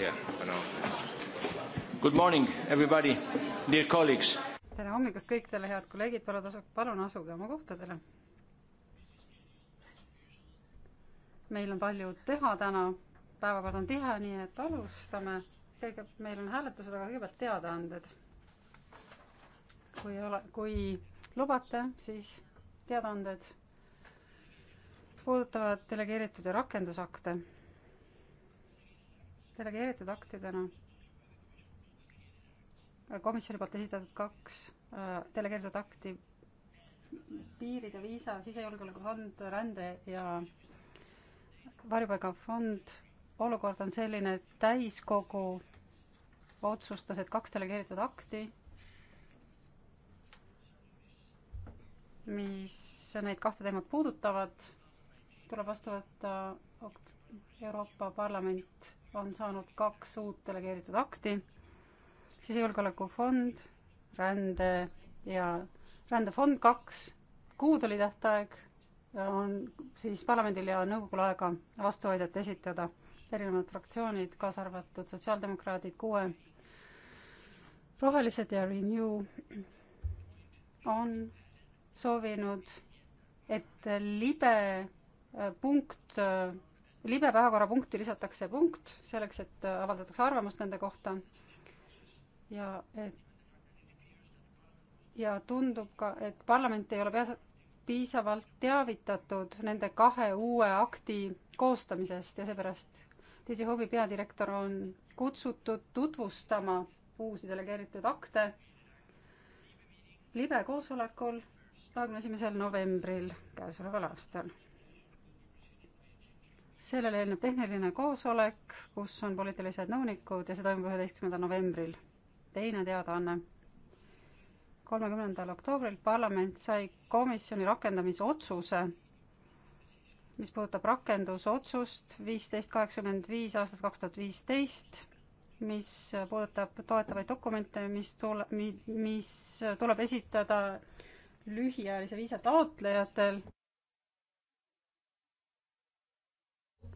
Yeah, Good morning everybody, dear colleagues. tere hommikust kõikidele, head kolleegid, palun asu-, palun asuge oma kohtadele. meil on palju teha täna, päevakord on tihe, nii et alustame. kõige, meil on hääletused, aga kõigepealt teadaanded. kui ole, kui lubate, siis teadaanded puudutavad delegeeritud ja rakendusakte delegeeritud aktidena komisjoni poolt esitatud kaks äh, delegeeritud akti piiride viisa, sisejulgeolekufond, rände ja varjupaigafond. olukord on selline, et täiskogu otsustas, et kaks delegeeritud akti, mis neid kahte teemat puudutavad, tuleb vastu võtta Euroopa Parlament on saanud kaks uut delegeeritud akti, sisejulgeolekufond, rände ja rändefond kaks kuud oli tähtaeg, on siis parlamendil ja nõukogul aega vastuhoidjat esitada, erinevad fraktsioonid, kaasa arvatud sotsiaaldemokraadid, kuue, rohelised ja Renew on soovinud, et libe äh, punkt äh, libe päevakorrapunkti lisatakse punkt selleks, et avaldatakse arvamust nende kohta. ja et ja tundub ka, et parlament ei ole pea-, piisavalt teavitatud nende kahe uue akti koostamisest ja seepärast DJ Hobi peadirektor on kutsutud tutvustama uusi delegeeritud akte libe koosolekul kahekümne esimesel novembril käesoleval aastal sellele eelneb tehniline koosolek, kus on poliitilised nõunikud ja see toimub üheteistkümnendal novembril. teine teadaanne. kolmekümnendal oktoobril parlament sai komisjoni rakendamise otsuse, mis puudutab rakendusotsust viisteist kaheksakümmend viis aastast kaks tuhat viisteist, mis puudutab toetavaid dokumente, mis tule-, mi-, mis tuleb esitada lühiajalise viisa taotlejatel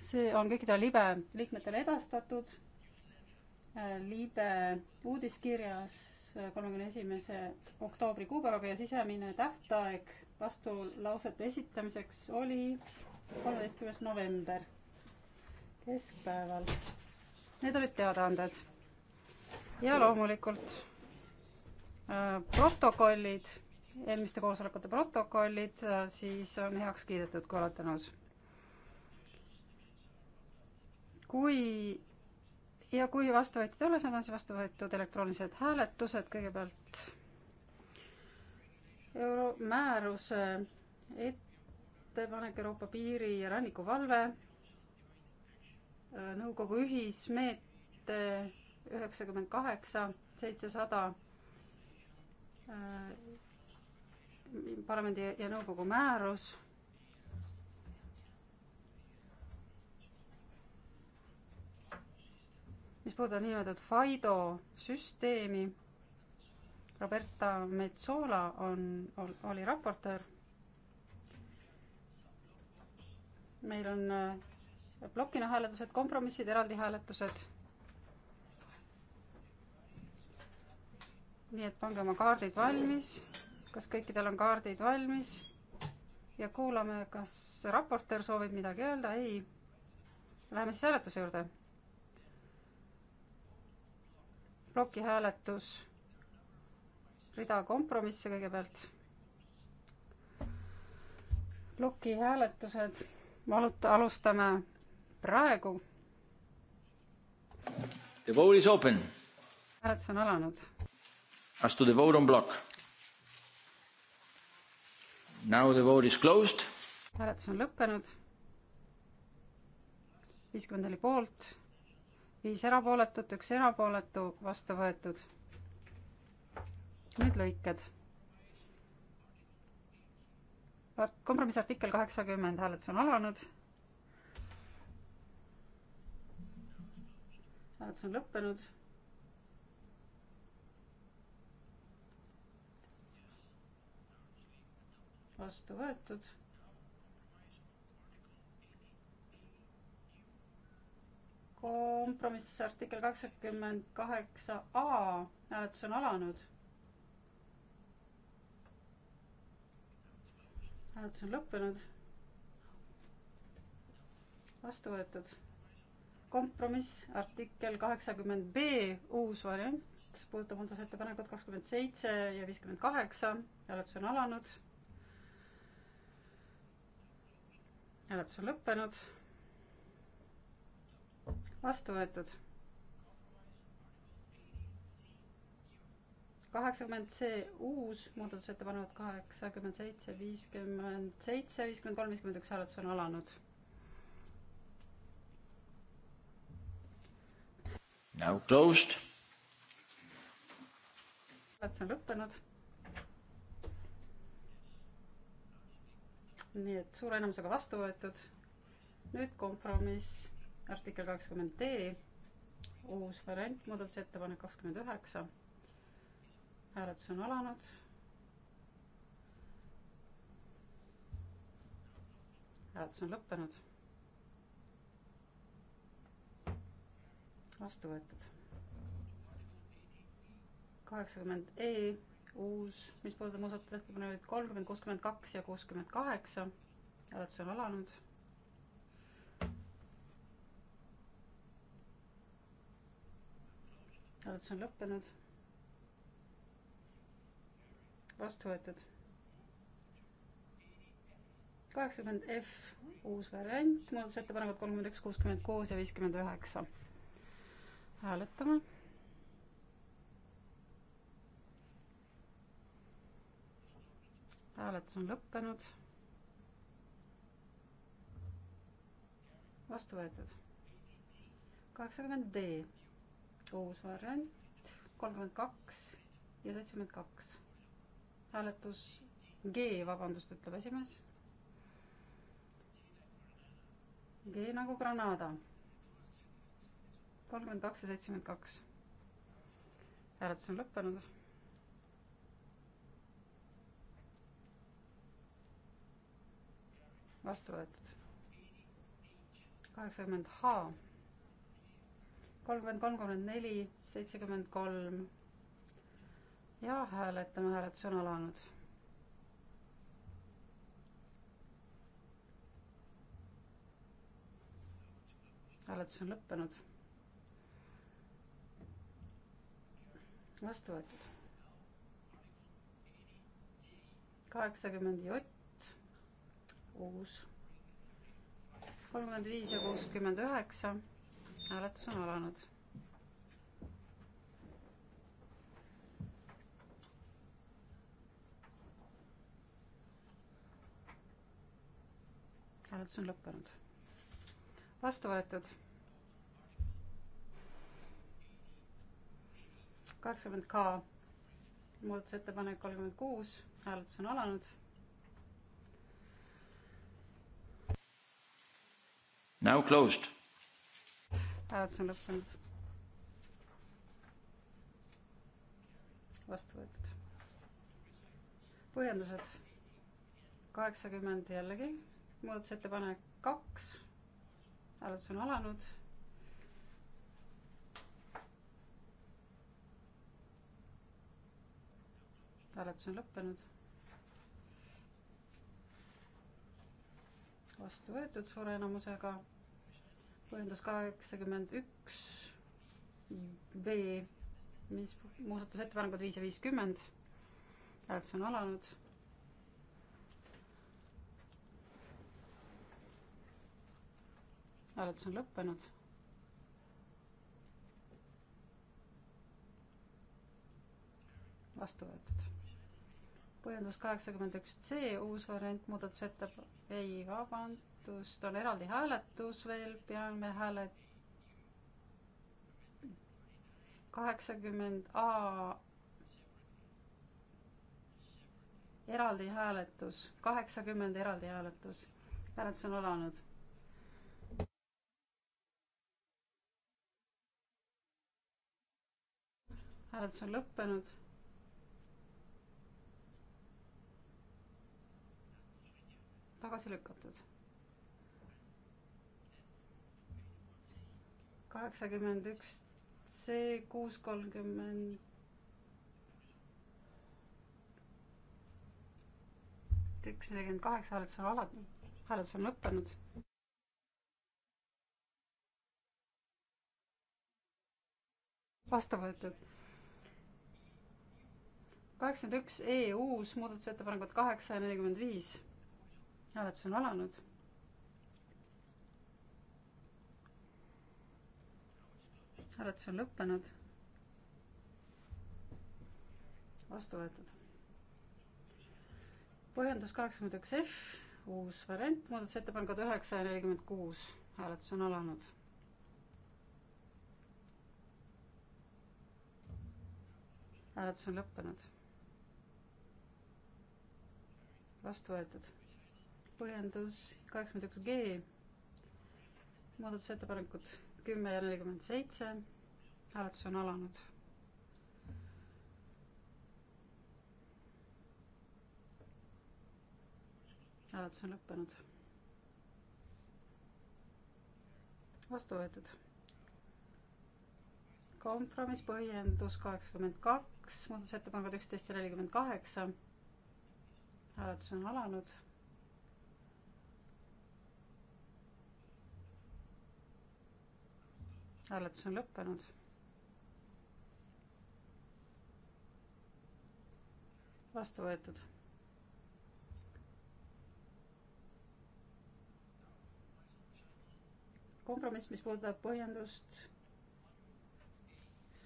see on kõikidele libe liikmetele edastatud. Äh, libe uudiskirjas kolmekümne esimese oktoobri kuupäevaga ja sisemine tähtaeg vastulausete esitamiseks oli kolmeteistkümnes november keskpäeval. Need olid teadaanded. ja loomulikult äh, protokollid, eelmiste koosolekute protokollid, äh, siis on heaks kiidetud, kui olete nõus kui ja kui vastuvõetud ei ole, siis on siis vastu võetud elektroonilised hääletused, kõigepealt euro-, määruse ettepanek Euroopa piiri- ja rannikuvalve, nõukogu ühismeete üheksakümmend kaheksa, seitsesada, äh, parlamendi ja nõukogu määrus mis puudutab niinimetatud FIDO süsteemi. Roberta Metsola on, oli raportöör. meil on äh, plokina hääletused, kompromissid, eraldi hääletused. nii et pange oma kaardid valmis. kas kõikidel on kaardid valmis? ja kuulame, kas raportöör soovib midagi öelda, ei. Läheme siis hääletuse juurde plokihääletus, rida kompromisse kõigepealt. plokihääletused, valut-, alustame praegu. The vote is open. hääletus on alanud. As to the vote on block. Now the vote is closed. hääletus on lõppenud. viiskümmend neli poolt viis erapooletut, üks erapooletu, vastu võetud. nüüd lõiked. kompromissartikkel kaheksakümmend, hääletus on alanud. hääletus on lõppenud. vastu võetud kompromiss artikkel kakskümmend kaheksa A, hääletus on alanud. hääletus on lõppenud. vastu võetud. kompromiss artikkel kaheksakümmend B, uus variant, puudutab muudatusettepanekut kakskümmend seitse ja viiskümmend kaheksa, hääletus on alanud. hääletus on lõppenud vastu võetud. kaheksakümmend C uus muudatusettepanekud kaheksakümmend seitse, viiskümmend seitse, viiskümmend kolm, viiskümmend üks hääletus on alanud. Now closed. hääletus on lõppenud nii et suure enamusega vastu võetud. nüüd kompromiss artikkel kakskümmend D, uus variant, muudatusettepanek kakskümmend üheksa. hääletus on alanud. hääletus on lõppenud. vastu võetud. kaheksakümmend E, uus, mis puudutab muudatusettepanekuid kolmkümmend, kuuskümmend kaks ja kuuskümmend kaheksa. hääletus on alanud hääletus on lõppenud. vastu võetud. kaheksakümmend F, uus variant, muudatusettepanekud kolmkümmend üks, kuuskümmend kuus ja viiskümmend üheksa. hääletame hääletus on lõppenud. vastu võetud. kaheksakümmend D uus variant, kolmkümmend kaks ja seitsekümmend kaks. hääletus G, vabandust, ütleb esimees. G nagu Granada. kolmkümmend kaks ja seitsekümmend kaks. hääletus on lõppenud vastu võetud. kaheksakümmend H kolmkümmend kolm, kolmkümmend neli, seitsekümmend kolm. ja hääletame, hääletus on alanud. hääletus on lõppenud. vastu võetud. kaheksakümmend jott, uus. kolmkümmend viis ja kuuskümmend üheksa hääletus on alanud. hääletus on lõppenud. vastu võetud. kakskümmend K muudatusettepanek kolmkümmend kuus, hääletus on alanud. Now closed hääletus on lõppenud. vastu võetud. põhjendused kaheksakümmend jällegi, muudatusettepanek kaks, hääletus on alanud. hääletus on lõppenud. vastu võetud suure enamusega põhjendus kaheksakümmend üks B, mis muudatusettepanekud viis ja viiskümmend, hääletus on alanud. hääletus on lõppenud. vastu võetud. põhjendus kaheksakümmend üks C, uus variant muudatusettep-, ei, vabandust hääletust, on eraldi hääletus veel, peame häälet-, kaheksakümmend A eraldi hääletus, kaheksakümmend eraldi hääletus. hääletus on alanud hääletus on lõppenud. tagasi lükatud kaheksakümmend üks C kuus kolmkümmend üks nelikümmend kaheksa hääletus on alati, hääletus on lõppenud. vastu võetud. kaheksakümmend üks E uus muudatusettepanekud kaheksa ja nelikümmend viis. hääletus on alanud hääletus on lõppenud. vastu võetud. põhjendus kaheksakümmend üks F, uus variant, muudatusettepanekud üheksa ja nelikümmend kuus, hääletus on alanud. hääletus on lõppenud. vastu võetud. põhjendus kaheksakümmend üks G, muudatusettepanekud kümme ja nelikümmend seitse. hääletus on alanud. hääletus on lõppenud. vastu võetud. kompromisspõhjendus kaheksakümmend kaks, muudatusettepanekud üksteist ja nelikümmend kaheksa. hääletus on alanud hääletus on lõppenud. vastu võetud. kompromiss, mis puudutab põhjendust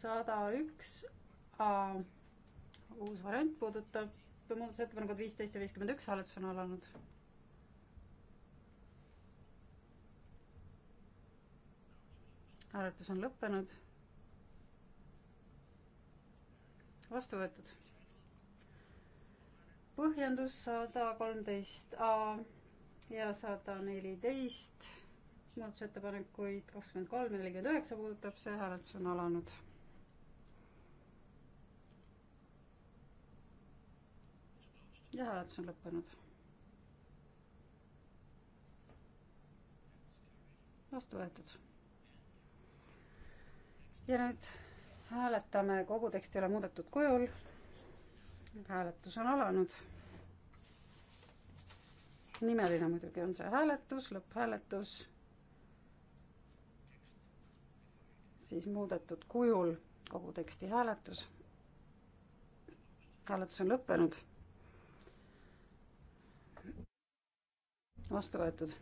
sada üks A uus variant puudutab muudatusettepanekud viisteist ja viiskümmend üks, hääletus on alanud hääletus on lõppenud. vastu võetud. põhjendus sada kolmteist A ja sada neliteist muudatusettepanekuid kakskümmend kolm ja nelikümmend üheksa puudutab see, hääletus on alanud. ja hääletus on lõppenud. vastu võetud ja nüüd hääletame kogu teksti üle muudetud kujul. hääletus on alanud. nimeline muidugi on see hääletus, lõpphääletus. siis muudetud kujul kogu teksti hääletus. hääletus on lõppenud. vastu võetud.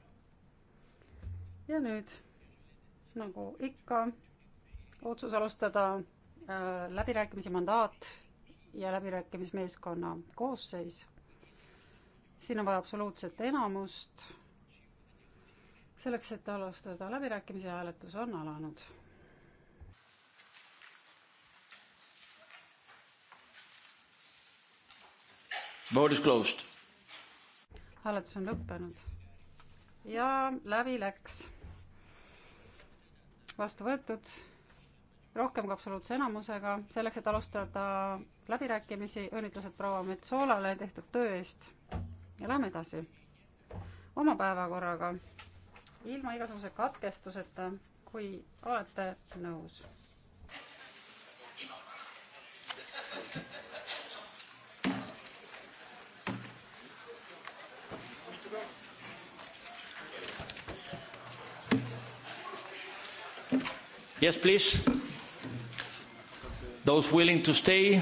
ja nüüd nagu ikka otsus alustada äh, läbirääkimise mandaat ja läbirääkimismeeskonna koosseis. siin on vaja absoluutset enamust. selleks, et alustada läbirääkimisi, hääletus on alanud. Vote is closed. hääletus on lõppenud ja läbi läks. vastu võetud rohkem kui absoluutse enamusega, selleks, et alustada läbirääkimisi, õnnitlused proua Metsoolale tehtud töö eest ja lähme edasi oma päevakorraga, ilma igasuguse katkestuseta, kui olete nõus. Yes, please. Those willing to stay.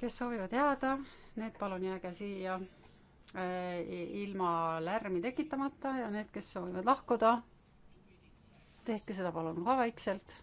kes soovivad jääda, need palun jääge siia eh, ilma lärmi tekitamata ja need, kes soovivad lahkuda, tehke seda palun ka vaikselt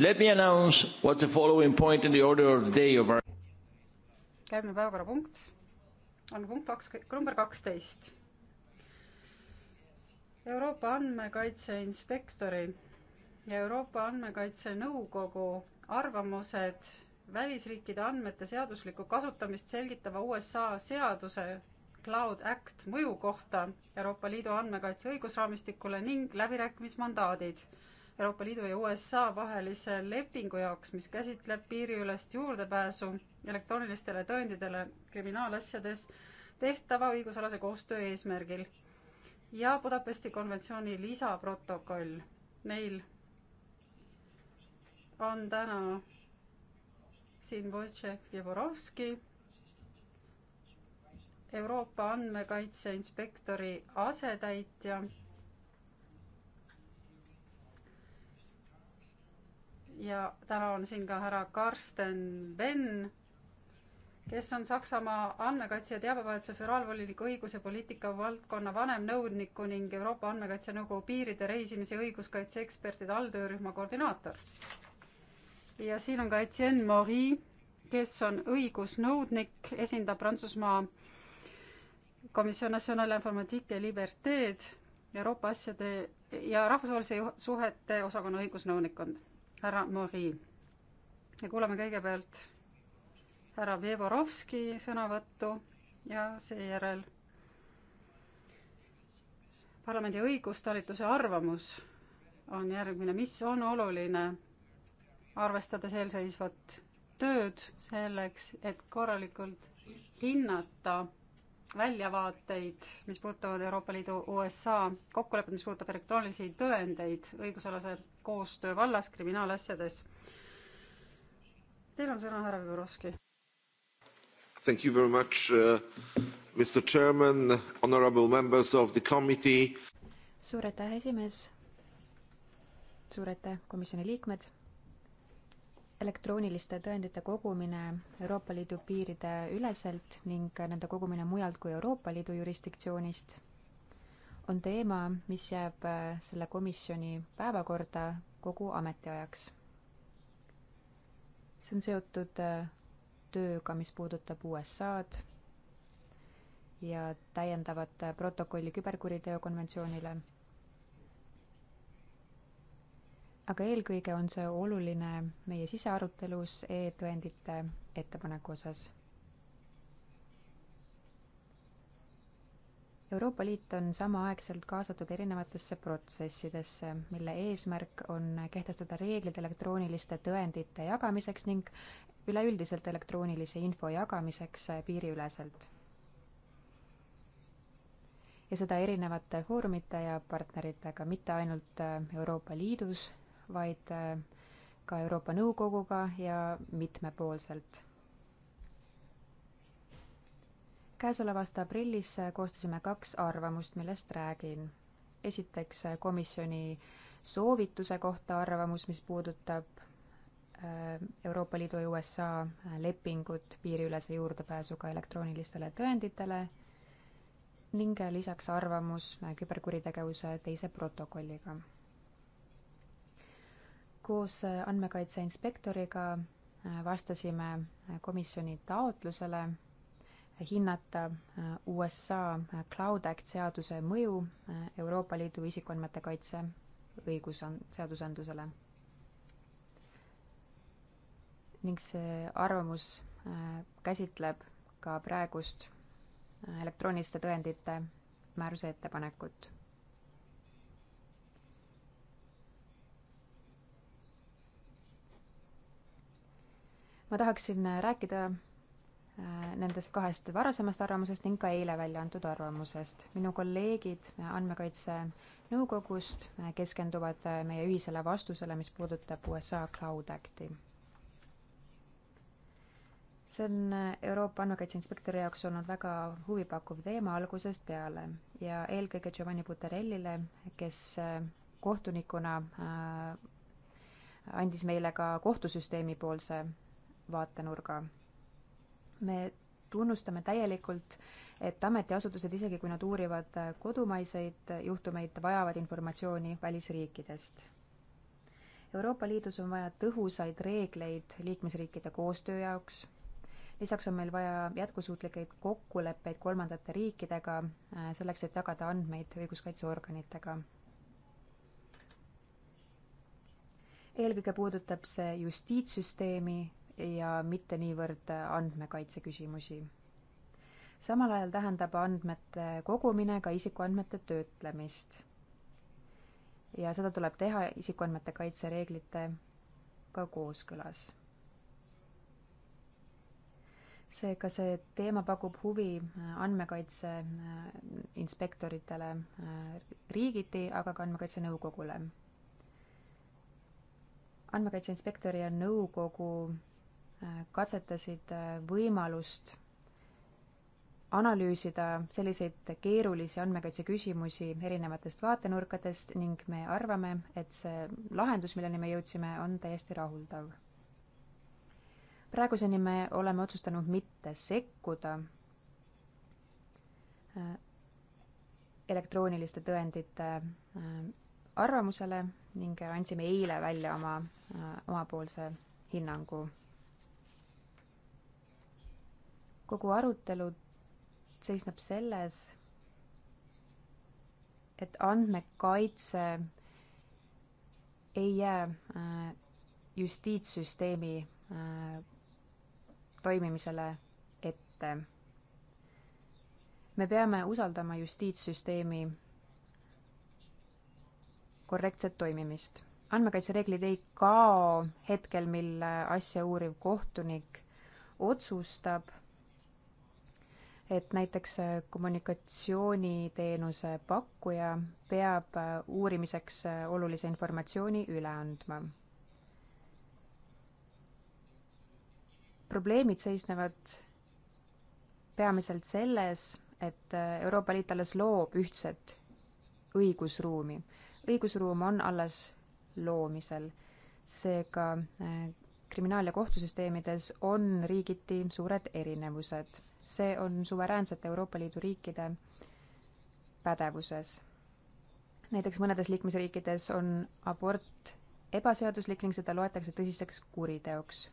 Let me announce what the following point in the order of the day of our järgmine päevakorrapunkt on punkt kaks, number kaksteist. Euroopa Andmekaitse Inspektori ja Euroopa Andmekaitse Nõukogu arvamused välisriikide andmete seaduslikku kasutamist selgitava USA seaduse Cloud Act mõju kohta Euroopa Liidu andmekaitse õigusraamistikule ning läbirääkimismandaadid Euroopa Liidu ja USA vahelise lepingu jaoks, mis käsitleb piiriülest juurdepääsu elektroonilistele tõenditele kriminaalasjades tehtava õigusalase koostöö eesmärgil ja Budapesti konventsiooni lisaprotokoll. meil on täna siin Wojciech Jevorovski, Euroopa andmekaitse inspektori asetäitja ja täna on siin ka härra Karsten Venn, kes on Saksamaa andmekaitse ja teabevahetuse föderaalvoliniku õiguse poliitika valdkonna vanemnõuniku ning Euroopa Andmekaitse Nõukogu piiride reisimise õiguskaitseekspertide alltöörühma koordinaator. ja siin on ka Etienne Mori, kes on õigusnõudnik, esindab Prantsusmaa Commission Nationale Informatique et Liberté'd, Euroopa asjade ja rahvusvahelise suhete osakonna õigusnõunik on härra Mori. ja kuulame kõigepealt härra Vjevorovski sõnavõttu ja seejärel parlamendi õigustalituse arvamus on järgmine, mis on oluline, arvestades eelseisvat tööd selleks, et korralikult hinnata väljavaateid, mis puudutavad Euroopa Liidu USA kokkulepet, mis puudutab elektroonilisi tõendeid õigusalase koostöö vallas kriminaalasjades. Teil on sõna, härra Vivorovski. Thank you very much uh,, Mr Chairman, honorable members of the committee. suur aitäh, esimees. suur aitäh, komisjoni liikmed elektrooniliste tõendite kogumine Euroopa Liidu piiride üleselt ning nende kogumine mujalt kui Euroopa Liidu jurisdiktsioonist on teema, mis jääb äh, selle komisjoni päevakorda kogu ametiajaks. see on seotud äh, tööga, mis puudutab USA-d ja täiendavat äh, protokolli küberkuriteo konventsioonile aga eelkõige on see oluline meie sisearutelus e-tõendite ettepaneku osas. Euroopa Liit on samaaegselt kaasatud erinevatesse protsessidesse, mille eesmärk on kehtestada reeglid elektrooniliste tõendite jagamiseks ning üleüldiselt elektroonilise info jagamiseks piiriüleselt. ja seda erinevate foorumite ja partneritega, mitte ainult Euroopa Liidus vaid äh, ka Euroopa Nõukoguga ja mitmepoolselt. käesoleva aasta aprillis äh, koostasime kaks arvamust, millest räägin. esiteks äh, komisjoni soovituse kohta arvamus, mis puudutab Euroopa Liidu ja USA lepingut piiriülese juurdepääsuga elektroonilistele tõenditele ning lisaks arvamus küberkuritegevuse teise protokolliga koos äh, andmekaitse inspektoriga äh, vastasime äh, komisjoni taotlusele hinnata USA Cloud Act seaduse mõju Euroopa Liidu isikuandmete kaitse õigus-, seadusandlusele. ning see arvamus käsitleb ka praegust elektrooniliste tõendite määruse ettepanekut ma tahaksin äh, rääkida äh, nendest kahest varasemast arvamusest ning ka eile välja antud arvamusest. minu kolleegid äh, Andmekaitse Nõukogust keskenduvad meie ühisele vastusele, mis puudutab USA Cloud Acti. see on Euroopa Andmekaitse Inspektori jaoks olnud väga huvipakkuv teema algusest peale ja eelkõige Giovanni Buterellile, kes kohtunikuna andis meile ka kohtusüsteemi poolse vaatenurga. me tunnustame täielikult, et ametiasutused, isegi kui nad uurivad äh, kodumaiseid juhtumeid, vajavad informatsiooni välisriikidest. Euroopa Liidus on vaja tõhusaid reegleid liikmesriikide koostöö jaoks, lisaks on meil vaja jätkusuutlikke kokkuleppeid kolmandate riikidega, äh, selleks et jagada andmeid õiguskaitseorganitega eelkõige puudutab see justiitssüsteemi ja mitte niivõrd andmekaitse küsimusi. samal ajal tähendab andmete kogumine ka isikuandmete töötlemist. ja seda tuleb teha isikuandmete kaitse reeglitega kooskõlas. seega see teema pakub huvi andmekaitse äh, inspektoritele äh, riigiti, aga ka Andmekaitse Nõukogule andmekaitse inspektori ja nõukogu katsetasid äh, võimalust analüüsida selliseid keerulisi andmekaitse küsimusi erinevatest vaatenurkadest ning me arvame, et see lahendus, milleni me jõudsime, on täiesti rahuldav. praeguseni me oleme otsustanud mitte sekkuda äh, elektrooniliste tõendite äh, arvamusele ning andsime eile välja oma, omapoolse hinnangu kogu arutelu seisneb selles, et andmekaitse ei jää äh, justiitssüsteemi äh, toimimisele ette. me peame usaldama justiitssüsteemi korrektset toimimist. andmekaitsereeglid ei kao hetkel, mil äh, asja uuriv kohtunik otsustab et näiteks äh, kommunikatsiooniteenuse pakkuja peab äh, uurimiseks äh, olulise informatsiooni üle andma. probleemid seisnevad peamiselt selles, et Euroopa Liit alles loob ühtset õigusruumi. õigusruum on alles loomisel, seega kriminaal- ja kohtusüsteemides on riigiti suured erinevused see on suveräänsete Euroopa Liidu riikide pädevuses. näiteks mõnedes liikmesriikides on abort ebaseaduslik ning seda loetakse tõsiseks kuriteoks.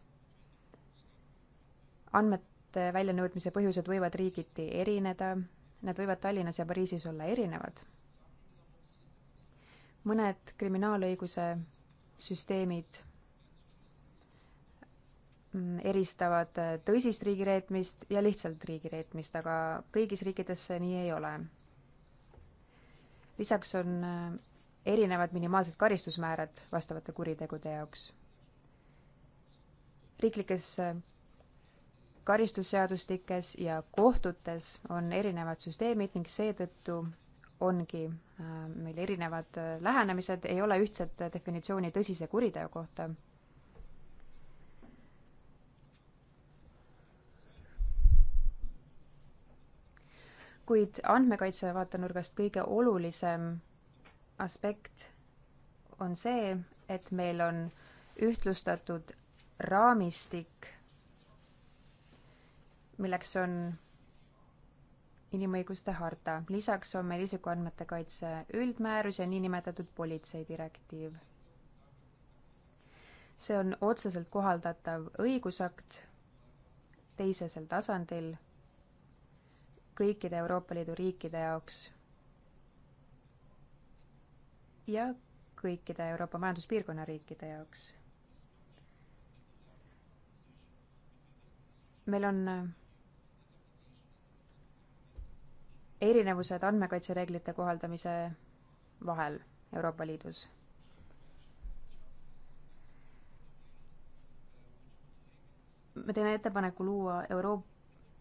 andmete väljanõudmise põhjused võivad riigiti erineda, nad võivad Tallinnas ja Pariisis olla erinevad. mõned kriminaalõiguse süsteemid Mm, eristavad äh, tõsist riigireetmist ja lihtsalt riigireetmist, aga kõigis riikides see nii ei ole. lisaks on äh, erinevad minimaalsed karistusmäärad vastavate kuritegude jaoks. riiklikes äh, karistusseadustikes ja kohtutes on erinevad süsteemid ning seetõttu ongi meil erinevad lähenemised, ei ole ühtset definitsiooni tõsise kuriteo kohta kuid andmekaitse vaatenurgast kõige olulisem aspekt on see, et meil on ühtlustatud raamistik, milleks on inimõiguste harta. lisaks on meil isikuandmete kaitse üldmäärus ja niinimetatud politseidirektiiv. see on otseselt kohaldatav õigusakt teisesel tasandil kõikide Euroopa Liidu riikide jaoks ja kõikide Euroopa Majanduspiirkonna riikide jaoks. meil on erinevused andmekaitsereeglite kohaldamise vahel Euroopa Liidus me teeme ettepaneku luua Euroopa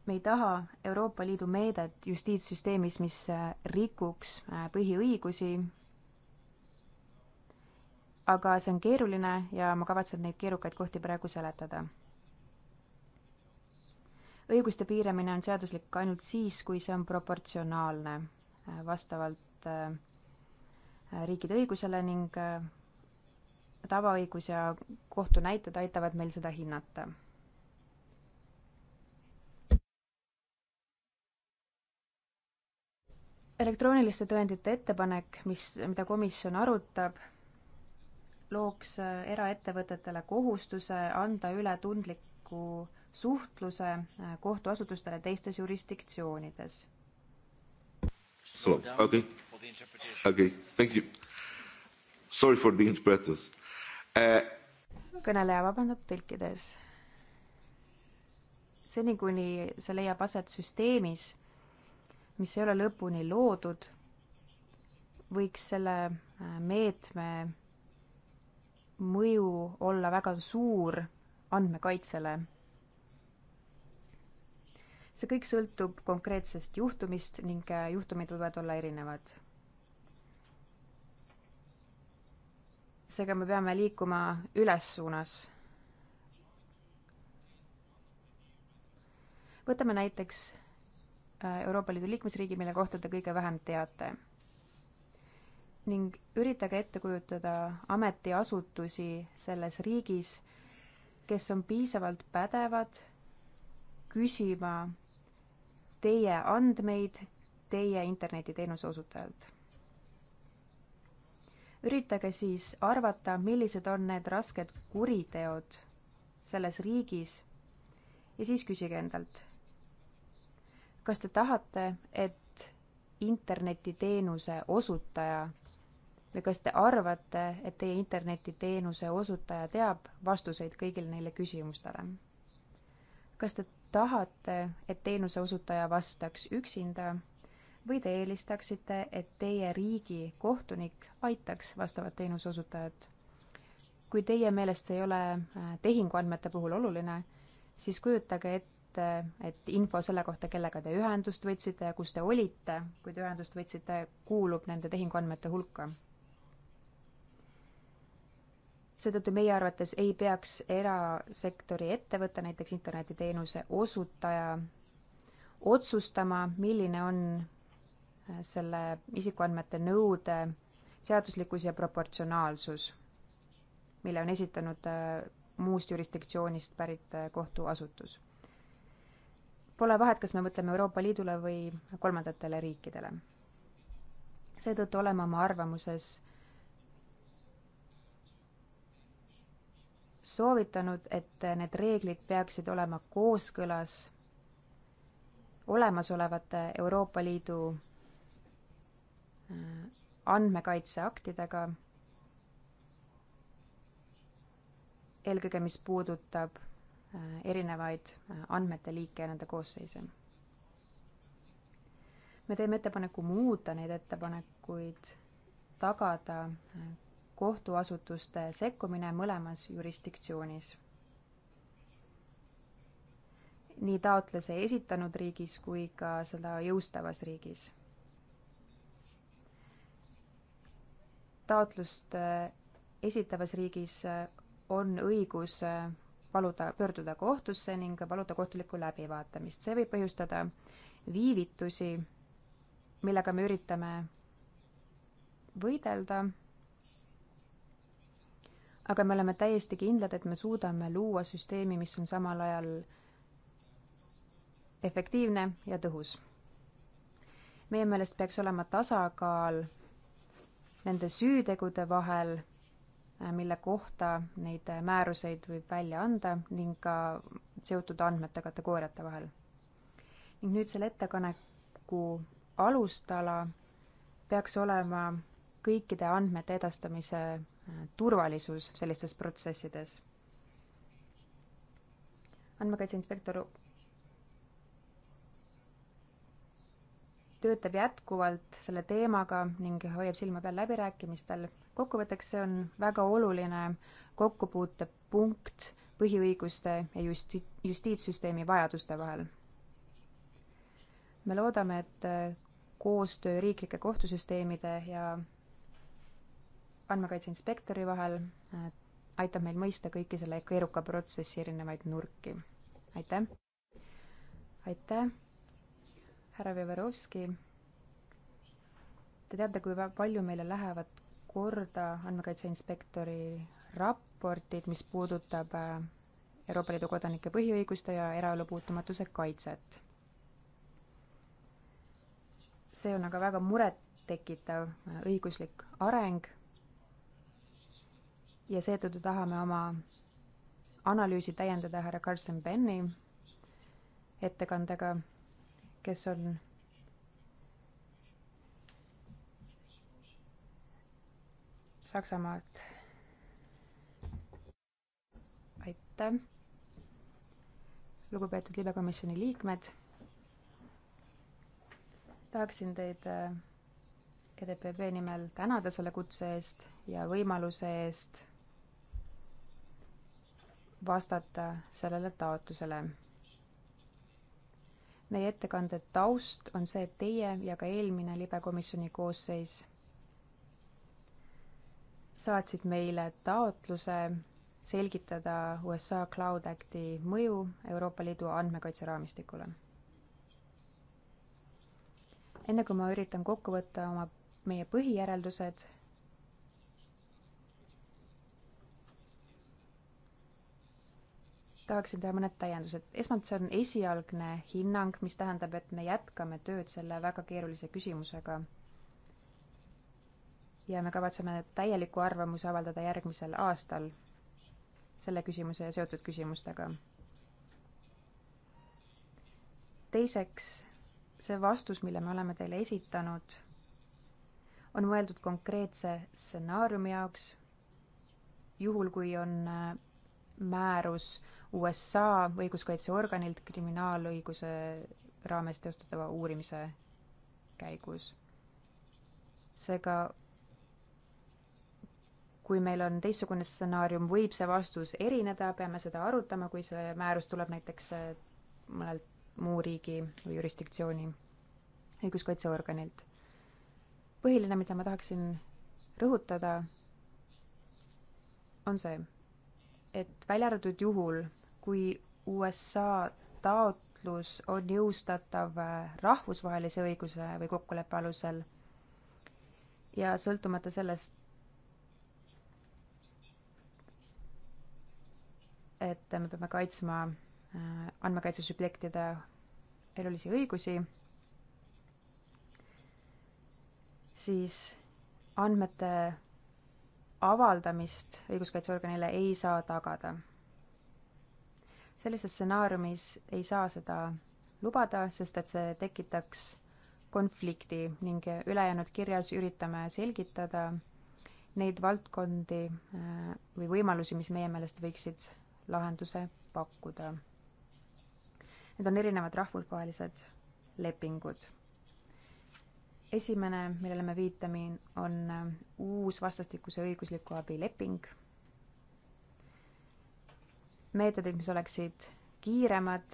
me ei taha Euroopa Liidu meedet justiitssüsteemis, mis äh, rikuks äh, põhiõigusi, aga see on keeruline ja ma kavatsen neid keerukaid kohti praegu seletada. õiguste piiramine on seaduslik ainult siis, kui see on proportsionaalne äh, vastavalt riikide õigusele ning tavaõigus ja kohtunäited aitavad meil seda hinnata elektrooniliste tõendite ettepanek, mis, mida komisjon arutab, looks äh, eraettevõtetele kohustuse anda üle tundliku suhtluse äh, kohtuasutustele teistes jurisdiktsioonides. So okay, okay, thank you. Sorry for the interpreters uh.... kõneleja vabandab tõlkides. seni, kuni see leiab aset süsteemis mis ei ole lõpuni loodud, võiks selle äh, meetme mõju olla väga suur andmekaitsele. see kõik sõltub konkreetsest juhtumist ning äh, juhtumid võivad olla erinevad. seega me peame liikuma üles suunas. võtame näiteks Äh, Euroopa Liidu liikmesriigi, mille kohta te kõige vähem teate. ning üritage ette kujutada ametiasutusi selles riigis, kes on piisavalt pädevad küsima teie andmeid teie internetiteenuse osutajalt. üritage siis arvata, millised on need rasked kuriteod selles riigis ja siis küsige endalt, kas te tahate, et internetiteenuse osutaja või kas te arvate, et teie internetiteenuse osutaja teab vastuseid kõigile neile küsimustele? kas te tahate, et teenuse osutaja vastaks üksinda või te eelistaksite, et teie riigi kohtunik aitaks vastavat teenuse osutajat? kui teie meelest see ei ole äh, tehinguandmete puhul oluline, siis kujutage ette, ütlesite, et info selle kohta, kellega te ühendust võtsite ja kus te olite, kui te ühendust võtsite, kuulub nende tehinguandmete hulka. seetõttu meie arvates ei peaks erasektori ettevõte, näiteks internetiteenuse osutaja, otsustama, milline on äh, selle isikuandmete nõude seaduslikkus ja proportsionaalsus, mille on esitanud äh, muust jurisdiktsioonist pärit äh, kohtuasutus. Pole vahet, kas me mõtleme Euroopa Liidule või kolmandatele riikidele. seetõttu oleme oma arvamuses soovitanud, et need reeglid peaksid olema kooskõlas olemasolevate Euroopa Liidu äh, andmekaitseaktidega, eelkõige mis puudutab Äh, erinevaid äh, andmete liike ja nende koosseise. me teeme ettepaneku muuta neid ettepanekuid, tagada äh, kohtuasutuste sekkumine mõlemas jurisdiktsioonis. nii taotluse esitanud riigis kui ka seda jõustavas riigis. taotlust esitavas riigis on õigus paluda, pöörduda kohtusse ning paluda kohtulikku läbivaatamist. see võib põhjustada viivitusi, millega me üritame võidelda. aga me oleme täiesti kindlad, et me suudame luua süsteemi, mis on samal ajal efektiivne ja tõhus. meie meelest peaks olema tasakaal nende süütegude vahel Äh, mille kohta neid äh, määruseid võib välja anda ning ka seotud andmete kategooriate vahel. ning nüüd selle ettepaneku alustala peaks olema kõikide andmete edastamise äh, turvalisus sellistes protsessides. andmekaitse inspektor töötab jätkuvalt selle teemaga ning hoiab silma peal läbirääkimistel kokkuvõtteks see on väga oluline kokkupuutepunkt põhiõiguste ja justi-, justiitssüsteemi vajaduste vahel. me loodame, et äh, koostöö riiklike kohtusüsteemide ja andmekaitse inspektori vahel äh, aitab meil mõista kõiki selle keeruka protsessi erinevaid nurki. aitäh! aitäh, härra Vjeverovski! Te teate, kui palju meile lähevad korda andmekaitse inspektori raportit, mis puudutab äh, Euroopa Liidu kodanike põhiõiguste ja eraelu puutumatuse kaitset. see on aga väga murettekitav äh, õiguslik areng ja seetõttu tahame oma analüüsi täiendada härra Carson Benni ettekandega, kes on Saksamaalt. aitäh. lugupeetud libekomisjoni liikmed. tahaksin teid äh, EDPB nimel tänada selle kutse eest ja võimaluse eest vastata sellele taotlusele. meie ettekande taust on see, et teie ja ka eelmine libekomisjoni koosseis saatsid meile taotluse selgitada USA Cloud Acti mõju Euroopa Liidu andmekaitseraamistikule. enne kui ma üritan kokku võtta oma, meie põhijäreldused, tahaksin teha mõned täiendused. esmalt see on esialgne hinnang, mis tähendab, et me jätkame tööd selle väga keerulise küsimusega ja me kavatseme täieliku arvamuse avaldada järgmisel aastal selle küsimuse ja seotud küsimustega. teiseks, see vastus, mille me oleme teile esitanud, on mõeldud konkreetse stsenaariumi jaoks, juhul kui on äh, määrus USA õiguskaitseorganilt kriminaalõiguse raames teostatava uurimise käigus. seega kui meil on teistsugune stsenaarium, võib see vastus erineda, peame seda arutama, kui see määrus tuleb näiteks äh, mõnelt muu riigi või jurisdiktsiooni õiguskaitseorganilt. põhiline, mida ma tahaksin rõhutada, on see, et välja arvatud juhul, kui USA taotlus on jõustatav äh, rahvusvahelise õiguse või kokkuleppe alusel ja sõltumata sellest, et me peame kaitsma äh, andmekaitse subjektide elulisi õigusi, siis andmete avaldamist õiguskaitseorganile ei saa tagada. sellises stsenaariumis ei saa seda lubada, sest et see tekitaks konflikti ning ülejäänud kirjas üritame selgitada neid valdkondi äh, või võimalusi, mis meie meelest võiksid lahenduse pakkuda. Need on erinevad rahvusvahelised lepingud. esimene, millele me viitame, on äh, uus vastastikuse õigusliku abi leping. meetodid, mis oleksid kiiremad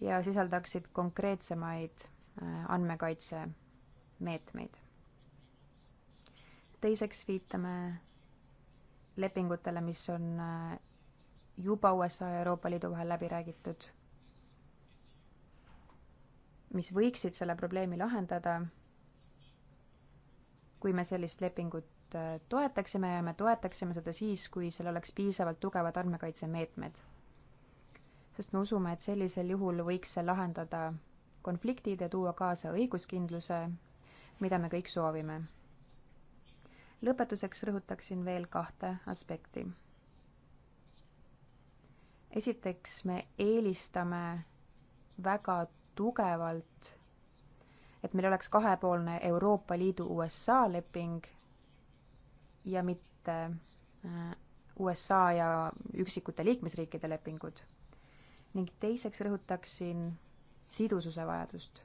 ja sisaldaksid konkreetsemaid äh, andmekaitsemeetmeid. teiseks viitame lepingutele, mis on äh, juba USA ja Euroopa Liidu vahel läbi räägitud, mis võiksid selle probleemi lahendada, kui me sellist lepingut äh, toetaksime ja me toetaksime seda siis, kui seal oleks piisavalt tugevad andmekaitsemeetmed. sest me usume, et sellisel juhul võiks see lahendada konfliktid ja tuua kaasa õiguskindluse, mida me kõik soovime lõpetuseks rõhutaksin veel kahte aspekti. esiteks, me eelistame väga tugevalt, et meil oleks kahepoolne Euroopa Liidu USA leping ja mitte äh, USA ja üksikute liikmesriikide lepingud. ning teiseks rõhutaksin sidususe vajadust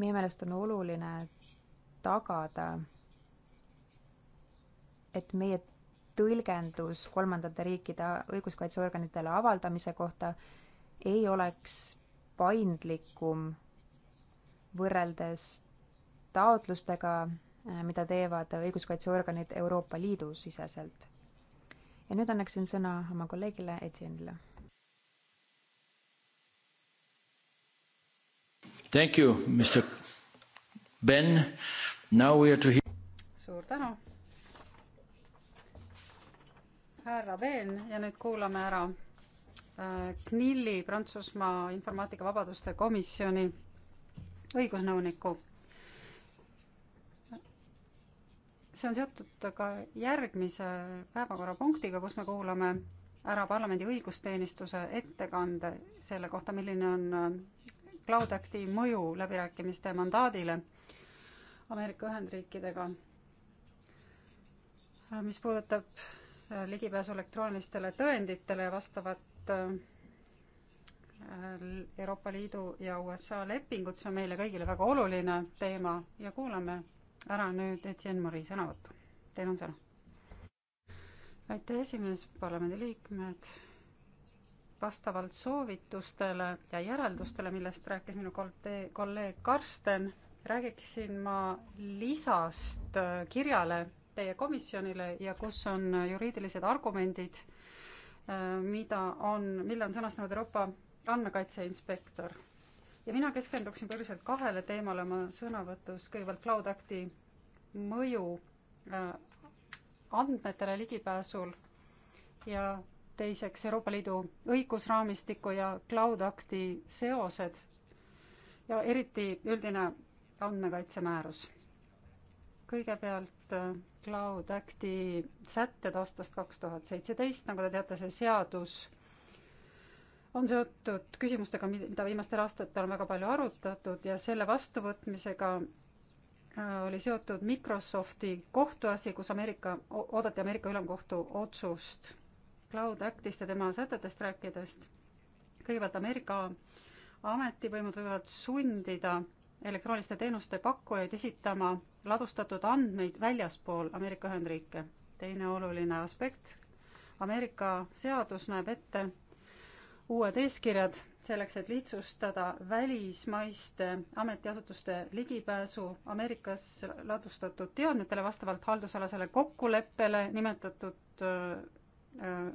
meie meelest on oluline tagada, et meie tõlgendus kolmandate riikide õiguskaitseorganitele avaldamise kohta ei oleks paindlikum võrreldes taotlustega, äh, mida teevad õiguskaitseorganid Euroopa Liidu siseselt. ja nüüd annaksin sõna oma kolleegile Etienile Thank you, Mr Ben. Now we are to hear. suur tänu. härra Ben ja nüüd kuulame ära CNIL-i äh, Prantsusmaa informaatikavabaduste komisjoni õigusnõuniku. see on seotud ka järgmise päevakorrapunktiga, kus me kuulame ära parlamendi õigusteenistuse ettekande selle kohta, milline on äh, Cloud Acti mõju läbirääkimiste mandaadile Ameerika Ühendriikidega. mis puudutab äh, ligipääsu elektroonilistele tõenditele ja vastavat äh, Euroopa Liidu ja USA lepingut, see on meile kõigile väga oluline teema ja kuulame ära nüüd Etienne Mori sõnavõttu. Teil on sõna. aitäh, esimees, parlamendiliikmed vastavalt soovitustele ja järeldustele, millest rääkis minu kolleeg Karsten, räägiksin ma lisast äh, kirjale teie komisjonile ja kus on juriidilised argumendid, äh, mida on, mille on sõnastanud Euroopa andmekaitse inspektor. ja mina keskenduksin põhiliselt kahele teemale oma sõnavõtus, kõigepealt Cloud Acti mõju äh, andmetele ligipääsul ja teiseks Euroopa Liidu õigusraamistiku ja Cloud Acti seosed ja eriti üldine andmekaitsemäärus. kõigepealt äh, Cloud Acti sätted aastast kaks tuhat seitseteist, nagu te teate, see seadus on seotud küsimustega, mida viimastel aastatel on väga palju arutatud ja selle vastuvõtmisega äh, oli seotud Microsofti kohtuasi, kus Ameerika, oodati Ameerika Ülemkohtu otsust Cloud Actist ja tema sätetest rääkidest. kõigepealt Ameerika ametivõimud võivad sundida elektrooniliste teenuste pakkujaid esitama ladustatud andmeid väljaspool Ameerika Ühendriike. teine oluline aspekt, Ameerika seadus näeb ette uued eeskirjad selleks, et lihtsustada välismaiste ametiasutuste ligipääsu Ameerikas ladustatud teadmetele vastavalt haldusalasele kokkuleppele nimetatud Äh,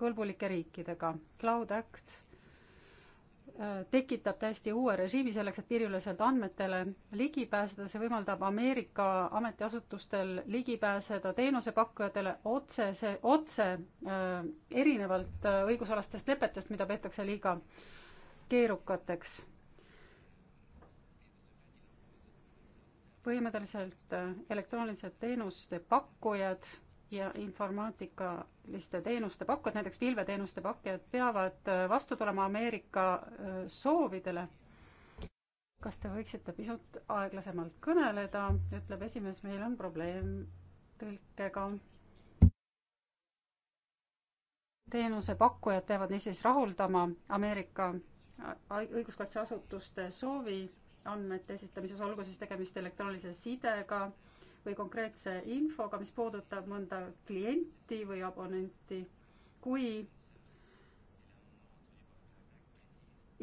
kõlbulike riikidega. Cloud Act äh, tekitab täiesti uue režiimi selleks, et piiriüleselt andmetele ligi pääseda, see võimaldab Ameerika ametiasutustel ligi pääseda teenusepakkujatele otsese, otse, otse äh, erinevalt äh, õigusalastest lepetest, mida peetakse liiga keerukateks. põhimõtteliselt äh, elektroonilised teenuste pakkujad ja informaatikaliste teenuste pakkujad, näiteks pilveteenuste pakkujad, peavad äh, vastu tulema Ameerika äh, soovidele. kas te võiksite pisut aeglasemalt kõneleda, ütleb esimees, meil on probleem tõlkega. teenusepakkujad peavad niisiis rahuldama Ameerika äh, õiguskaitseasutuste soovi andmete esitamises, olgu siis tegemist elektroonilise sidega või konkreetse infoga, mis puudutab mõnda klienti või abonenti, kui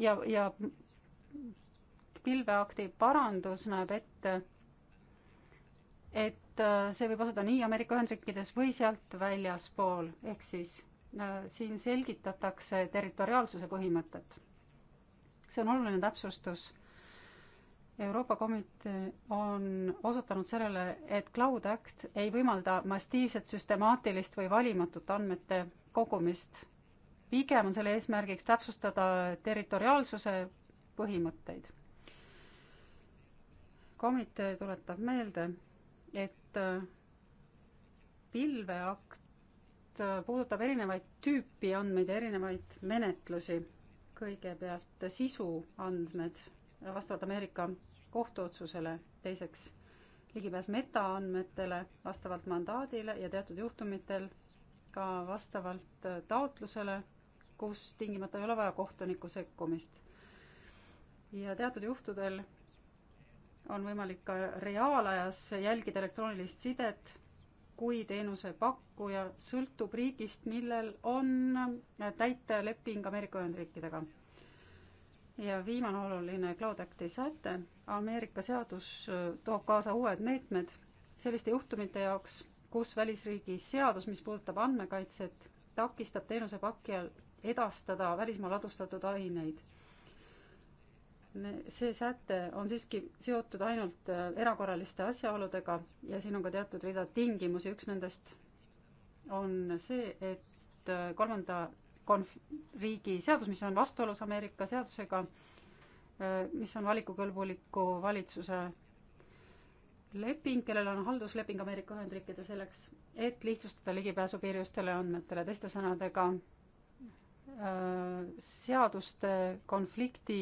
ja, ja pilveakti parandus näeb ette, et äh, see võib osutuda nii Ameerika Ühendriikides või sealt väljaspool, ehk siis äh, siin selgitatakse territoriaalsuse põhimõtet. see on oluline täpsustus Euroopa Komitee on osutanud sellele, et Cloud Act ei võimalda massiivset, süstemaatilist või valimatut andmete kogumist. pigem on selle eesmärgiks täpsustada territoriaalsuse põhimõtteid. komitee tuletab meelde, et pilveakt puudutab erinevaid tüüpi andmeid ja erinevaid menetlusi. kõigepealt sisuandmed vastavalt Ameerika kohtuotsusele, teiseks ligipääs metaandmetele vastavalt mandaadile ja teatud juhtumitel ka vastavalt äh, taotlusele, kus tingimata ei ole vaja kohtuniku sekkumist. ja teatud juhtudel on võimalik ka reaalajas jälgida elektroonilist sidet, kui teenusepakkuja sõltub riigist, millel on äh, täiteleping Ameerika Ühendriikidega ja viimane oluline Cloud Acti säte, Ameerika seadus äh, toob kaasa uued meetmed selliste juhtumite jaoks, kus välisriigi seadus, mis puudutab andmekaitset, takistab teenusepakkijal edastada välismaa ladustatud aineid. see säte on siiski seotud ainult äh, erakorraliste asjaoludega ja siin on ka teatud rida tingimusi, üks nendest on see, et äh, kolmanda konf-, riigi seadus, mis on vastuolus Ameerika seadusega, mis on valikukõlbuliku valitsuse leping, kellel on haldusleping Ameerika Ühendriikide selleks, et lihtsustada ligipääsu piiriülestele andmetele, teiste sõnadega äh, seaduste konflikti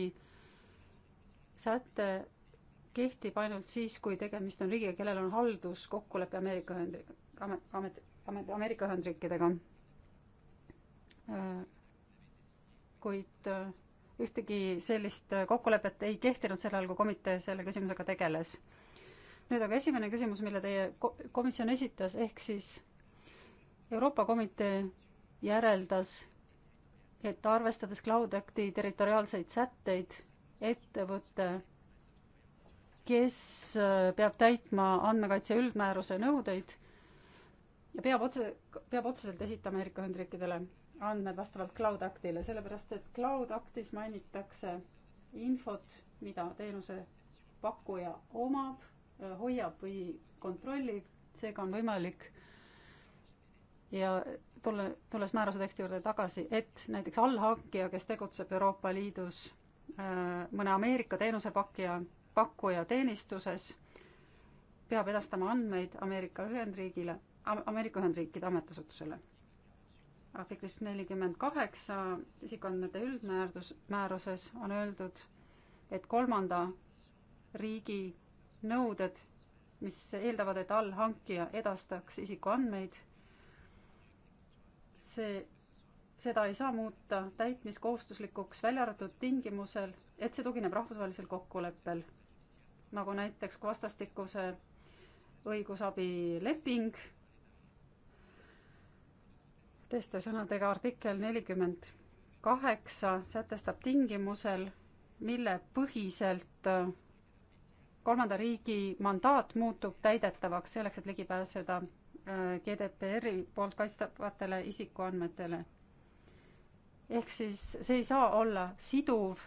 säte kehtib ainult siis, kui tegemist on riigiga, kellel on halduskokkulepe Ameerika Ühendriik-, amet, amet, Ameerika Ühendriikidega. Äh, kuid äh, ühtegi sellist äh, kokkulepet ei kehtinud sel ajal, kui komitee selle küsimusega tegeles. nüüd aga esimene küsimus, mille teie komisjon esitas, ehk siis Euroopa Komitee järeldas, et arvestades Cloud Acti territoriaalseid sätteid, ettevõte, kes peab täitma andmekaitse üldmääruse nõudeid ja peab otse, peab otseselt esitama Ameerika Ühendriikidele andmed vastavalt Cloud Actile, sellepärast et Cloud Actis mainitakse infot, mida teenusepakkuja omab, hoiab või kontrollib, seega on võimalik ja tulle, tulles määruse teksti juurde tagasi, et näiteks allhankija, kes tegutseb Euroopa Liidus äh, mõne Ameerika teenusepakkija, pakkuja teenistuses, peab edastama andmeid Ameerika Ühendriigile, Ameerika Ühendriikide ametiasutusele artiklis nelikümmend kaheksa isikuandmete üldmäärdus, määruses on öeldud, et kolmanda riigi nõuded, mis eeldavad, et allhankija edastaks isikuandmeid, see, seda ei saa muuta täitmiskohustuslikuks, välja arvatud tingimusel, et see tugineb rahvusvahelisel kokkuleppel, nagu näiteks vastastikuse õigusabileping teiste sõnadega artikkel nelikümmend kaheksa sätestab tingimusel, mille põhiselt äh, kolmanda riigi mandaat muutub täidetavaks selleks, et ligi pääseda äh, GDPR-i poolt kaitstavatele isikuandmetele. ehk siis see ei saa olla siduv,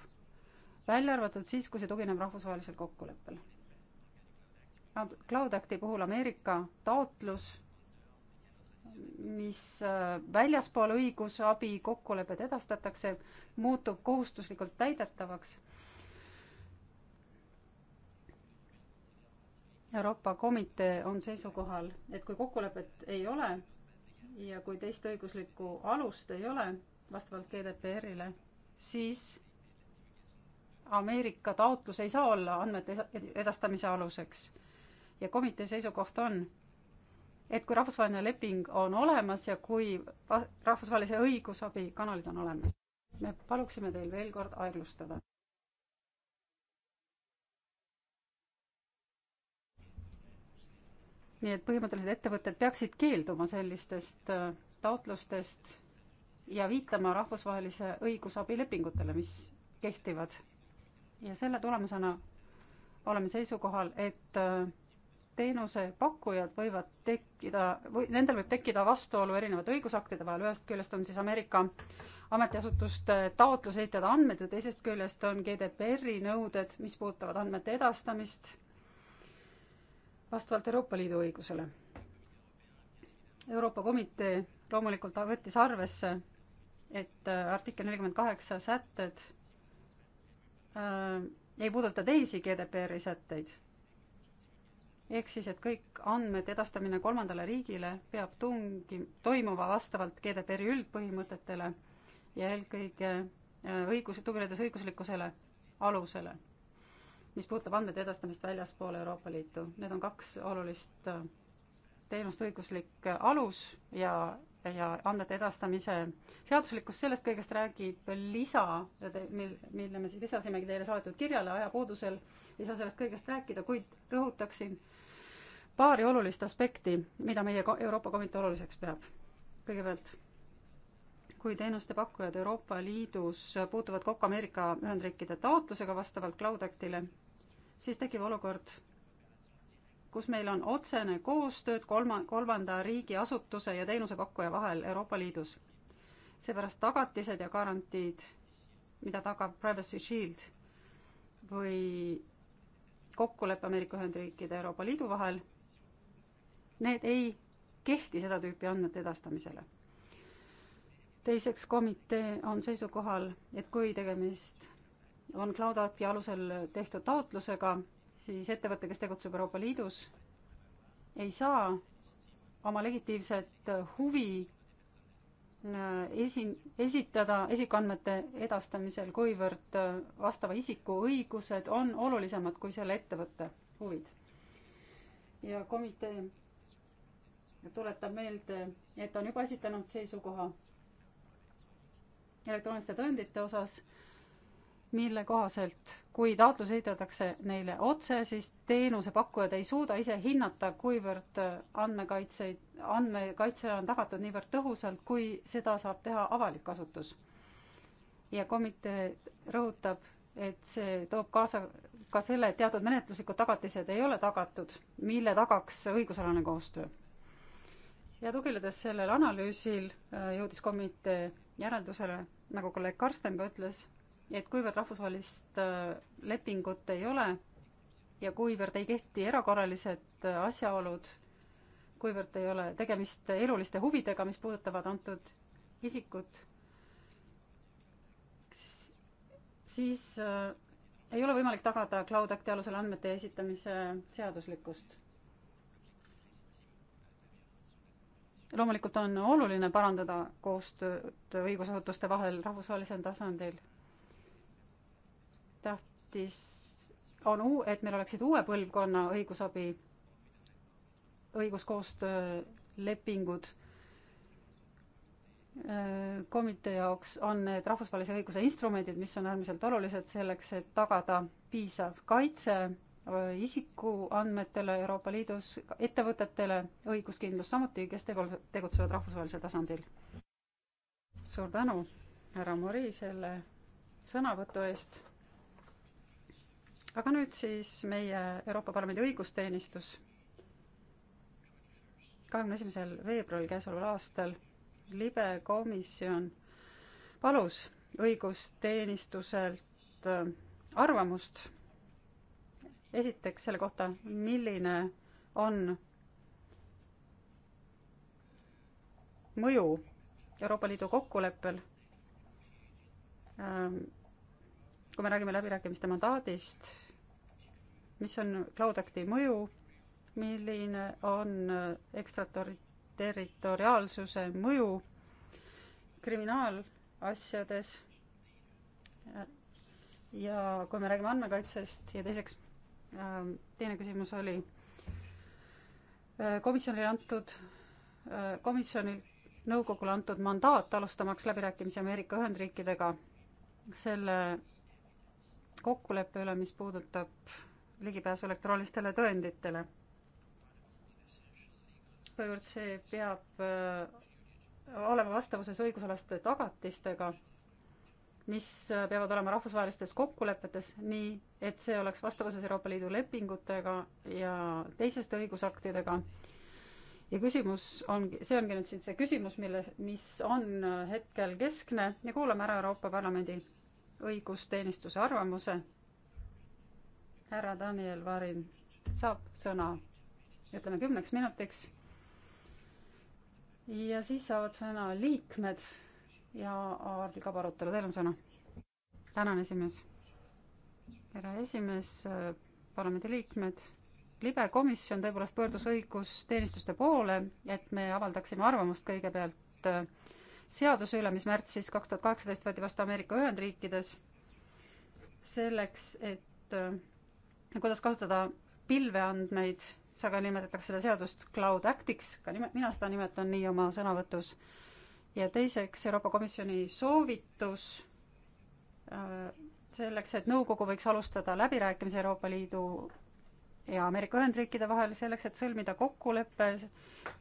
välja arvatud siis, kui see tugineb rahvusvahelisel kokkuleppel. Cloud Acti puhul Ameerika taotlus mis äh, väljaspool õigusabi kokkulepet edastatakse, muutub kohustuslikult täidetavaks. Euroopa Komitee on seisukohal, et kui kokkulepet ei ole ja kui teist õiguslikku alust ei ole vastavalt GDPR-ile, siis Ameerika taotlus ei saa olla andmete edastamise aluseks. ja komitee seisukoht on, et kui rahvusvaheline leping on olemas ja kui rahvusvahelise õigusabi kanalid on olemas, me paluksime teil veel kord aeglustada. nii et põhimõtteliselt ettevõtted peaksid keelduma sellistest äh, taotlustest ja viitama rahvusvahelise õigusabi lepingutele, mis kehtivad. ja selle tulemusena oleme seisukohal, et äh, teenusepakkujad võivad tekkida või nendel võib tekkida vastuolu erinevate õigusaktide vahel, ühest küljest on siis Ameerika ametiasutuste taotlus esitada andmed ja teisest küljest on GDPR-i nõuded, mis puudutavad andmete edastamist vastavalt Euroopa Liidu õigusele. Euroopa Komitee loomulikult võttis arvesse, et äh, artikkel nelikümmend kaheksa sätted äh, ei puuduta teisi GDPR-i sätteid ehk siis, et kõik andmete edastamine kolmandale riigile peab tungi, toimuma vastavalt GDPR-i üldpõhimõtetele ja eelkõige äh, õiguse, tuginedes õiguslikkusele alusele, mis puudutab andmete edastamist väljaspool Euroopa Liitu. Need on kaks olulist äh, teenust, õiguslik äh, alus ja, ja andmete edastamise seaduslikkus, sellest kõigest räägib lisa, mil, mille me siis lisasimegi teile saadetud kirjale ajapuudusel, ei saa sellest kõigest rääkida, kuid rõhutaksin paari olulist aspekti, mida meie Euroopa Komitee oluliseks peab. kõigepealt, kui teenuste pakkujad Euroopa Liidus puutuvad kokku Ameerika Ühendriikide taotlusega vastavalt Cloud Actile, siis tekib olukord, kus meil on otsene koostööd kolma, kolmanda riigi asutuse ja teenusepakkuja vahel Euroopa Liidus. seepärast tagatised ja garantiid, mida tagab Privacy Shield või kokkulepe Ameerika Ühendriikide ja Euroopa Liidu vahel need ei kehti seda tüüpi andmete edastamisele. teiseks, komitee on seisukohal, et kui tegemist on Cloud Acti alusel tehtud taotlusega, siis ettevõte, kes tegutseb Euroopa Liidus, ei saa oma legitiimset huvi äh, esi-, esitada isikuandmete edastamisel, kuivõrd äh, vastava isiku õigused on olulisemad kui selle ettevõtte huvid. ja komitee tuletab meelde, et on juba esitanud seisukoha elektrooniliste tõendite osas, mille kohaselt, kui taotlus esitatakse neile otse, siis teenusepakkujad ei suuda ise hinnata, kuivõrd andmekaitseid, andmekaitse on tagatud niivõrd tõhusalt, kui seda saab teha avalik asutus. ja komitee rõhutab, et see toob kaasa ka selle, et teatud menetluslikud tagatised ei ole tagatud, mille tagaks õigusalane koostöö ja tuginedes sellel analüüsil äh, jõudis komitee järeldusele, nagu kolleeg Karsten ka ütles, et kuivõrd rahvusvahelist äh, lepingut ei ole ja kuivõrd ei kehti erakorralised äh, asjaolud, kuivõrd ei ole tegemist eluliste huvidega, mis puudutavad antud isikut, siis äh, ei ole võimalik tagada Cloud Acti alusel andmete esitamise seaduslikkust loomulikult on oluline parandada koostööd õigusasutuste vahel rahvusvahelisel tasandil. tähtis on uu-, et meil oleksid uue põlvkonna õigusabi, õiguskoostöölepingud. komitee jaoks on need rahvusvahelise õiguse instrumendid, mis on äärmiselt olulised selleks, et tagada piisav kaitse Äh, isikuandmetele Euroopa Liidus, ettevõtetele õiguskindlus samuti, kes tegutsevad rahvusvahelisel tasandil. suur tänu, härra Mori, selle sõnavõtu eest. aga nüüd siis meie Euroopa Parlamendi õigusteenistus kahekümne esimesel veebruaril käesoleval aastal libe komisjon palus õigusteenistuselt äh, arvamust esiteks selle kohta, milline on mõju Euroopa Liidu kokkuleppel, ähm, kui me räägime läbirääkimiste mandaadist, mis on Claudacti mõju, milline on ekstraterritoriaalsuse mõju kriminaalasjades ja kui me räägime andmekaitsest ja teiseks Äh, teine küsimus oli äh, komisjonile antud, äh, komisjonil, nõukogule antud mandaat alustamaks läbirääkimisi Ameerika Ühendriikidega selle kokkuleppe üle, mis puudutab ligipääsu elektroonilistele tõenditele. kuivõrd see peab olema vastavuses õigusalaste tagatistega mis peavad olema rahvusvahelistes kokkulepetes, nii et see oleks vastavuses Euroopa Liidu lepingutega ja teiseste õigusaktidega. ja küsimus ongi, see ongi nüüd siin see küsimus, mille, mis on hetkel keskne ja kuulame ära Euroopa Parlamendi õigusteenistuse arvamuse. härra Daniel Varin saab sõna, ütleme kümneks minutiks. ja siis saavad sõna liikmed ja algab arutelu, teil on sõna. tänan, esimees. härra esimees, äh, parlamendiliikmed, libe komisjon tõepoolest pöördus õigusteenistuste poole, et me avaldaksime arvamust kõigepealt äh, seaduse üle, mis märtsis kaks tuhat kaheksateist võeti vastu Ameerika Ühendriikides, selleks, et äh, kuidas kasutada pilveandmeid, sageli nimetatakse seda seadust Cloud Actiks, ka nime, mina seda nimetan nii oma sõnavõtus ja teiseks Euroopa Komisjoni soovitus äh, selleks, et nõukogu võiks alustada läbirääkimisi Euroopa Liidu ja Ameerika Ühendriikide vahel selleks, et sõlmida kokkulepe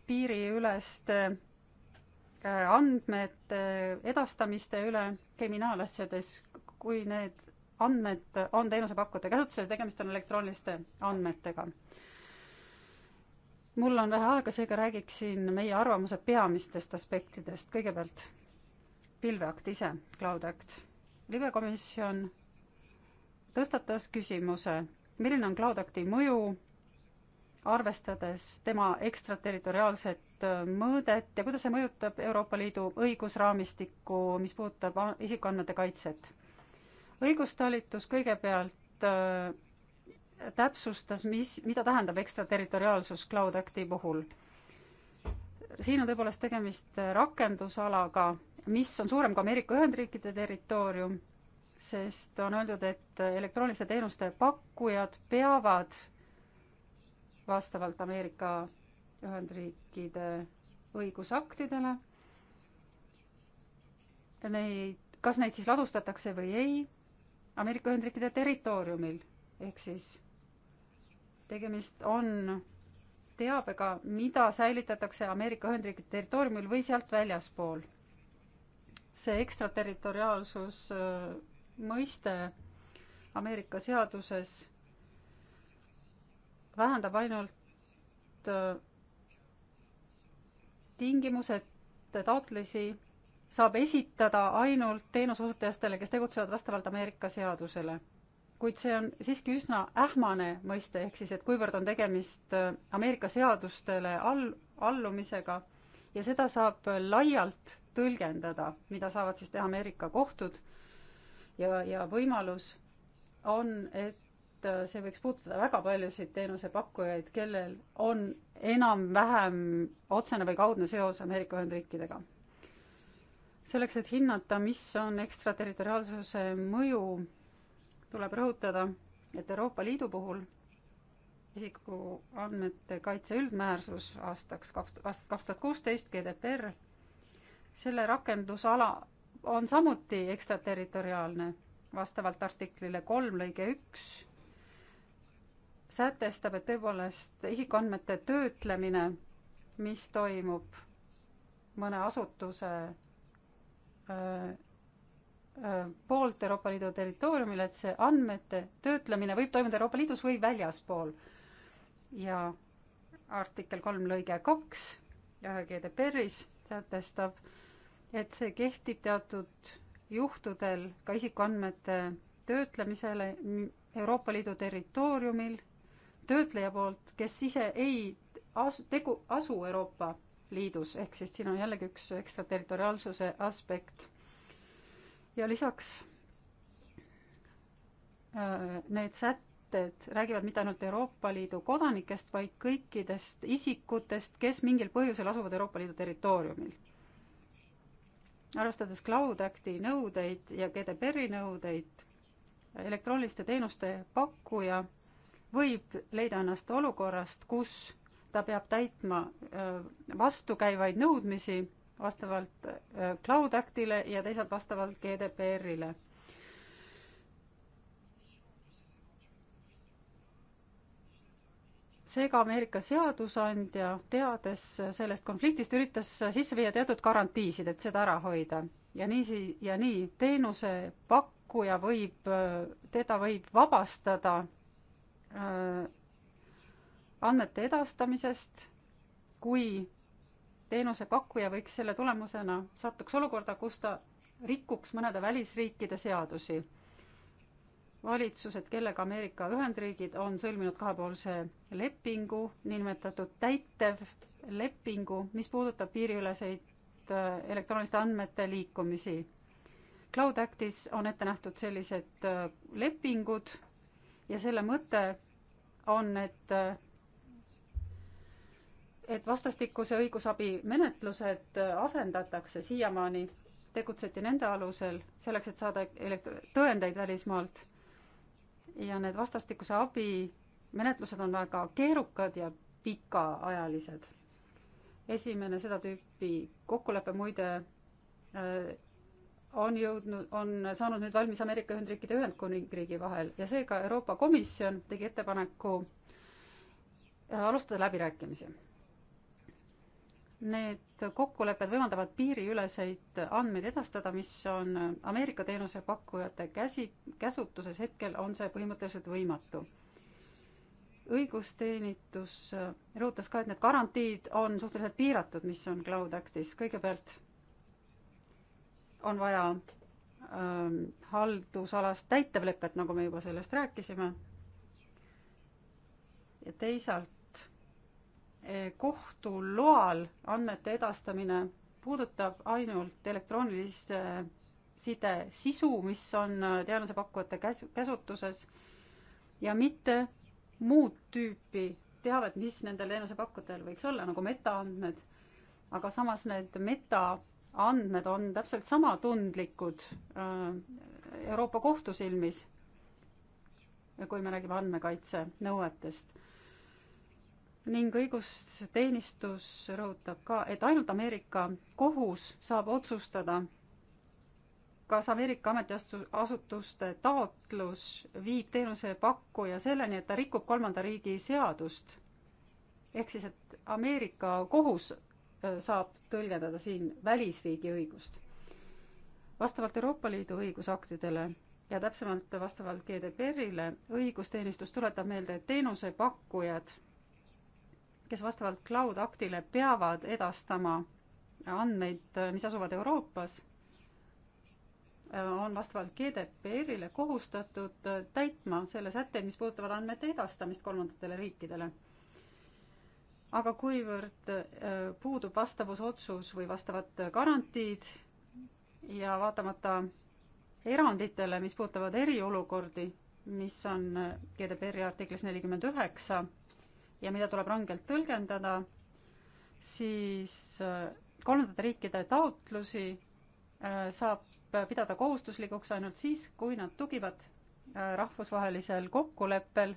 piiriüleste äh, andmete äh, edastamiste üle kriminaalasjades, kui need andmed on teenusepakkujate käsutuses ja tegemist on elektrooniliste andmetega mul on vähe aega, seega räägiksin meie arvamuse peamistest aspektidest. kõigepealt pilveakt ise, Cloud Act. libekomisjon tõstatas küsimuse, milline on Cloud Acti mõju, arvestades tema ekstraterritoriaalset äh, mõõdet ja kuidas see mõjutab Euroopa Liidu õigusraamistikku, mis puudutab isikuandmete kaitset. õigustalitus kõigepealt äh, täpsustas, mis, mida tähendab ekstraterritoriaalsus Cloud Acti puhul. siin on tõepoolest tegemist rakendusalaga, mis on suurem kui Ameerika Ühendriikide territoorium, sest on öeldud, et elektrooniliste teenuste pakkujad peavad vastavalt Ameerika Ühendriikide õigusaktidele neid, kas neid siis ladustatakse või ei Ameerika Ühendriikide territooriumil ehk siis tegemist on teabega, mida säilitatakse Ameerika Ühendriikide territooriumil või sealt väljaspool. see ekstraterritoriaalsus äh, mõiste Ameerika seaduses vähendab ainult äh, tingimused, taotlusi saab esitada ainult teenuseosutajatele, kes tegutsevad vastavalt Ameerika seadusele kuid see on siiski üsna ähmane mõiste, ehk siis, et kuivõrd on tegemist äh, Ameerika seadustele all, allumisega ja seda saab äh, laialt tõlgendada, mida saavad siis teha Ameerika kohtud. ja, ja võimalus on, et äh, see võiks puudutada väga paljusid teenusepakkujaid, kellel on enam-vähem otsene või kaudne seos Ameerika Ühendriikidega. selleks, et hinnata, mis on ekstraterritoriaalsuse mõju tuleb rõhutada, et Euroopa Liidu puhul isikuandmete kaitse üldmäärsus aastaks kaks, aastast kaks tuhat kuusteist GDPR, selle rakendusala on samuti ekstraterritoriaalne, vastavalt artiklile kolm lõige üks sätestab, et tõepoolest isikuandmete töötlemine, mis toimub mõne asutuse öö, äh, poolt Euroopa Liidu territooriumil, et see andmete töötlemine võib toimuda Euroopa Liidus või väljaspool. ja artikkel kolm lõige kaks GDPR-is sätestab, et see kehtib teatud juhtudel ka isikuandmete töötlemisele Euroopa Liidu territooriumil töötleja poolt, kes ise ei asu, tegu, asu Euroopa Liidus, ehk siis siin on jällegi üks ekstraterritoriaalsuse aspekt ja lisaks äh, need sätted räägivad mitte ainult Euroopa Liidu kodanikest, vaid kõikidest isikutest, kes mingil põhjusel asuvad Euroopa Liidu territooriumil. arvestades Cloud Acti nõudeid ja GDPR-i nõudeid, elektrooniliste teenuste pakkuja võib leida ennast olukorrast, kus ta peab täitma äh, vastukäivaid nõudmisi vastavalt äh, Cloud Actile ja teisalt vastavalt GDPR-ile. seega Ameerika seadusandja, teades sellest konfliktist, üritas sisse viia teatud garantiisid, et seda ära hoida ja niisi ja nii teenusepakkuja võib, äh, teda võib vabastada äh, andmete edastamisest, kui teenusepakkuja võiks selle tulemusena sattuks olukorda, kus ta rikuks mõnede välisriikide seadusi. valitsused, kellega Ameerika Ühendriigid on sõlminud kahepoolse lepingu, niinimetatud täitev lepingu, mis puudutab piiriüleseid äh, elektrooniliste andmete liikumisi. Cloud Actis on ette nähtud sellised äh, lepingud ja selle mõte on, et äh, et vastastikuse õigusabi menetlused asendatakse siiamaani, tegutseti nende alusel selleks, et saada elekt-, tõendeid välismaalt. ja need vastastikuse abi menetlused on väga keerukad ja pikaajalised. esimene seda tüüpi kokkulepe muide äh, on jõudnud, on saanud nüüd valmis Ameerika Ühendriikide ja Ühendkuningriigi vahel ja seega Euroopa Komisjon tegi ettepaneku äh, alustada läbirääkimisi Need kokkulepped võimaldavad piiriüleseid andmeid edastada, mis on Ameerika teenusepakkujate käsi, käsutuses, hetkel on see põhimõtteliselt võimatu. õigusteenistus rõhutas ka, et need garantiid on suhteliselt piiratud, mis on Cloud Actis, kõigepealt on vaja ähm, haldusalast täitevlepet, nagu me juba sellest rääkisime, ja teisalt kohtu loal andmete edastamine puudutab ainult elektroonilise eh, side sisu, mis on eh, teenusepakkujate käs-, käsutuses ja mitte muud tüüpi teavet, mis nendel teenusepakkujatel võiks olla, nagu metaandmed, aga samas need metaandmed on täpselt sama tundlikud eh, Euroopa Kohtu silmis, kui me räägime andmekaitse nõuetest ning õigusteenistus rõhutab ka, et ainult Ameerika kohus saab otsustada, kas Ameerika ametiasutuste taotlus viib teenusepakkuja selleni, et ta rikub kolmanda riigi seadust. ehk siis, et Ameerika kohus äh, saab tõlgendada siin välisriigi õigust. vastavalt Euroopa Liidu õigusaktidele ja täpsemalt vastavalt GDPR-ile õigusteenistus tuletab meelde, et teenusepakkujad kes vastavalt cloud aktile peavad edastama andmeid, mis asuvad Euroopas, on vastavalt GDPR-ile kohustatud täitma selle sätteid, mis puudutavad andmete edastamist kolmandatele riikidele. aga kuivõrd äh, puudub vastavusotsus või vastavad garantiid ja vaatamata eranditele, mis puudutavad eriolukordi, mis on äh, GDPR-i artiklis nelikümmend üheksa ja mida tuleb rangelt tõlgendada, siis äh, kolmandate riikide taotlusi äh, saab pidada kohustuslikuks ainult siis, kui nad tugivad äh, rahvusvahelisel kokkuleppel,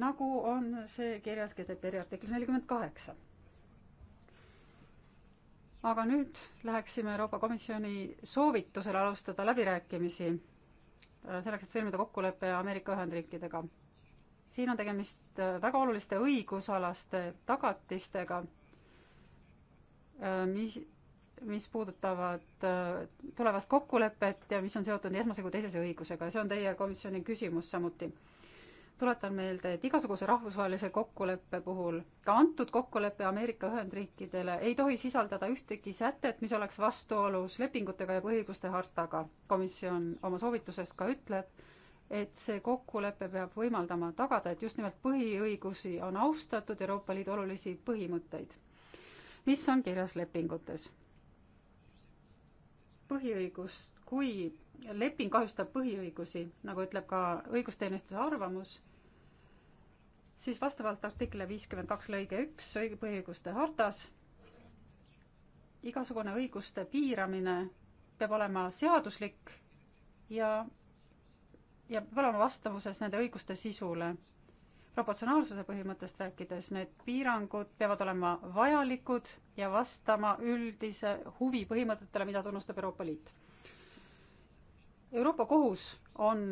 nagu on see kirjas GDPR-i artiklis nelikümmend kaheksa. aga nüüd läheksime Euroopa Komisjoni soovitusele alustada läbirääkimisi selleks, et sõlmida kokkulepe Ameerika Ühendriikidega siin on tegemist äh, väga oluliste õigusalaste tagatistega, äh, mis, mis puudutavad äh, tulevast kokkulepet ja mis on seotud nii esmase kui teisese õigusega ja see on teie komisjoni küsimus samuti. tuletan meelde, et igasuguse rahvusvahelise kokkuleppe puhul, ka antud kokkulepe Ameerika Ühendriikidele ei tohi sisaldada ühtegi sätet, mis oleks vastuolus lepingutega ja põhiõiguste hartaga. komisjon oma soovituses ka ütleb, et see kokkulepe peab võimaldama tagada, et just nimelt põhiõigusi on austatud, Euroopa Liidu olulisi põhimõtteid, mis on kirjas lepingutes. põhiõigust, kui leping kahjustab põhiõigusi, nagu ütleb ka õigusteenistuse arvamus, siis vastavalt artikli viiskümmend kaks lõige üks põhiõiguste hartas igasugune õiguste piiramine peab olema seaduslik ja ja peab olema vastavuses nende õiguste sisule. proportsionaalsuse põhimõttest rääkides, need piirangud peavad olema vajalikud ja vastama üldise huvi põhimõtetele, mida tunnustab Euroopa Liit. Euroopa Kohus on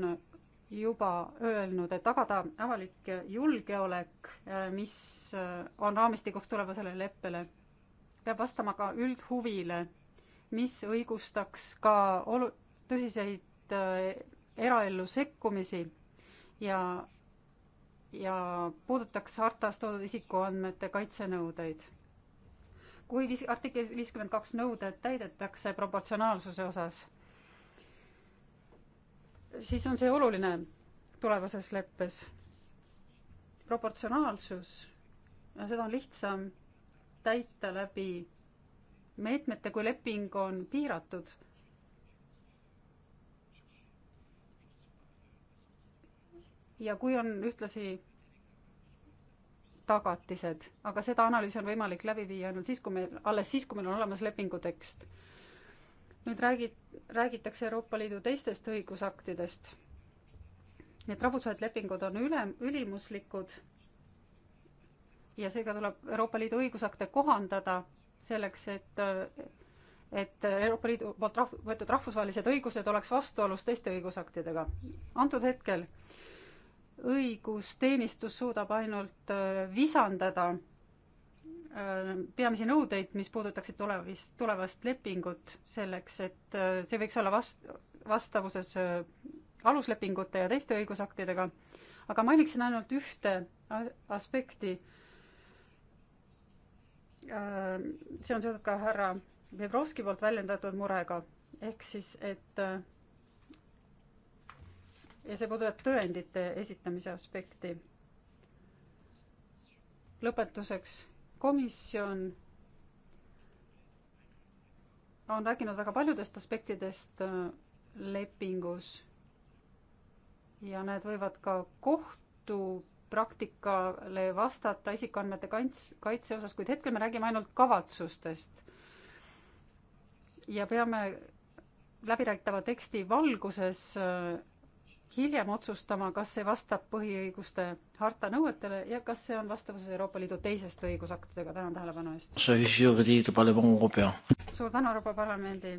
juba öelnud, et tagada avalik julgeolek, äh, mis äh, on raamistikuks tulevasele leppele, peab vastama ka üldhuvile, mis õigustaks ka olu-, tõsiseid äh, eraellu sekkumisi ja, ja puudutaks hartas toodud isikuandmete kaitsenõudeid. kui vis-, artiklis viiskümmend kaks nõuded täidetakse proportsionaalsuse osas, siis on see oluline tulevases leppes. proportsionaalsus, seda on lihtsam täita läbi meetmete, kui leping on piiratud ja kui on ühtlasi tagatised, aga seda analüüsi on võimalik läbi viia ainult siis, kui meil, alles siis, kui meil on olemas lepingu tekst. nüüd räägid, räägitakse Euroopa Liidu teistest õigusaktidest. Need rahvusvahelised lepingud on üle, ülimuslikud ja seega tuleb Euroopa Liidu õigusakte kohandada selleks, et et Euroopa Liidu poolt rahv-, võetud rahvusvahelised õigused oleks vastuolus teiste õigusaktidega. antud hetkel äh, õigusteenistus suudab ainult äh, visandada äh, peamisi nõudeid, mis puudutaksid tulevist, tulevast lepingut, selleks et äh, see võiks olla vast-, vastavuses aluslepingute ja teiste õigusaktidega, aga mainiksin ainult ühte aspekti. see on seotud ka härra Vjevrovski poolt väljendatud murega, ehk siis, et ja see puudutab tõendite esitamise aspekti. lõpetuseks, komisjon on rääkinud väga paljudest aspektidest äh, lepingus ja need võivad ka kohtupraktikale vastata isikuandmete kaits-, kaitse osas, kuid hetkel me räägime ainult kavatsustest. ja peame läbiräägitava teksti valguses äh, hiljem otsustama, kas see vastab põhiõiguste harta nõuetele ja kas see on vastavuses Euroopa Liidu teiseste õigusaktidega. tänan tähelepanu eest. suur tänu Euroopa Parlamendi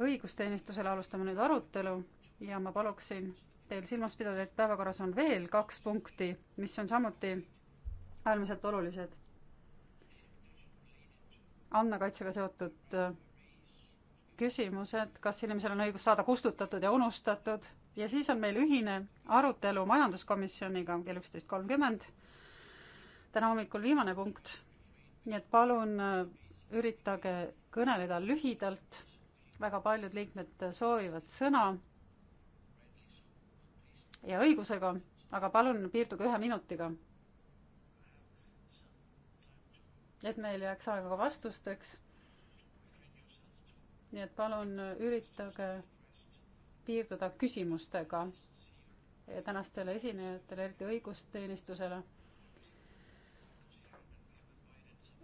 õigusteenistusele, alustame nüüd arutelu ja ma paluksin teil silmas pidada, et päevakorras on veel kaks punkti, mis on samuti äärmiselt olulised. andmekaitsega seotud äh, küsimused, kas inimesel on õigus saada kustutatud ja unustatud ja siis on meil ühine arutelu majanduskomisjoniga kell üksteist kolmkümmend. täna hommikul viimane punkt. nii et palun äh, üritage kõneleda lühidalt. väga paljud liikmed äh, soovivad sõna. ja õigusega, aga palun piirduge ühe minutiga. et meil jääks aega ka vastusteks. nii et palun üritage piirduda küsimustega tänastele esinejatele, eriti õigusteenistusele.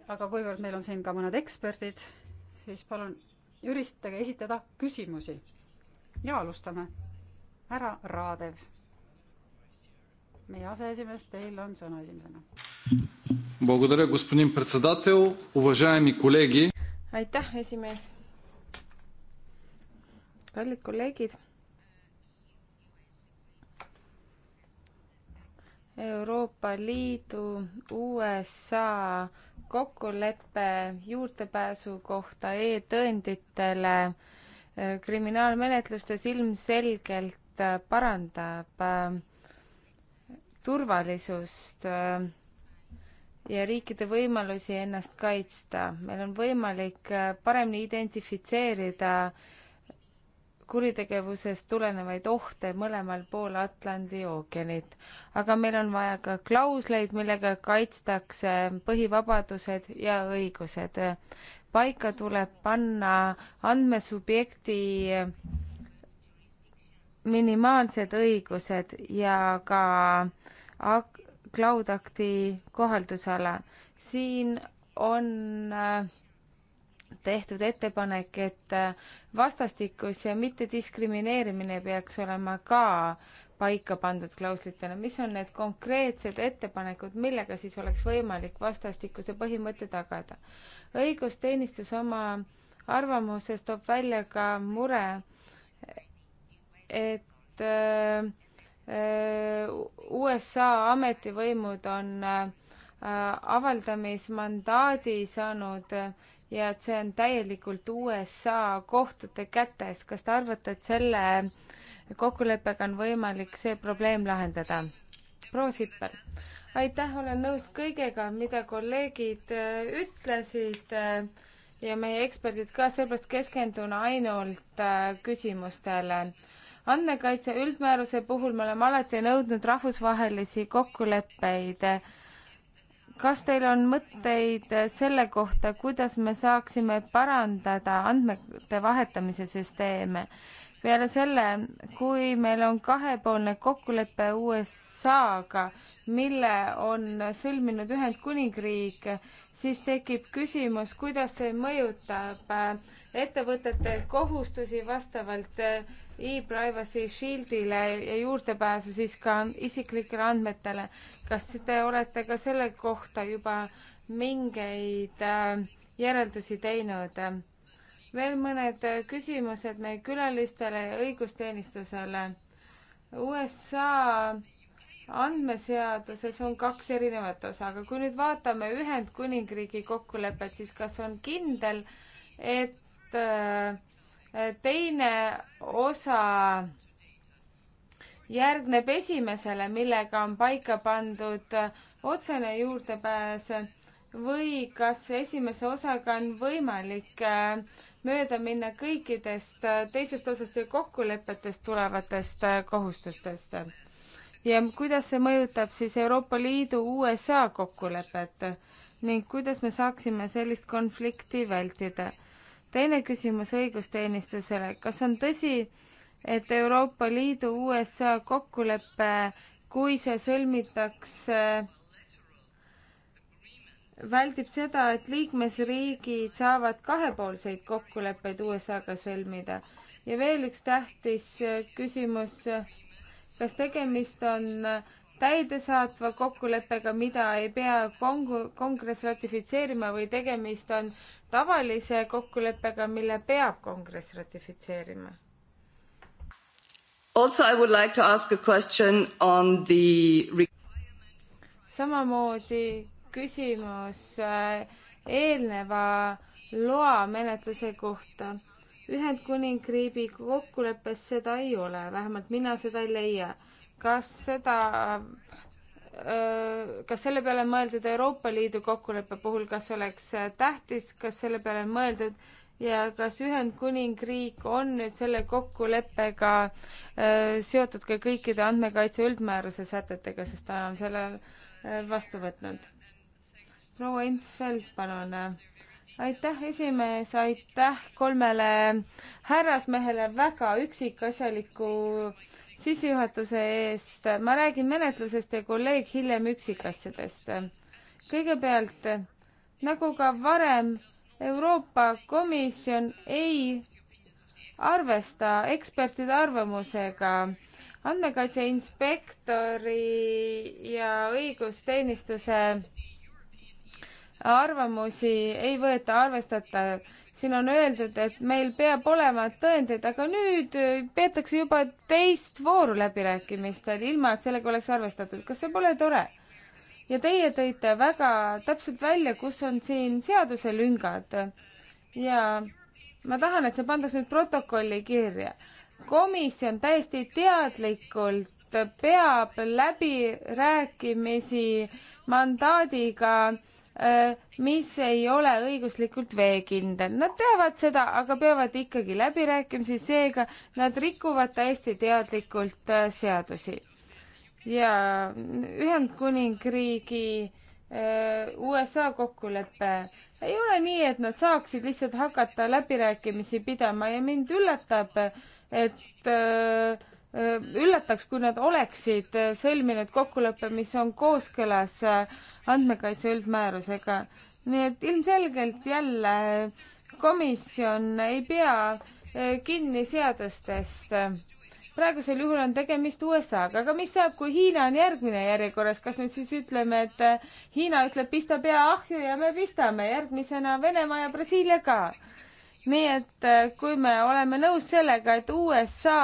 aga kuivõrd meil on siin ka mõned eksperdid, siis palun üritage esitada küsimusi. ja alustame. härra Raadev, meie aseesimees, teil on sõna esimesena. aitäh, esimees. kallid kolleegid Euroopa Liidu USA kokkulepe juurdepääsu kohta e-tõenditele kriminaalmenetlustes ilmselgelt parandab äh, turvalisust äh, ja riikide võimalusi ennast kaitsta. meil on võimalik äh, paremini identifitseerida äh, kuritegevusest tulenevaid ohte mõlemal pool Atlandi ookeanit. aga meil on vaja ka klausleid, millega kaitstakse põhivabadused ja õigused. paika tuleb panna andmesubjekti minimaalsed õigused ja ka Cloud Acti kohaldusala. siin on äh, tehtud ettepanek, et äh, vastastikus ja mittediskrimineerimine peaks olema ka paika pandud klauslitena, mis on need konkreetsed ettepanekud, millega siis oleks võimalik vastastikuse põhimõte tagada? õigusteenistus oma arvamuses toob välja ka mure, et äh, äh USA ametivõimud on äh, avaldamismandaadi saanud äh, ja et see on täielikult USA kohtute kätes. kas te arvate, et selle kokkuleppega on võimalik see probleem lahendada? proua Sipper, aitäh, olen nõus kõigega, mida kolleegid äh, ütlesid äh, ja meie eksperdid ka, sellepärast keskendun ainult äh, küsimustele andmekaitse üldmääruse puhul me oleme alati nõudnud rahvusvahelisi kokkuleppeid kas teil on mõtteid selle kohta, kuidas me saaksime parandada andmete vahetamise süsteeme? peale selle, kui meil on kahepoolne kokkulepe USA-ga, mille on sõlminud Ühendkuningriik, siis tekib küsimus, kuidas see mõjutab äh, ettevõtete kohustusi vastavalt äh, e-privacy shieldile ja juurdepääsu siis ka isiklikele andmetele. kas te olete ka selle kohta juba mingeid äh, järeldusi teinud? veel mõned küsimused meie külalistele ja õigusteenistusele. USA andmeseaduses on kaks erinevat osa, aga kui nüüd vaatame Ühendkuningriigi kokkulepet, siis kas on kindel, et äh, teine osa järgneb esimesele, millega on paika pandud otsene juurdepääs või kas esimese osaga on võimalik äh, mööda minna kõikidest äh, teisest osast ja kokkulepetest tulevatest äh, kohustustest? ja kuidas see mõjutab siis Euroopa Liidu USA kokkulepet ning kuidas me saaksime sellist konflikti vältida? teine küsimus õigusteenistusele, kas on tõsi, et Euroopa Liidu USA kokkulepe, kui see sõlmitakse väldib seda, et liikmesriigid saavad kahepoolseid kokkuleppeid USA-ga sõlmida. ja veel üks tähtis küsimus, kas tegemist on täidesaatva kokkuleppega, mida ei pea kong-, kongress ratifitseerima või tegemist on tavalise kokkuleppega, mille peab Kongress ratifitseerima. Also I would like to ask a question on the samamoodi küsimus äh, eelneva loamenetluse kohta. Ühendkuningriigi kokkuleppes seda ei ole, vähemalt mina seda ei leia. kas seda kas selle peale on mõeldud Euroopa Liidu kokkuleppe puhul, kas oleks äh, tähtis, kas selle peale on mõeldud ja kas Ühendkuningriik on nüüd selle kokkuleppega äh, seotud ka kõikide andmekaitse üldmääruse sätetega, sest ta on selle äh, vastu võtnud? proua Infeld, palun. aitäh, esimees, aitäh kolmele härrasmehele väga üksikasjaliku äh, sissejuhatuse eest. ma räägin menetlusest ja kolleeg hiljem üksikasjadest. kõigepealt, nagu ka varem, Euroopa Komisjon ei arvesta ekspertide arvamusega andmekaitse inspektori ja õigusteenistuse arvamusi ei võeta arvestatav siin on öeldud, et meil peab olema tõendeid, aga nüüd äh, peetakse juba teist vooru läbirääkimistel, ilma et sellega oleks arvestatud. kas see pole tore? ja teie tõite väga täpselt välja, kus on siin seaduselüngad. ja ma tahan, et see pandaks nüüd protokolli kirja. komisjon täiesti teadlikult peab läbirääkimisi mandaadiga äh, Äh, mis ei ole õiguslikult veekindel. Nad teavad seda, aga peavad ikkagi läbirääkimisi, seega nad rikuvad täiesti teadlikult äh, seadusi. ja Ühendkuningriigi äh, USA kokkulepe ei ole nii, et nad saaksid lihtsalt hakata läbirääkimisi pidama ja mind üllatab, et äh, Äh, üllataks, kui nad oleksid äh, sõlminud kokkuleppe, mis on kooskõlas äh, andmekaitse üldmäärusega. nii et ilmselgelt jälle komisjon ei pea kinni seadustest. praegusel juhul on tegemist USA-ga, aga mis saab, kui Hiina on järgmine järjekorras, kas me siis ütleme, et Hiina ütleb, pista pea ahju ja me pistame, järgmisena Venemaa ja Brasiilia ka nii et kui me oleme nõus sellega, et USA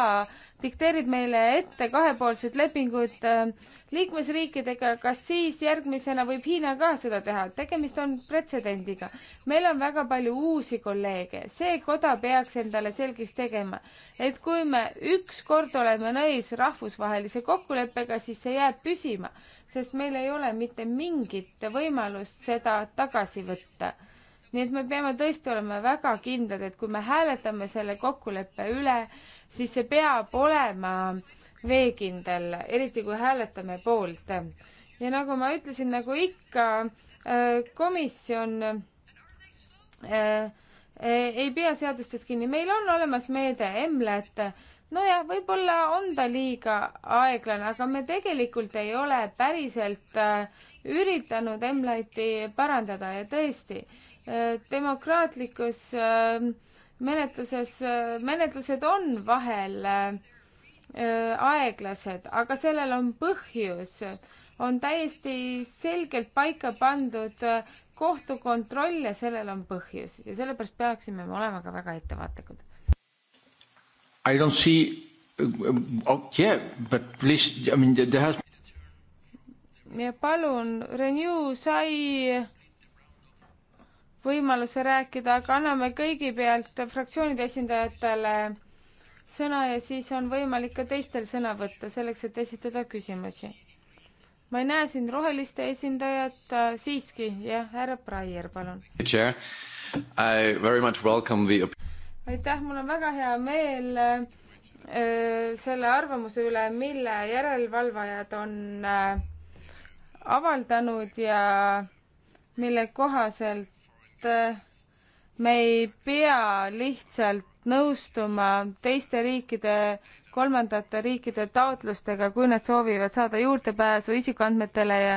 dikteerib meile ette kahepoolsed lepingud äh, liikmesriikidega, kas siis järgmisena võib Hiina ka seda teha? tegemist on pretsedendiga. meil on väga palju uusi kolleege, see koda peaks endale selgeks tegema, et kui me ükskord oleme nõis rahvusvahelise kokkuleppega, siis see jääb püsima, sest meil ei ole mitte mingit võimalust seda tagasi võtta nii et me peame tõesti olema väga kindlad, et kui me hääletame selle kokkuleppe üle, siis see peab olema veekindel, eriti kui hääletame poolt. ja nagu ma ütlesin, nagu ikka, äh, komisjon äh, äh, ei pea seadustest kinni, meil on olemas meede EMLET, nojah, võib-olla on ta liiga aeglane, aga me tegelikult ei ole päriselt üritanud EMLET-i parandada ja tõesti, demokraatlikus äh, menetluses, menetlused on vahel äh, aeglased, aga sellel on põhjus. on täiesti selgelt paika pandud äh, kohtukontroll ja sellel on põhjus ja sellepärast peaksime me olema ka väga ettevaatlikud. I don't see oh, uh, yeah, uh, but please, I mean there has. ja palun, Renew sai võimaluse rääkida, aga anname kõigepealt fraktsioonide esindajatele sõna ja siis on võimalik ka teistel sõna võtta, selleks et esitada küsimusi. ma ei näe siin roheliste esindajat äh,, siiski, jah, härra Breyer, palun. aitäh, mul on väga hea meel äh, selle arvamuse üle, mille järelevalvajad on äh, avaldanud ja mille kohaselt Äh, me ei pea lihtsalt nõustuma teiste riikide, kolmandate riikide taotlustega, kui nad soovivad saada juurdepääsu isikuandmetele ja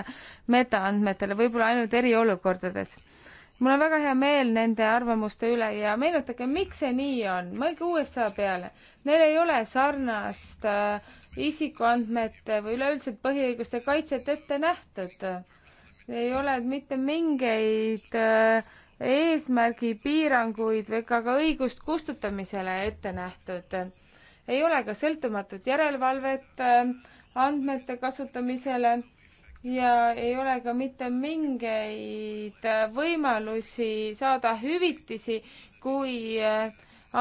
metaandmetele, võib-olla ainult eriolukordades. mul on väga hea meel nende arvamuste üle ja meenutage, miks see nii on, mõelge USA peale. Neil ei ole sarnast äh, isikuandmete või üleüldiselt põhiõiguste kaitset ette nähtud. ei ole mitte mingeid äh, eesmärgi piiranguid või ka, ka õigust kustutamisele ette nähtud. ei ole ka sõltumatut järelevalvet äh, andmete kasutamisele ja ei ole ka mitte mingeid äh, võimalusi saada hüvitisi, kui äh,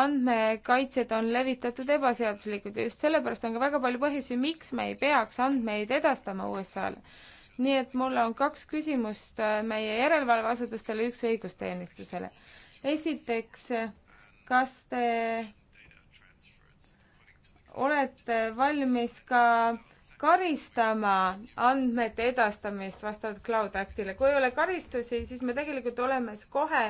andmekaitsjad on levitatud ebaseaduslikult ja just sellepärast on ka väga palju põhjusi, miks me ei peaks andmeid edastama USA-le nii et mul on kaks küsimust äh, meie järelevalveasutustele, üks õigusteenistusele. esiteks, kas te olete valmis ka karistama andmete edastamist vastavalt Cloud Actile. kui ei ole karistusi, siis me tegelikult oleme kohe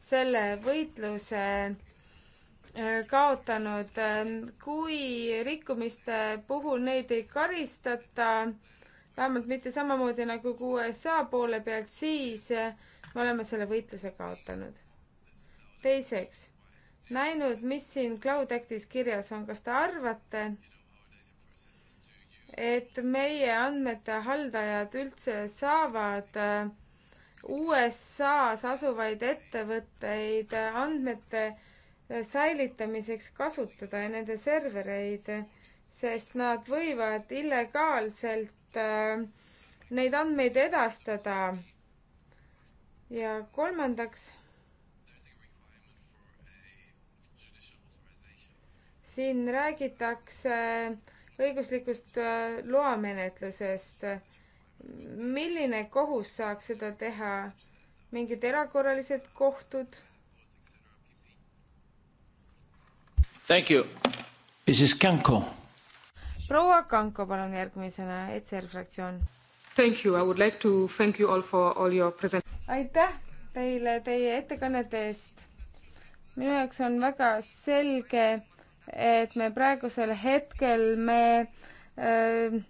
selle võitluse äh, kaotanud. Äh, kui rikkumiste puhul neid ei karistata, vähemalt mitte samamoodi nagu USA poole pealt, siis eh, me oleme selle võitluse kaotanud. teiseks, näinud, mis siin Cloud Actis kirjas on, kas te arvate, et meie andmete haldajad üldse saavad eh, USA-s asuvaid ettevõtteid eh, andmete säilitamiseks kasutada ja nende servereid, sest nad võivad illegaalselt Äh, neid andmeid edastada. ja kolmandaks, siin räägitakse õiguslikust äh, loamenetlusest. milline kohus saaks seda teha? mingid erakorralised kohtud? Thank you. Mrs Kanko proua Kanko, palun järgmisena, ETSR fraktsioon. Thank you, I would like to thank you all for all your present-. aitäh teile teie ettekannete eest. minu jaoks on väga selge, et me praegusel hetkel me öö, äh,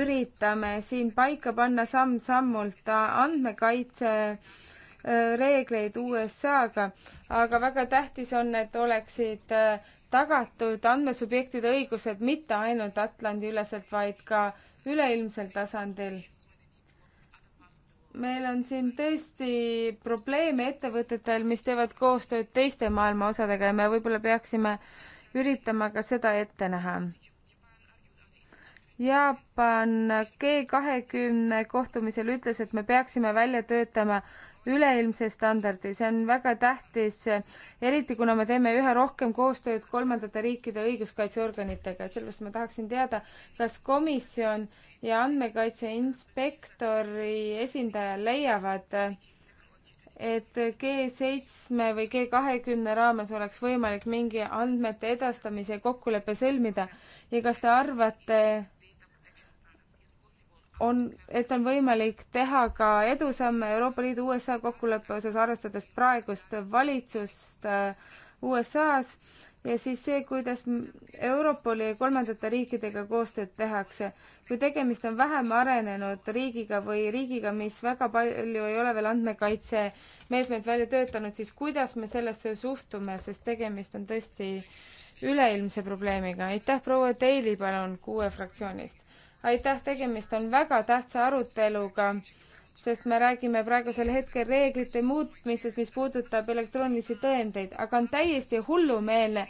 üritame siin paika panna samm-sammult andmekaitse äh, reegleid USA-ga, aga väga tähtis on, et oleksid äh, tagatud andmesubjektide õigused mitte ainult Atlandi-üleselt, vaid ka üleilmsel tasandil. meil on siin tõesti probleeme ettevõtetel, mis teevad koostööd teiste maailma osadega ja me võib-olla peaksime üritama ka seda ette näha. Jaapan G kahekümne kohtumisel ütles, et me peaksime välja töötama üleilmse standardi, see on väga tähtis, eriti kuna me teeme üha rohkem koostööd kolmandate riikide õiguskaitseorganitega, et sellepärast ma tahaksin teada, kas komisjon ja andmekaitse inspektori esindaja leiavad, et G7 või G20 raames oleks võimalik mingi andmete edastamise kokkulepe sõlmida ja kas te arvate, on, et on võimalik teha ka edusamme Euroopa Liidu USA kokkuleppe osas, arvestades praegust valitsust äh, USA-s ja siis see, kuidas Europoli ja kolmandate riikidega koostööd tehakse. kui tegemist on vähem arenenud riigiga või riigiga, mis väga palju ei ole veel andmekaitsemeetmeid välja töötanud, siis kuidas me sellesse suhtume, sest tegemist on tõesti üleilmse probleemiga. aitäh, proua Daly, palun, kuue fraktsioonist aitäh, tegemist on väga tähtsa aruteluga sest me räägime praegusel hetkel reeglite muutmisest, mis puudutab elektroonilisi tõendeid, aga on täiesti hullumeelne,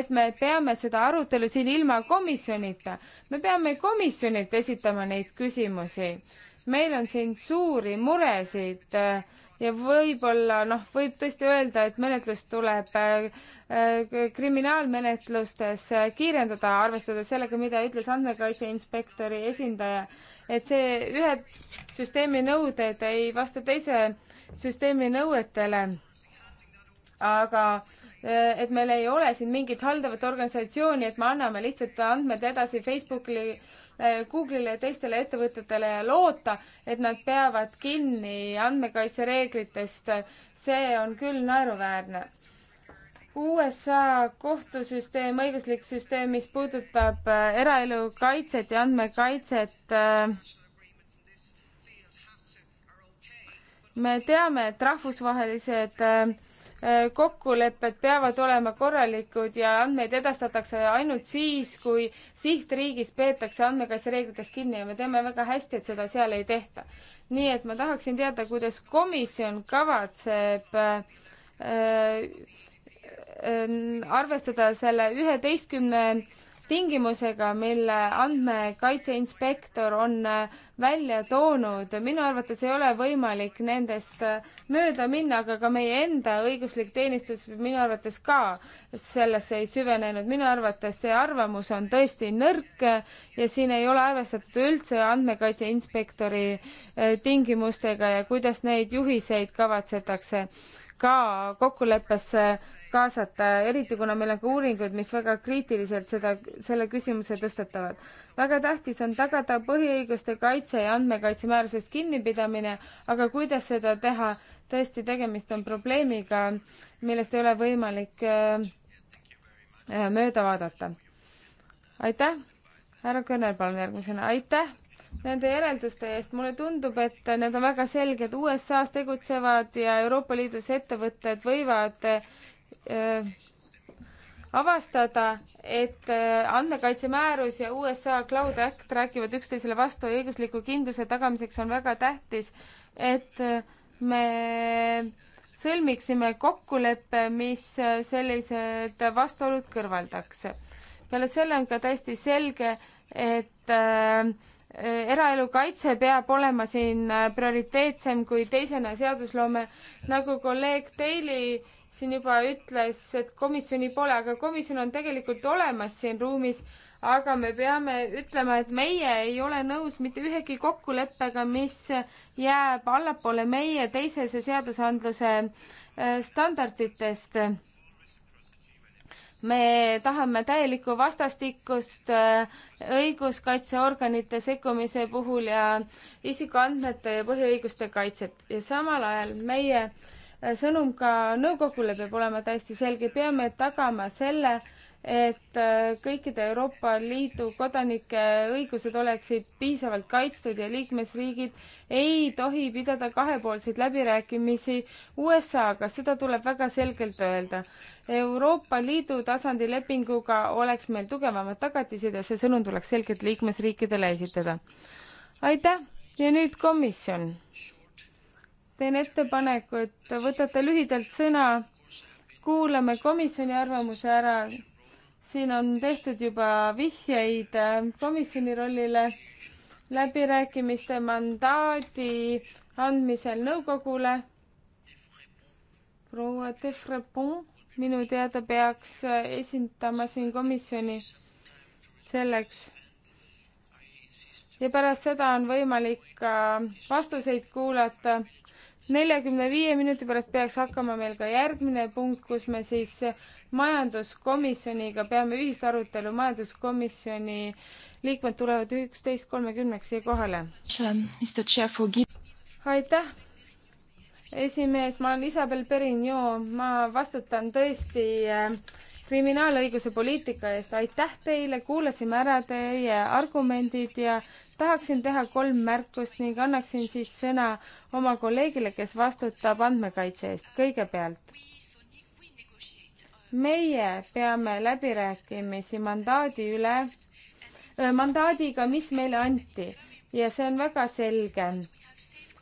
et me peame seda arutelu siin ilma komisjonita. me peame komisjonilt esitama neid küsimusi. meil on siin suuri muresid äh, ja võib-olla noh, võib tõesti öelda, et menetlus tuleb äh, äh, kriminaalmenetlustes äh, kiirendada, arvestades sellega, mida ütles andmekaitse inspektori esindaja, et see ühe süsteemi nõuded ei vasta teise süsteemi nõuetele. aga et meil ei ole siin mingit haldavat organisatsiooni, et me anname lihtsalt andmed edasi Facebooki Eh, Google'ile ja teistele ettevõtetele ja loota, et nad peavad kinni andmekaitsereeglitest. see on küll naeruväärne. USA kohtusüsteem, õiguslik süsteem, mis puudutab eh, eraelu kaitset ja andmekaitset äh, me teame, et rahvusvahelised kokkulepped peavad olema korralikud ja andmeid edastatakse ainult siis, kui sihtriigis peetakse andmekaitsereeglitest kinni ja me teame väga hästi, et seda seal ei tehta. nii et ma tahaksin teada, kuidas komisjon kavatseb äh, äh, arvestada selle üheteistkümne tingimusega, mille andmekaitse inspektor on äh, välja toonud. minu arvates ei ole võimalik nendest äh, mööda minna, aga ka meie enda õiguslik teenistus minu arvates ka sellesse ei süvenenud. minu arvates see arvamus on tõesti nõrk ja siin ei ole arvestatud üldse andmekaitse inspektori äh, tingimustega ja kuidas neid juhiseid kavatsetakse ka kokkuleppesse kaasata, eriti kuna meil on ka uuringuid, mis väga kriitiliselt seda, selle küsimuse tõstatavad. väga tähtis on tagada põhiõiguste kaitse ja andmekaitse määrusest kinnipidamine, aga kuidas seda teha, tõesti, tegemist on probleemiga, millest ei ole võimalik äh, äh mööda vaadata. aitäh, härra Kõner, palun järgmisena, aitäh nende järelduste eest. mulle tundub, et need on väga selged. USA-s tegutsevad ja Euroopa Liidus ettevõtted võivad Äh, avastada, et äh, andmekaitsemäärus ja USA Cloud Act räägivad üksteisele vastu ja õigusliku kindluse tagamiseks on väga tähtis, et äh, me sõlmiksime kokkuleppe, mis sellised vastuolud kõrvaldaks. peale selle on ka täiesti selge, et äh, eraelu kaitse peab olema siin prioriteetsem kui teisena seadusloome, nagu kolleeg Daly siin juba ütles, et komisjoni pole, aga komisjon on tegelikult olemas siin ruumis, aga me peame ütlema, et meie ei ole nõus mitte ühegi kokkuleppega, mis jääb allapoole meie teisese seadusandluse äh, standarditest me tahame täielikku vastastikust äh, õiguskaitseorganite sekkumise puhul ja isikuandmete ja põhiõiguste kaitset ja samal ajal meie äh, sõnum ka nõukogule peab olema täiesti selge, peame tagama selle, et äh, kõikide Euroopa Liidu kodanike õigused oleksid piisavalt kaitstud ja liikmesriigid ei tohi pidada kahepoolseid läbirääkimisi USA-ga, seda tuleb väga selgelt öelda. Euroopa Liidu tasandi lepinguga oleks meil tugevamad tagatised ja see sõnum tuleks selgelt liikmesriikidele esitada. aitäh ja nüüd komisjon teen ettepaneku, et võtate lühidalt sõna, kuulame komisjoni arvamuse ära. siin on tehtud juba vihjeid komisjoni rollile läbirääkimiste mandaadi andmisel nõukogule. proua Tefrepon minu teada peaks esindama siin komisjoni selleks. ja pärast seda on võimalik ka vastuseid kuulata neljakümne viie minuti pärast peaks hakkama meil ka järgmine punkt, kus me siis majanduskomisjoniga peame ühist arutelu, majanduskomisjoni liikmed tulevad üksteist kolmekümneks siia kohale. aitäh, esimees, ma olen Isabel Perignon, ma vastutan tõesti äh, kriminaalõiguse poliitika eest, aitäh teile, kuulasime ära teie argumendid ja tahaksin teha kolm märkust ning annaksin siis sõna oma kolleegile, kes vastutab andmekaitse eest. kõigepealt, meie peame läbirääkimisi mandaadi üle, mandaadiga, mis meile anti ja see on väga selge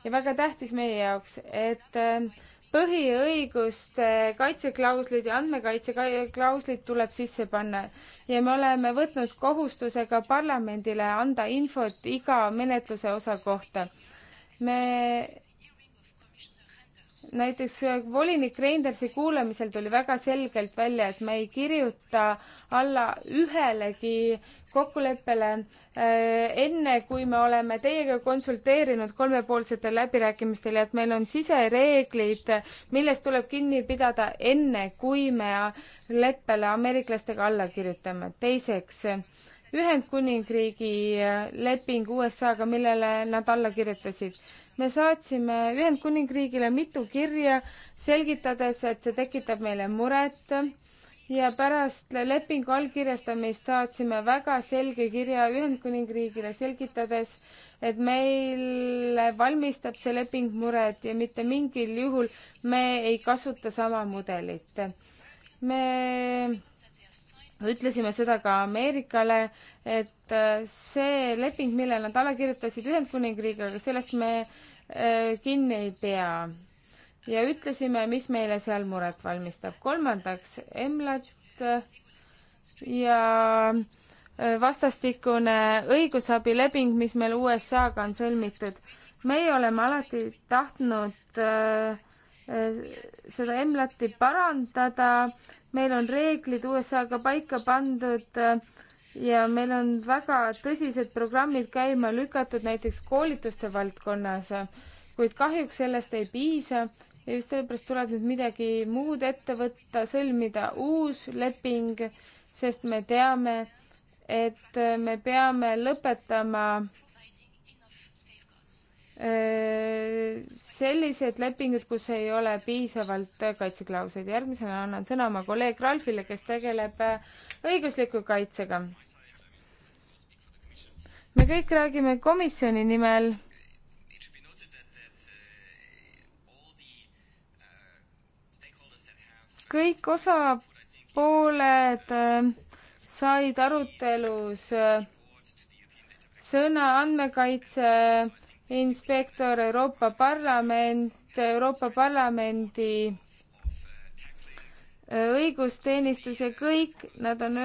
ja väga tähtis meie jaoks, et äh, põhiõiguste kaitseklauslid ja andmekaitseklauslid tuleb sisse panna ja me oleme võtnud kohustuse ka parlamendile anda infot iga menetluse osa kohta. me näiteks volinik Reindersi kuulamisel tuli väga selgelt välja, et me ei kirjuta alla ühelegi kokkuleppele äh, enne, kui me oleme teiega konsulteerinud kolmepoolsetel läbirääkimistel ja et meil on sisereeglid, millest tuleb kinni pidada enne, kui me leppele ameeriklastega alla kirjutame. teiseks, Ühendkuningriigi äh, leping USA-ga, millele nad alla kirjutasid. me saatsime Ühendkuningriigile mitu kirja, selgitades, et see tekitab meile muret ja pärast lepingu allkirjastamist saatsime väga selge kirja Ühendkuningriigile selgitades, et meile valmistab see leping muret ja mitte mingil juhul me ei kasuta sama mudelit. me ütlesime seda ka Ameerikale, et äh, see leping, millele nad alla kirjutasid Ühendkuningriigiga, sellest me äh, kinni ei pea ja ütlesime, mis meile seal muret valmistab. kolmandaks, EMLAT ja äh, vastastikune õigusabileping, mis meil USA-ga on sõlmitud. meie oleme alati tahtnud äh, äh, seda EMLAT-i parandada, meil on reeglid USA-ga paika pandud äh, ja meil on väga tõsised programmid käima lükatud näiteks koolituste valdkonnas, kuid kahjuks sellest ei piisa ja just sellepärast tuleb nüüd midagi muud ette võtta, sõlmida uus leping, sest me teame, et me peame lõpetama äh, sellised lepingud, kus ei ole piisavalt kaitseklauseid. järgmisena annan sõna oma kolleeg Ralfile, kes tegeleb äh, õigusliku kaitsega. me kõik räägime komisjoni nimel kõik osapooled äh, said arutelus äh, sõna andmekaitse inspektor, Euroopa Parlament, Euroopa Parlamendi äh, õigusteenistus ja kõik nad on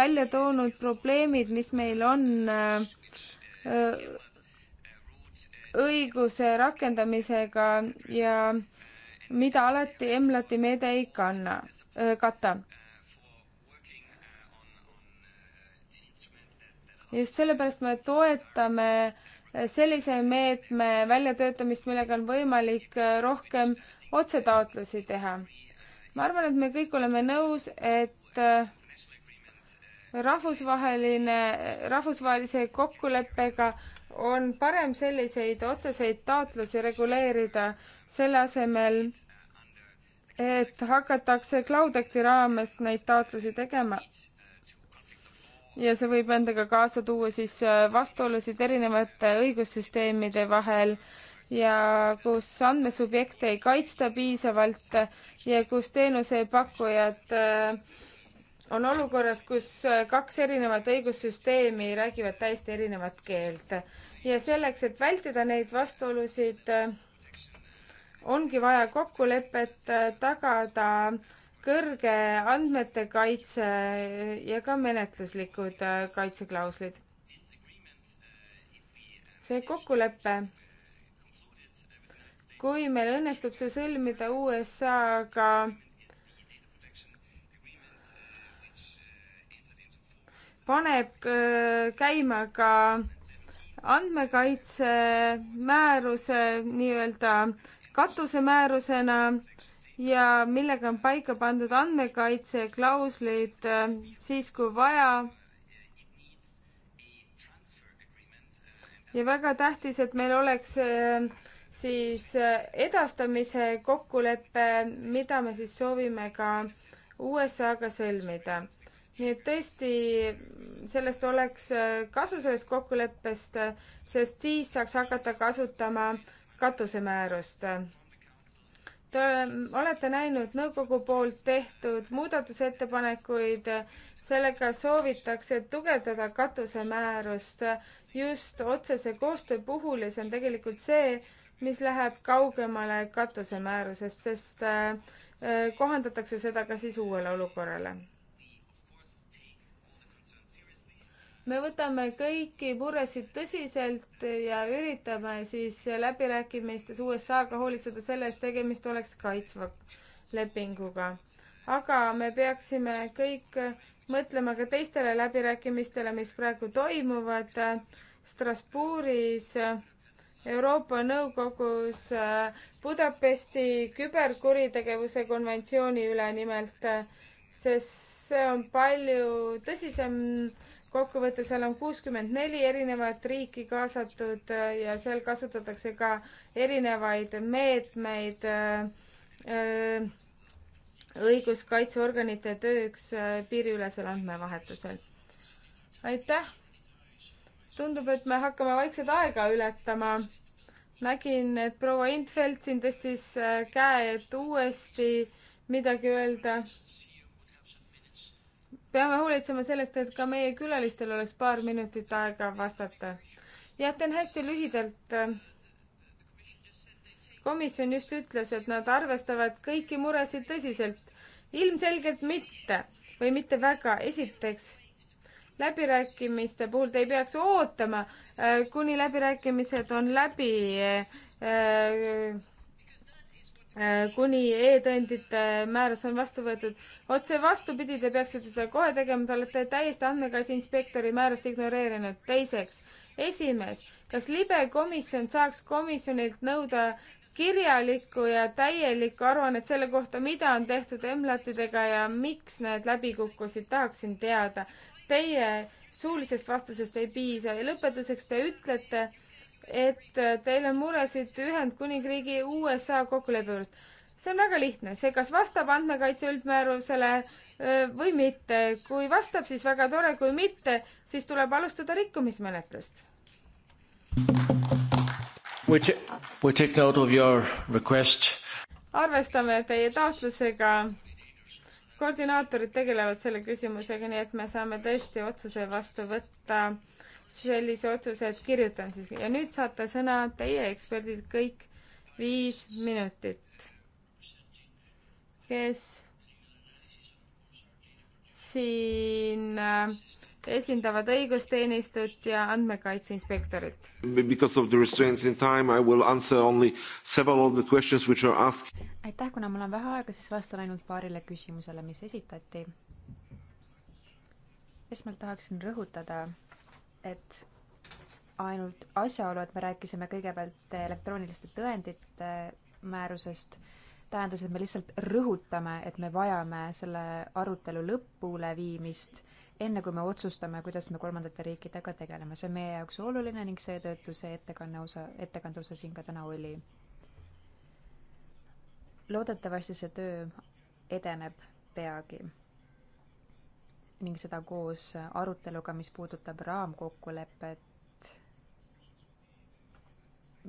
välja toonud probleemid, mis meil on õiguse rakendamisega ja mida alati EMLAT-i meede ei kanna, kata. just sellepärast me toetame sellise meetme väljatöötamist, millega on võimalik rohkem otsetaotlusi teha. ma arvan, et me kõik oleme nõus, et rahvusvaheline, rahvusvahelise kokkuleppega on parem selliseid otseseid taotlusi reguleerida, selle asemel, et hakatakse Cloud Acti raames neid taotlusi tegema. ja see võib endaga kaasa tuua siis äh, vastuolusid erinevate õigussüsteemide vahel ja kus andmesubjekte ei kaitsta piisavalt ja kus teenusepakkujad äh, on olukorras, kus äh, kaks erinevat õigussüsteemi räägivad täiesti erinevat keelt ja selleks, et vältida neid vastuolusid, äh, ongi vaja kokkulepet äh, tagada kõrge andmete kaitse ja ka menetluslikud kaitseklauslid. see kokkulepe, kui meil õnnestub see sõlmida USA-ga paneb äh, käima ka andmekaitsemääruse nii-öelda katusemäärusena ja millega on paika pandud andmekaitseklauslid äh, siis, kui vaja. ja väga tähtis, et meil oleks äh, siis edastamise kokkulepe, mida me siis soovime ka USA-ga sõlmida nii et tõesti, sellest oleks äh, kasu, sellest kokkuleppest, äh, sest siis saaks hakata kasutama katusemäärust. Te ähm, olete näinud nõukogu poolt tehtud muudatusettepanekuid, äh, sellega soovitakse tugevdada katusemäärust just otsese koostöö puhul ja see on tegelikult see, mis läheb kaugemale katusemäärusest, sest kohandatakse seda ka siis uuele olukorrale me võtame kõiki murresid tõsiselt ja üritame siis läbirääkimistes USA-ga hoolitseda selle eest, tegemist oleks kaitsva lepinguga. aga me peaksime kõik mõtlema ka teistele läbirääkimistele, mis praegu toimuvad Strasbourgis, Euroopa Nõukogus, Budapesti küberkuritegevuse konventsiooni üle nimelt, sest see on palju tõsisem kokkuvõttes seal on kuuskümmend neli erinevat riiki kaasatud äh, ja seal kasutatakse ka erinevaid meetmeid äh, äh, õiguskaitseorganite tööks piiriülesel andmevahetusel. aitäh! tundub, et me hakkame vaikselt aega ületama. nägin, et proua Intfeld siin tõstis käe, et uuesti midagi öelda peame hoolitsema sellest, et ka meie külalistel oleks paar minutit aega vastata. jah, teen hästi lühidalt. komisjon just ütles, et nad arvestavad kõiki muresid tõsiselt. ilmselgelt mitte või mitte väga. esiteks, läbirääkimiste puhul te ei peaks ootama, äh, kuni läbirääkimised on läbi äh, äh, Äh, kuni e-tõendite määrus on vastu võetud. otse vastupidi, te peaksite seda kohe tegema, te olete täiesti andmekaitse inspektori määrust ignoreerinud. teiseks, esimees, kas libe komisjon saaks komisjonilt nõuda kirjalikku ja täielikku aruannet selle kohta, mida on tehtud emlatidega ja miks need läbi kukkusid, tahaksin teada. Teie suulisest vastusest ei piisa ja lõpetuseks te ütlete, et teil on muresid Ühendkuningriigi USA kokkuleppe juurest. see on väga lihtne, see kas vastab andmekaitse üldmäärusele äh, või mitte. kui vastab, siis väga tore, kui mitte, siis tuleb alustada rikkumismenetlust. arvestame teie taotlusega. koordinaatorid tegelevad selle küsimusega, nii et me saame tõesti otsuse vastu võtta sellise otsuse, et kirjutan siis ja nüüd saate sõna teie eksperdid kõik viis minutit. kes siin äh, esindavad õigusteenistut ja andmekaitse inspektorit. Because of the restraints in time I will answer only several of the questions which are asked. aitäh, kuna mul on vähe aega, siis vastan ainult paarile küsimusele, mis esitati. esmalt tahaksin rõhutada et ainult asjaolu, et me rääkisime kõigepealt elektrooniliste tõendite määrusest, tähendas, et me lihtsalt rõhutame, et me vajame selle arutelu lõpuleviimist, enne kui me otsustame, kuidas me kolmandate riikidega tegeleme. see on meie jaoks oluline ning seetõttu see, see ettekanne osa, ettekande osa siin ka täna oli. loodetavasti see töö edeneb peagi ning seda koos aruteluga, mis puudutab raamkokkulepet,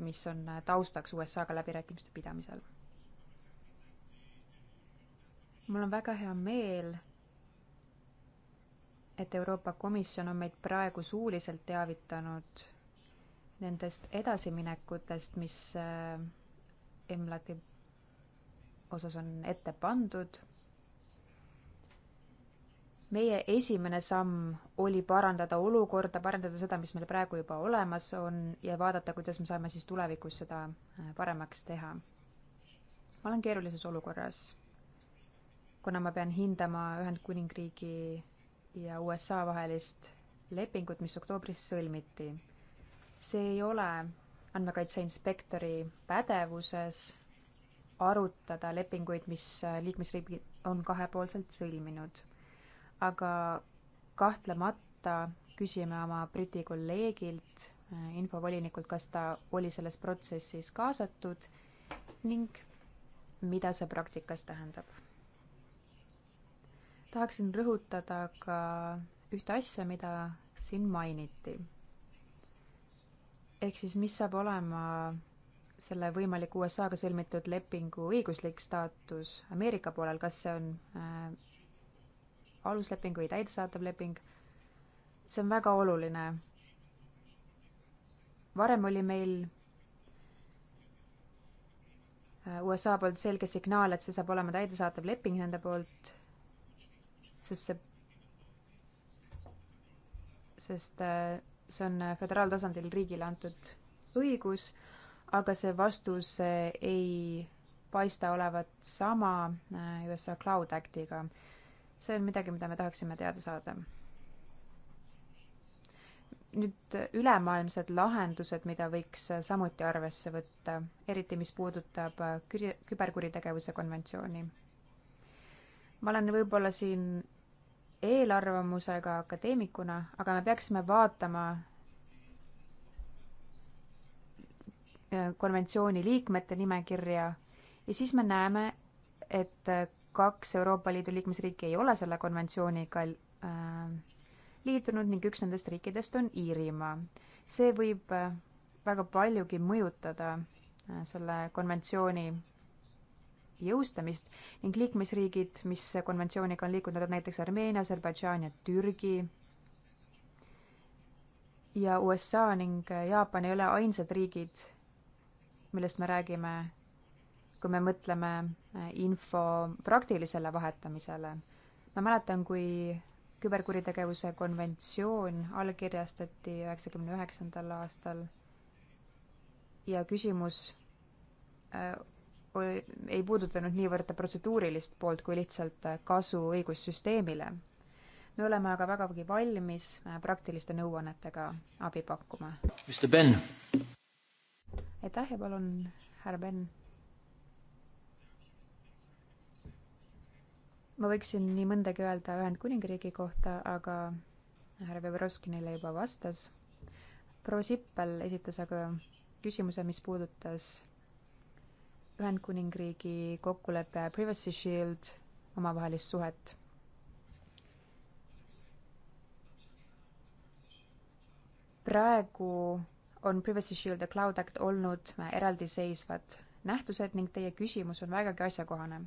mis on taustaks USA-ga läbirääkimiste pidamisel. mul on väga hea meel, et Euroopa Komisjon on meid praegu suuliselt teavitanud nendest edasiminekutest, mis äh, EMLAT-i osas on ette pandud meie esimene samm oli parandada olukorda, parandada seda, mis meil praegu juba olemas on ja vaadata, kuidas me saame siis tulevikus seda äh, paremaks teha. ma olen keerulises olukorras, kuna ma pean hindama Ühendkuningriigi ja USA vahelist lepingut, mis oktoobris sõlmiti. see ei ole andmekaitse inspektori pädevuses arutada lepinguid, mis äh, liikmesriigid on kahepoolselt sõlminud aga kahtlemata küsime oma Briti kolleegilt, äh, infovolinikult, kas ta oli selles protsessis kaasatud ning mida see praktikas tähendab. tahaksin rõhutada ka ühte asja, mida siin mainiti. ehk siis, mis saab olema selle võimaliku USA-ga sõlmitud lepingu õiguslik staatus Ameerika poolel, kas see on äh, alusleping või täidesaatav leping. see on väga oluline. varem oli meil äh, USA poolt selge signaal, et see saab olema täidesaatav leping nende poolt, sest see, sest äh, see on äh, föderaaltasandil riigile antud õigus, aga see vastus ei paista olevat sama USA Cloud Actiga see on midagi, mida me tahaksime teada saada. nüüd ülemaailmsed lahendused, mida võiks samuti arvesse võtta, eriti mis puudutab küri-, küberkuritegevuse konventsiooni. ma olen võib-olla siin eelarvamusega akadeemikuna, aga me peaksime vaatama äh, konventsiooni liikmete nimekirja ja siis me näeme, et kaks Euroopa Liidu liikmesriiki ei ole selle konventsiooniga äh, liitunud ning üks nendest riikidest on Iirimaa. see võib äh, väga paljugi mõjutada äh, selle konventsiooni jõustamist ning liikmesriigid, mis konventsiooniga on liikunud, on näiteks Armeenia, Aserbaidžaan ja Türgi. ja USA ning Jaapan ei ole ainsad riigid, millest me räägime kui me mõtleme äh, info praktilisele vahetamisele. ma mäletan, kui küberkuritegevuse konventsioon allkirjastati üheksakümne üheksandal aastal ja küsimus äh, ei puudutanud niivõrd protseduurilist poolt kui lihtsalt äh, kasu õigussüsteemile. me oleme aga vägagi valmis praktiliste nõuannetega abi pakkuma. aitäh ja palun, härra Ben ma võiksin nii mõndagi öelda Ühendkuningriigi kohta, aga härra Vjevrovski neile juba vastas. proua Sippel esitas aga küsimuse, mis puudutas Ühendkuningriigi kokkuleppe Privacy Shield omavahelist suhet praegu on Privacy Shield ja Cloud Act olnud eraldiseisvad nähtused ning teie küsimus on vägagi asjakohane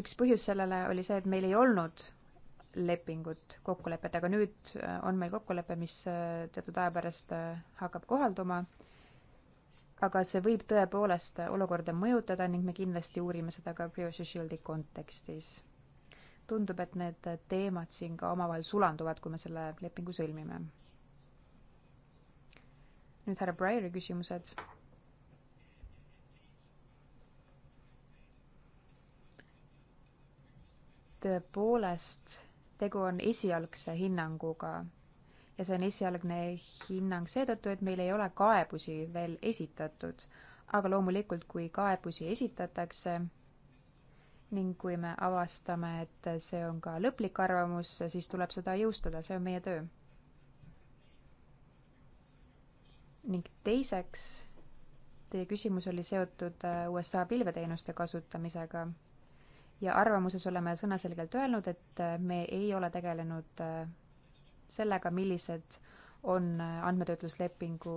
üks põhjus sellele oli see, et meil ei olnud lepingut, kokkulepet, aga nüüd äh, on meil kokkulepe, mis äh, teatud aja pärast äh, hakkab kohalduma. aga see võib tõepoolest olukorda mõjutada ning me kindlasti uurime seda ka Privacy Shieldi kontekstis. tundub, et need teemad siin ka omavahel sulanduvad, kui me selle lepingu sõlmime. nüüd härra Breieri küsimused tõepoolest tegu on esialgse hinnanguga ja see on esialgne hinnang seetõttu, et meil ei ole kaebusi veel esitatud. aga loomulikult, kui kaebusi esitatakse ning kui me avastame, et see on ka lõplik arvamus, siis tuleb seda jõustada, see on meie töö. ning teiseks, teie küsimus oli seotud äh, USA pilveteenuste kasutamisega ja arvamuses oleme sõnaselgelt öelnud, et äh, me ei ole tegelenud äh, sellega, millised on äh, andmetöötluslepingu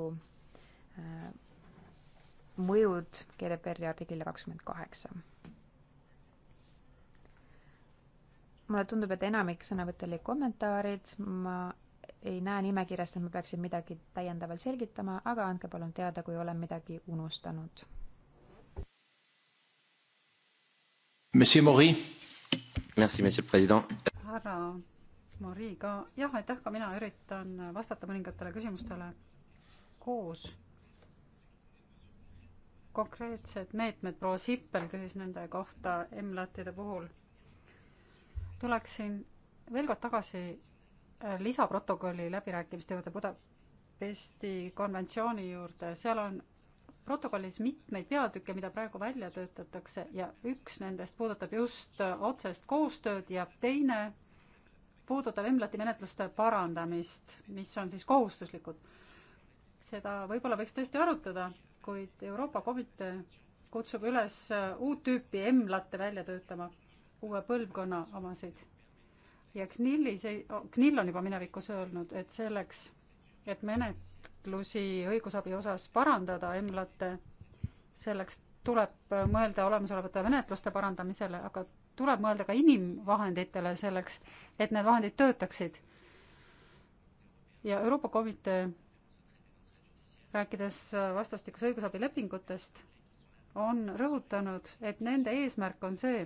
mõjud GDPR-i artiklile kakskümmend kaheksa. mulle tundub, et enamik sõnavõtte oli kommentaarid, ma ei näe nimekirjast, et ma peaksin midagi täiendavalt selgitama, aga andke palun teada, kui olen midagi unustanud Monsieur Mori. Merci, monsieur president. härra Mori ka, jah, aitäh, ka mina üritan vastata mõningatele küsimustele koos. konkreetsed meetmed, proua Sippel küsis nende kohta MLAT-ide puhul. tuleksin veel kord tagasi äh, lisaprotokolli läbirääkimiste juurde Budapesti konventsiooni juurde, seal on protokollis mitmeid peatükke, mida praegu välja töötatakse ja üks nendest puudutab just äh, otsest koostööd ja teine puudutab emblati menetluste parandamist, mis on siis kohustuslikud. seda võib-olla võiks tõesti arutada, kuid Euroopa Komitee kutsub üles äh, uut tüüpi emlate välja töötama, uue põlvkonna omasid. ja Knillis ei, Knill on juba minevikus öelnud, et selleks, et menet-, menetlusi õigusabi osas parandada EMLate, selleks tuleb mõelda olemasolevate menetluste parandamisele, aga tuleb mõelda ka inimvahenditele selleks, et need vahendid töötaksid. ja Euroopa Komitee, rääkides vastastikuse õigusabi lepingutest, on rõhutanud, et nende eesmärk on see,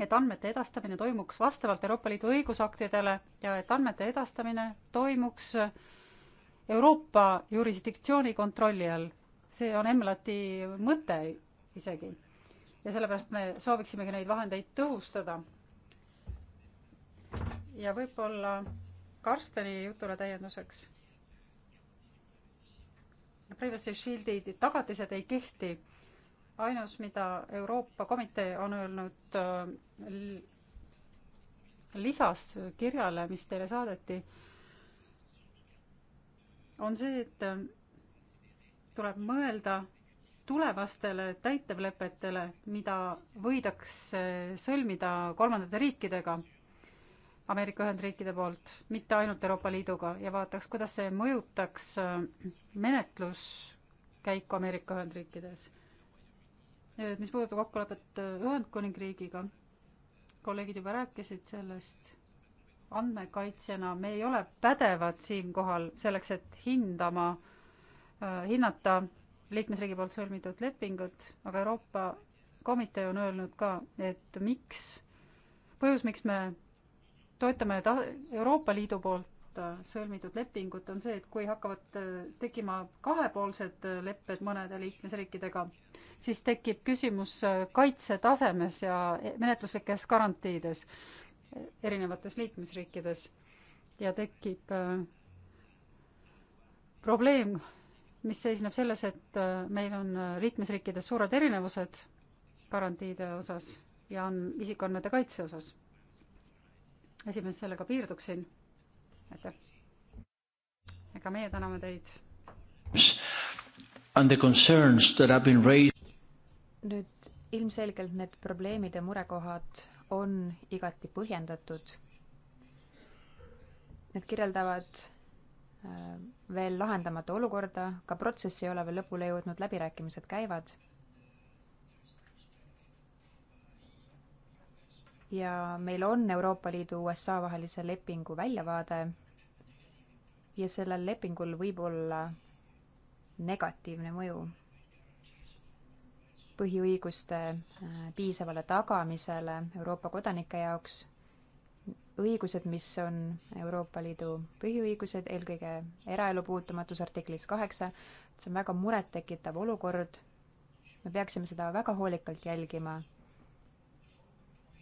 et andmete edastamine toimuks vastavalt Euroopa Liidu õigusaktidele ja et andmete edastamine toimuks äh, Euroopa jurisdiktsiooni kontrolli all. see on EMLAT-i mõte isegi. ja sellepärast me sooviksimegi neid vahendeid tõhustada. ja võib-olla Karsteni jutule täienduseks. Privacy Shieldi tagatised ei kehti. ainus, mida Euroopa Komitee on öelnud äh, lisas kirjale, mis teile saadeti on see, et äh, tuleb mõelda tulevastele täitevlepetele, mida võidaks äh, sõlmida kolmandate riikidega, Ameerika Ühendriikide poolt, mitte ainult Euroopa Liiduga, ja vaataks, kuidas see mõjutaks äh, menetluskäiku Ameerika Ühendriikides. mis puudutab kokkulepet Ühendkuningriigiga, kolleegid juba rääkisid sellest andmekaitsjana me ei ole pädevad siinkohal selleks, et hindama, äh, hinnata liikmesriigi poolt sõlmitud lepingut, aga Euroopa Komitee on öelnud ka, et miks, põhjus, miks me toetame ta-, Euroopa Liidu poolt äh, sõlmitud lepingut, on see, et kui hakkavad äh, tekkima kahepoolsed lepped mõnede liikmesriikidega, siis tekib küsimus kaitsetasemes ja menetluslikes garantiides erinevates liikmesriikides ja tekib äh, probleem, mis seisneb selles, et äh, meil on äh, liikmesriikides suured erinevused garantiide osas ja on isikuandmete kaitse osas. esimees, sellega piirduksin. aitäh. ega meie täname teid. And the concerns that have been raised. nüüd ilmselgelt need probleemid ja murekohad on igati põhjendatud. Need kirjeldavad äh, veel lahendamata olukorda, ka protsess ei ole veel lõpule jõudnud, läbirääkimised käivad. ja meil on Euroopa Liidu USA vahelise lepingu väljavaade ja sellel lepingul võib olla negatiivne mõju põhiõiguste äh, piisavale tagamisele Euroopa kodanike jaoks, õigused, mis on Euroopa Liidu põhiõigused, eelkõige eraelu puutumatus artiklis kaheksa, see on väga murettekitav olukord, me peaksime seda väga hoolikalt jälgima.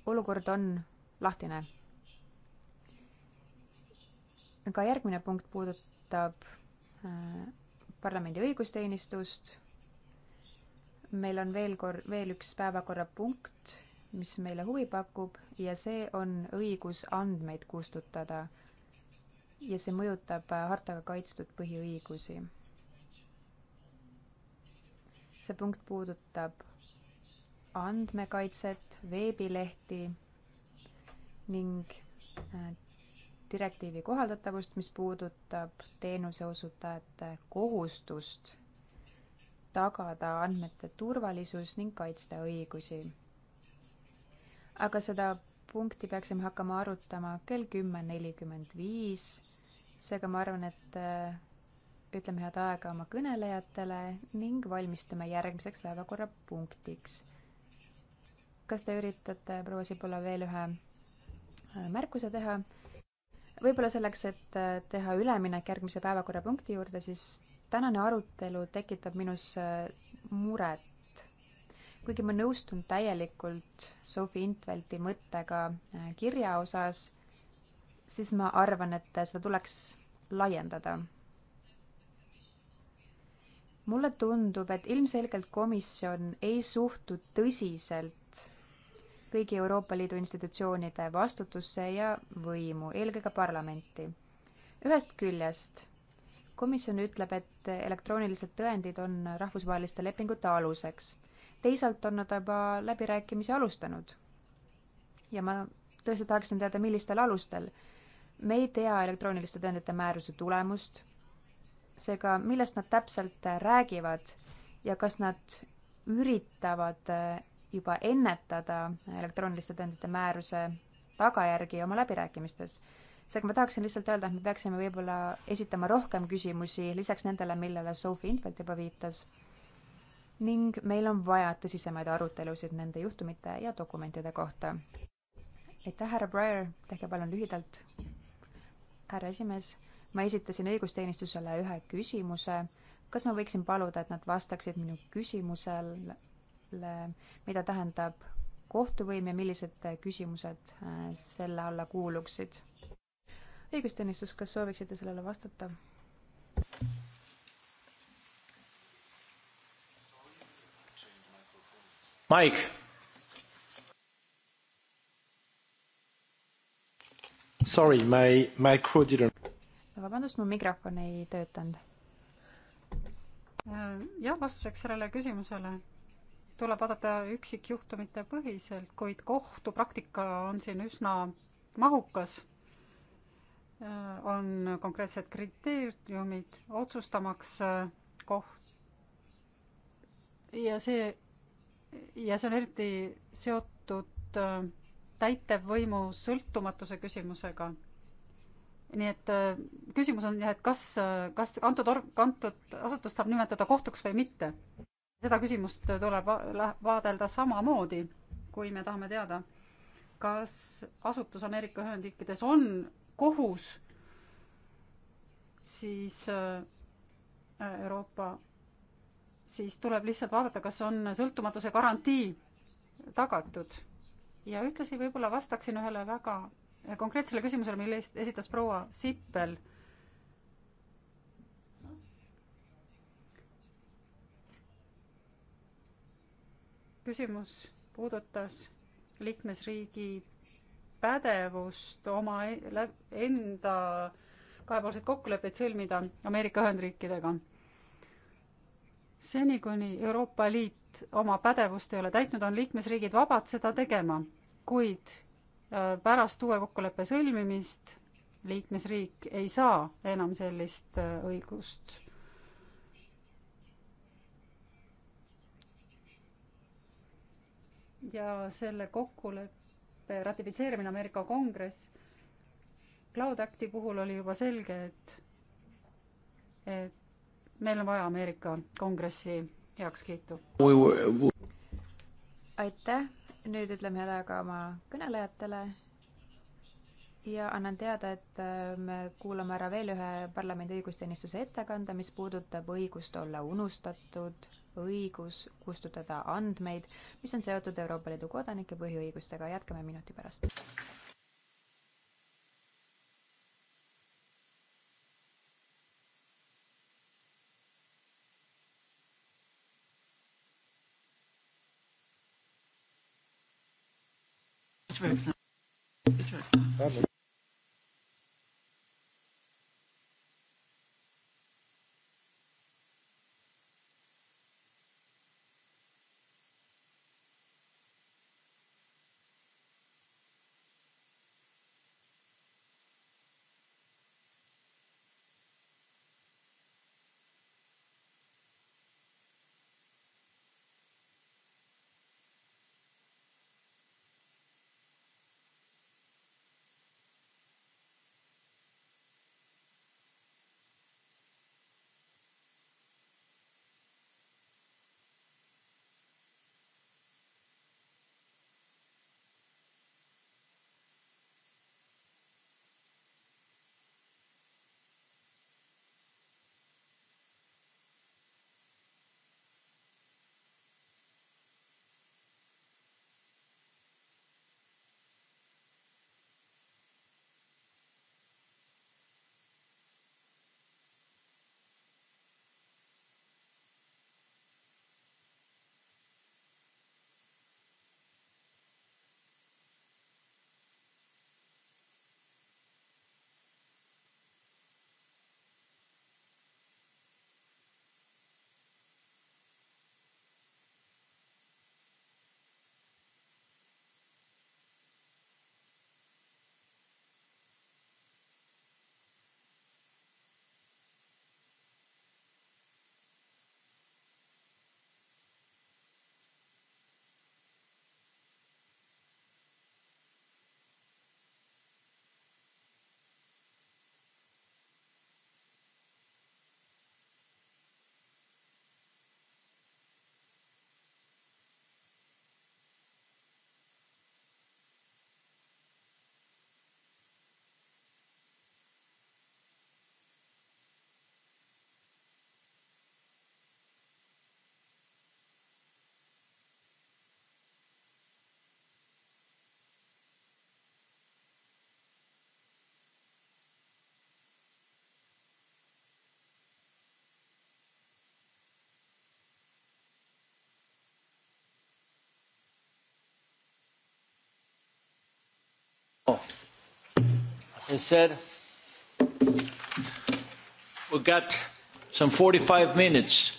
olukord on lahtine. ka järgmine punkt puudutab äh, parlamendi õigusteenistust meil on veel kor-, veel üks päevakorrapunkt, mis meile huvi pakub ja see on õigus andmeid kustutada. ja see mõjutab äh, hartaga kaitstud põhiõigusi. see punkt puudutab andmekaitset, veebilehti ning äh, direktiivi kohaldatavust, mis puudutab teenuseosutajate kohustust tagada andmete turvalisus ning kaitsta õigusi. aga seda punkti peaksime hakkama arutama kell kümme nelikümmend viis, seega ma arvan, et äh, ütleme head aega oma kõnelejatele ning valmistume järgmiseks päevakorrapunktiks. kas te üritate, proua Sibula, veel ühe äh, märkuse teha? võib-olla selleks, et äh, teha üleminek järgmise päevakorrapunkti juurde, siis tänane arutelu tekitab minus äh, muret. kuigi ma nõustun täielikult Sophie Intvelti mõttega äh, kirja osas, siis ma arvan, et seda tuleks laiendada. mulle tundub, et ilmselgelt komisjon ei suhtu tõsiselt kõigi Euroopa Liidu institutsioonide vastutusse ja võimu, eelkõige parlamenti. ühest küljest komisjon ütleb, et elektroonilised tõendid on rahvusvaheliste lepingute aluseks. teisalt on nad juba läbirääkimisi alustanud. ja ma tõesti tahaksin teada, millistel alustel. me ei tea elektrooniliste tõendite määruse tulemust, seega millest nad täpselt räägivad ja kas nad üritavad juba ennetada elektrooniliste tõendite määruse tagajärgi oma läbirääkimistes seega ma tahaksin lihtsalt öelda, et me peaksime võib-olla esitama rohkem küsimusi lisaks nendele, millele Sophie Infeld juba viitas. ning meil on vaja tõsisemaid arutelusid nende juhtumite ja dokumentide kohta. aitäh, härra Breyer, tehke palun lühidalt. härra esimees, ma esitasin õigusteenistusele ühe küsimuse. kas ma võiksin paluda, et nad vastaksid minu küsimusele, mida tähendab kohtuvõim ja millised küsimused äh, selle alla kuuluksid? õigusteenistus, kas sooviksite sellele vastata? Mike. Sorry, my micro didn't. vabandust, mu mikrofon ei töötanud. Äh, jah, vastuseks sellele küsimusele tuleb vaadata üksikjuhtumite põhiselt, kuid kohtupraktika on siin üsna mahukas on konkreetsed kriteeriumid otsustamaks äh, koht. ja see, ja see on eriti seotud äh, täitevvõimu sõltumatuse küsimusega. nii et äh, küsimus on jah, et kas, kas antud org-, antud asutust saab nimetada kohtuks või mitte. seda küsimust tuleb va vaadelda samamoodi, kui me tahame teada, kas asutus Ameerika Ühendriikides on kohus, siis äh, äh, Euroopa, siis tuleb lihtsalt vaadata, kas on sõltumatuse garantii tagatud. ja ühtlasi võib-olla vastaksin ühele väga äh, konkreetsele küsimusele, mille esitas proua Sippel küsimus puudutas liikmesriigi pädevust oma e-, enda kahepoolseid kokkuleppeid sõlmida Ameerika Ühendriikidega. seni, kuni Euroopa Liit oma pädevust ei ole täitnud, on liikmesriigid vabad seda tegema, kuid äh, pärast uue kokkuleppe sõlmimist liikmesriik ei saa enam sellist äh, õigust. ja selle kokkuleppe leppe ratifitseerimine Ameerika Kongress. Cloud Acti puhul oli juba selge, et, et meil on vaja Ameerika Kongressi heakskiitu. aitäh, nüüd ütleme head aega oma kõnelejatele ja annan teada, et äh, me kuulame ära veel ühe parlamendi õigusteenistuse ettekande, mis puudutab õigust olla unustatud õigus kustutada andmeid, mis on seotud Euroopa Liidu kodanike põhiõigustega. jätkame minuti pärast. It works now. It works now. Oh. As I said, we got some 45 minutes.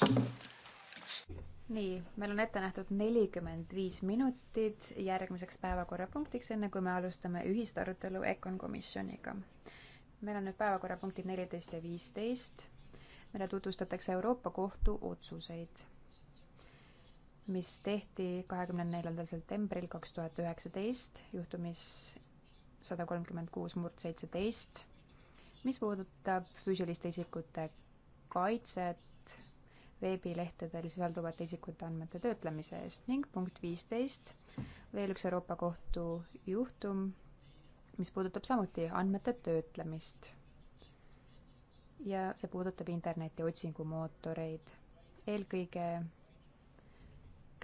nii, meil on ette nähtud nelikümmend viis minutit järgmiseks päevakorrapunktiks, enne kui me alustame ühist arutelu EKOn komisjoniga. meil on nüüd päevakorrapunktid neliteist ja viisteist, mille tutvustatakse Euroopa Kohtu otsuseid mis tehti kahekümne neljandal septembril kaks tuhat üheksateist juhtumis sada kolmkümmend kuus murd seitseteist, mis puudutab füüsiliste isikute kaitset veebilehtedel sisalduvate isikute andmete töötlemise eest ning punkt viisteist, veel üks Euroopa Kohtu juhtum, mis puudutab samuti andmete töötlemist. ja see puudutab interneti otsingumootoreid. eelkõige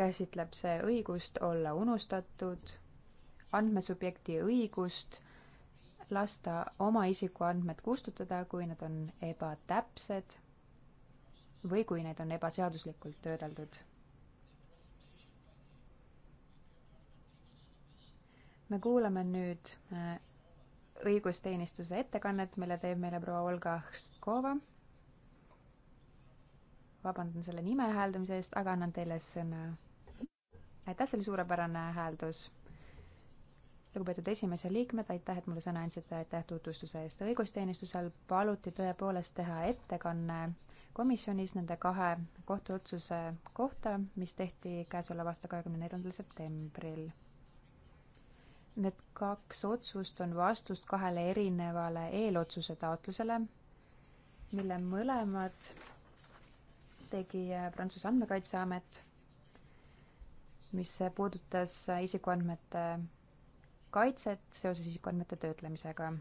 käsitleb see õigust olla unustatud andmesubjekti õigust lasta oma isikuandmed kustutada, kui nad on ebatäpsed või kui need on ebaseaduslikult töödeldud. me kuulame nüüd äh, õigusteenistuse ettekannet, mille teeb meile proua Olga Hrstkova. vabandan selle nime hääldamise eest, aga annan teile sõna. aitäh, see oli suurepärane hääldus lugupeetud esimese liikmed, aitäh, et mulle sõna andsite, aitäh tutvustuse eest. õigusteenistusel paluti tõepoolest teha ettekanne komisjonis nende kahe kohtuotsuse kohta, mis tehti käesoleva aasta kahekümne neljandal septembril. Need kaks otsust on vastust kahele erinevale eelotsuse taotlusele, mille mõlemad tegi Prantsuse Andmekaitseamet, mis puudutas isikuandmete kaitset seoses isikuandmete töötlemisega.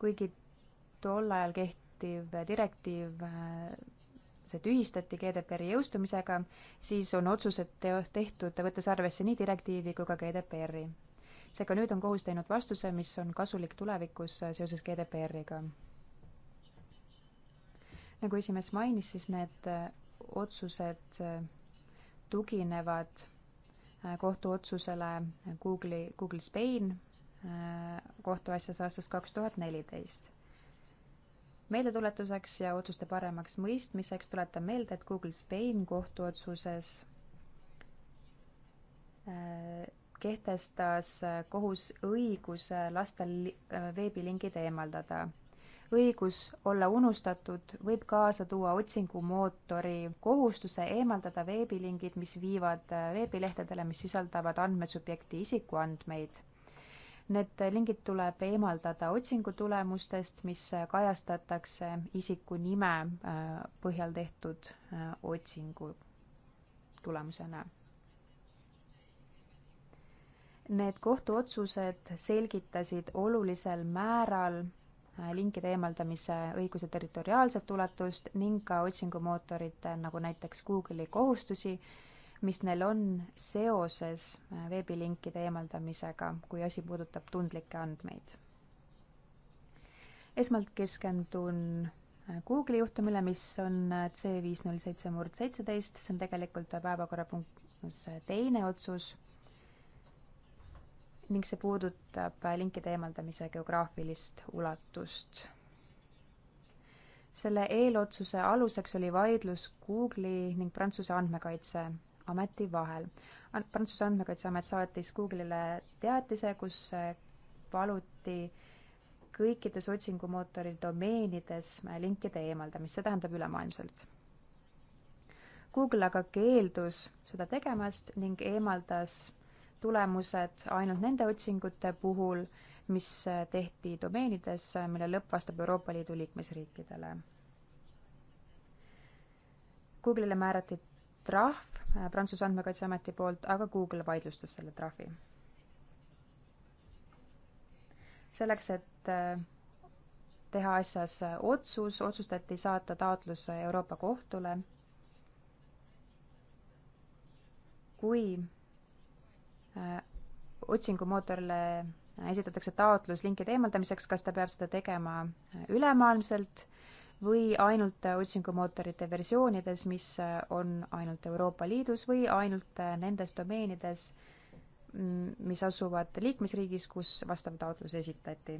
kuigi tol ajal kehtiv direktiiv, äh, see tühistati GDPR-i jõustumisega, siis on otsused teo-, tehtud, võttes arvesse nii direktiivi kui ka GDPR-i. seega nüüd on kohus teinud vastuse, mis on kasulik tulevikus äh, seoses GDPR-iga. nagu esimees mainis, siis need äh, otsused tuginevad Äh, kohtuotsusele Google'i, Google Spain äh, kohtuasjas aastast kaks tuhat neliteist. meeldetuletuseks ja otsuste paremaks mõistmiseks tuletan meelde, et Google Spain kohtuotsuses äh, kehtestas kohus õiguse lastel veebilingid eemaldada õigus olla unustatud võib kaasa tuua otsingumootori kohustuse eemaldada veebilingid, mis viivad äh, veebilehtedele, mis sisaldavad andmesubjekti isikuandmeid. Need lingid tuleb eemaldada otsingutulemustest, mis äh, kajastatakse isiku nime äh, põhjal tehtud otsingu tulemusena Need kohtuotsused selgitasid olulisel määral Äh, linkide eemaldamise õiguse territoriaalset ulatust ning ka otsingumootorite, nagu näiteks Google'i kohustusi, mis neil on seoses äh, veebilinkide eemaldamisega, kui asi puudutab tundlikke andmeid. esmalt keskendun äh, Google'i juhtumile, mis on C viis null seitse murd seitseteist, see on tegelikult päevakorrapunktis teine otsus ning see puudutab linkide eemaldamise geograafilist ulatust. selle eelotsuse aluseks oli vaidlus Google'i ning Prantsuse andmekaitseameti vahel. Prantsuse andmekaitseamet saatis Google'ile teatise, kus paluti kõikides otsingumootori domeenides linkide eemaldamist, see tähendab ülemaailmselt. Google aga keeldus seda tegemast ning eemaldas tulemused ainult nende otsingute puhul, mis tehti domeenides, mille lõpp vastab Euroopa Liidu liikmesriikidele. Google'ile määrati trahv Prantsuse Andmekaitseameti poolt, aga Google vaidlustas selle trahvi. selleks, et äh, teha asjas äh, otsus, otsustati saata taotlus Euroopa Kohtule. kui otsingumootorile esitatakse taotlus linkide eemaldamiseks, kas ta peab seda tegema ülemaailmselt või ainult otsingumootorite versioonides, mis on ainult Euroopa Liidus või ainult nendes domeenides, mis asuvad liikmesriigis, kus vastav taotlus esitati.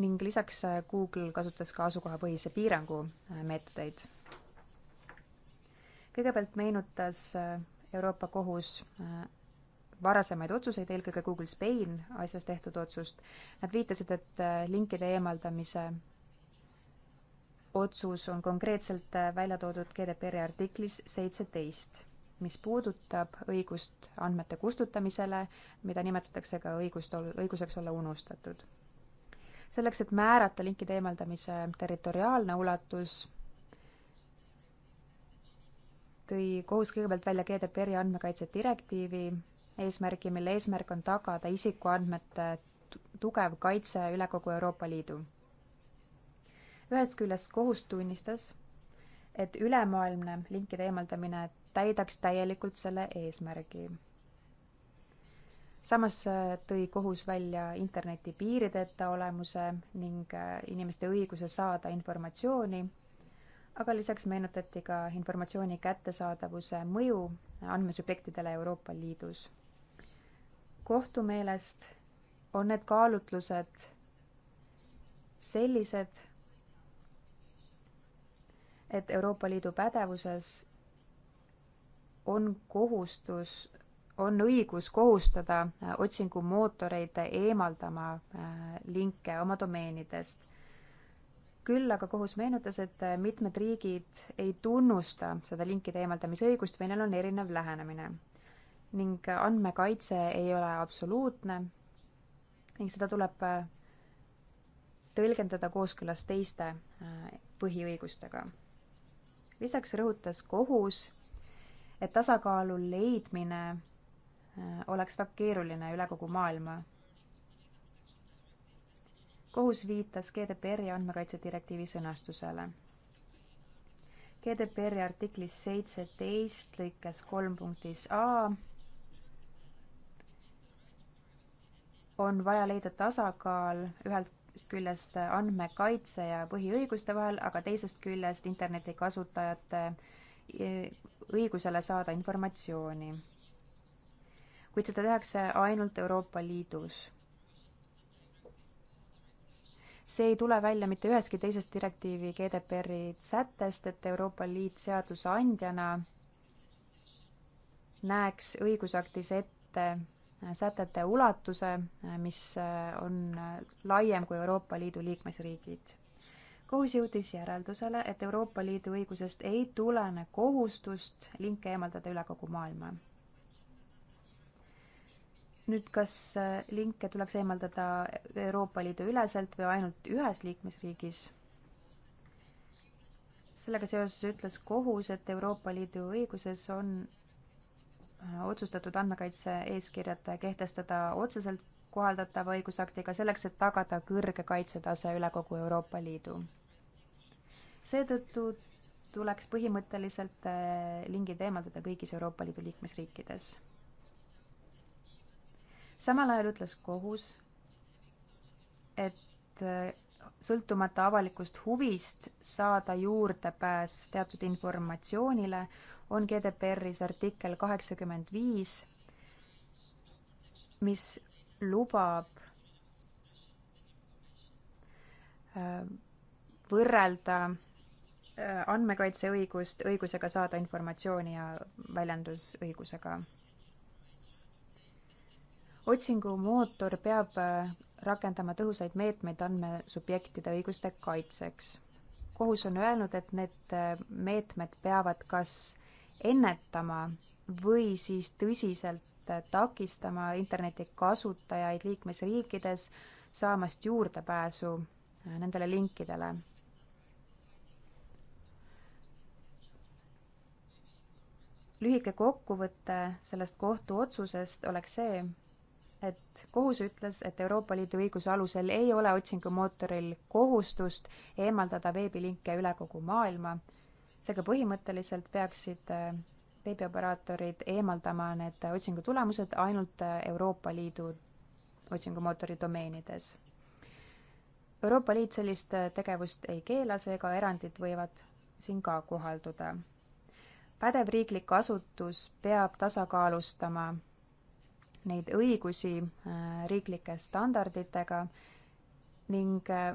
ning lisaks Google kasutas ka asukohapõhise piirangu meetodeid kõigepealt meenutas äh, Euroopa Kohus äh, varasemaid otsuseid, eelkõige Google Spain asjas tehtud otsust. Nad viitasid, et äh, linkide eemaldamise otsus on konkreetselt välja toodud GDPR-i artiklis seitseteist, mis puudutab õigust andmete kustutamisele, mida nimetatakse ka õigust, õiguseks olla unustatud. selleks, et määrata linkide eemaldamise territoriaalne ulatus tõi kohus kõigepealt välja GDPR-i andmekaitse direktiivi eesmärgi, mille eesmärk on tagada isikuandmete tugev kaitse üle kogu Euroopa Liidu. ühest küljest kohus tunnistas, et ülemaailmne linkide eemaldamine täidaks täielikult selle eesmärgi. samas äh, tõi kohus välja interneti piirideta olemuse ning äh, inimeste õiguse saada informatsiooni aga lisaks meenutati ka informatsiooni kättesaadavuse mõju andmesubjektidele Euroopa Liidus. kohtu meelest on need kaalutlused sellised, et Euroopa Liidu pädevuses on kohustus, on õigus kohustada otsingumootoreid eemaldama äh, linke oma domeenidest küll aga kohus meenutas, et äh, mitmed riigid ei tunnusta seda linkide eemaldamise õigust või neil on erinev lähenemine. ning äh, andmekaitse ei ole absoluutne ning seda tuleb äh, tõlgendada kooskõlas teiste põhiõigustega. lisaks rõhutas kohus, et tasakaalu leidmine oleks väga keeruline üle kogu maailma kohus viitas GDPR-i andmekaitse direktiivi sõnastusele. GDPR-i artiklis seitseteist lõikes kolm punktis A on vaja leida tasakaal ühest küljest andmekaitse ja põhiõiguste vahel, aga teisest küljest internetikasutajate e, õigusele saada informatsiooni. kuid seda tehakse ainult Euroopa Liidus see ei tule välja mitte üheski teisest direktiivi GDPR-i sättest, et Euroopa Liit seadusandjana näeks õigusaktis ette sätete ulatuse, mis on laiem kui Euroopa Liidu liikmesriigid. kohus jõudis järeldusele, et Euroopa Liidu õigusest ei tulene kohustust linke eemaldada üle kogu maailma nüüd, kas äh, linke tuleks eemaldada Euroopa Liidu üleselt või ainult ühes liikmesriigis? sellega seoses ütles kohus, et Euroopa Liidu õiguses on äh, otsustatud andmekaitse eeskirjad kehtestada otseselt kohaldatava õigusaktiga selleks, et tagada kõrge kaitsetase üle kogu Euroopa Liidu. seetõttu tuleks põhimõtteliselt äh, lingid eemaldada kõigis Euroopa Liidu liikmesriikides samal ajal ütles kohus, et äh, sõltumata avalikust huvist saada juurdepääs teatud informatsioonile, on GDPR-is artikkel kaheksakümmend viis, mis lubab äh, võrrelda äh, andmekaitseõigust õigusega saada informatsiooni ja väljendusõigusega otsingumootor peab äh, rakendama tõhusaid meetmeid andmesubjektide õiguste kaitseks. kohus on öelnud, et need äh, meetmed peavad kas ennetama või siis tõsiselt äh, takistama internetikasutajaid liikmesriikides saamast juurdepääsu nendele linkidele. lühike kokkuvõte sellest kohtuotsusest oleks see, et kohus ütles, et Euroopa Liidu õiguse alusel ei ole otsingumootoril kohustust eemaldada veebilinke üle kogu maailma. seega põhimõtteliselt peaksid äh, veebioperaatorid eemaldama need otsingu tulemused ainult äh, Euroopa Liidu otsingumootori domeenides. Euroopa Liit sellist äh, tegevust ei keela, seega erandid võivad siin ka kohalduda. pädev riiklik asutus peab tasakaalustama neid õigusi äh, riiklike standarditega ning äh,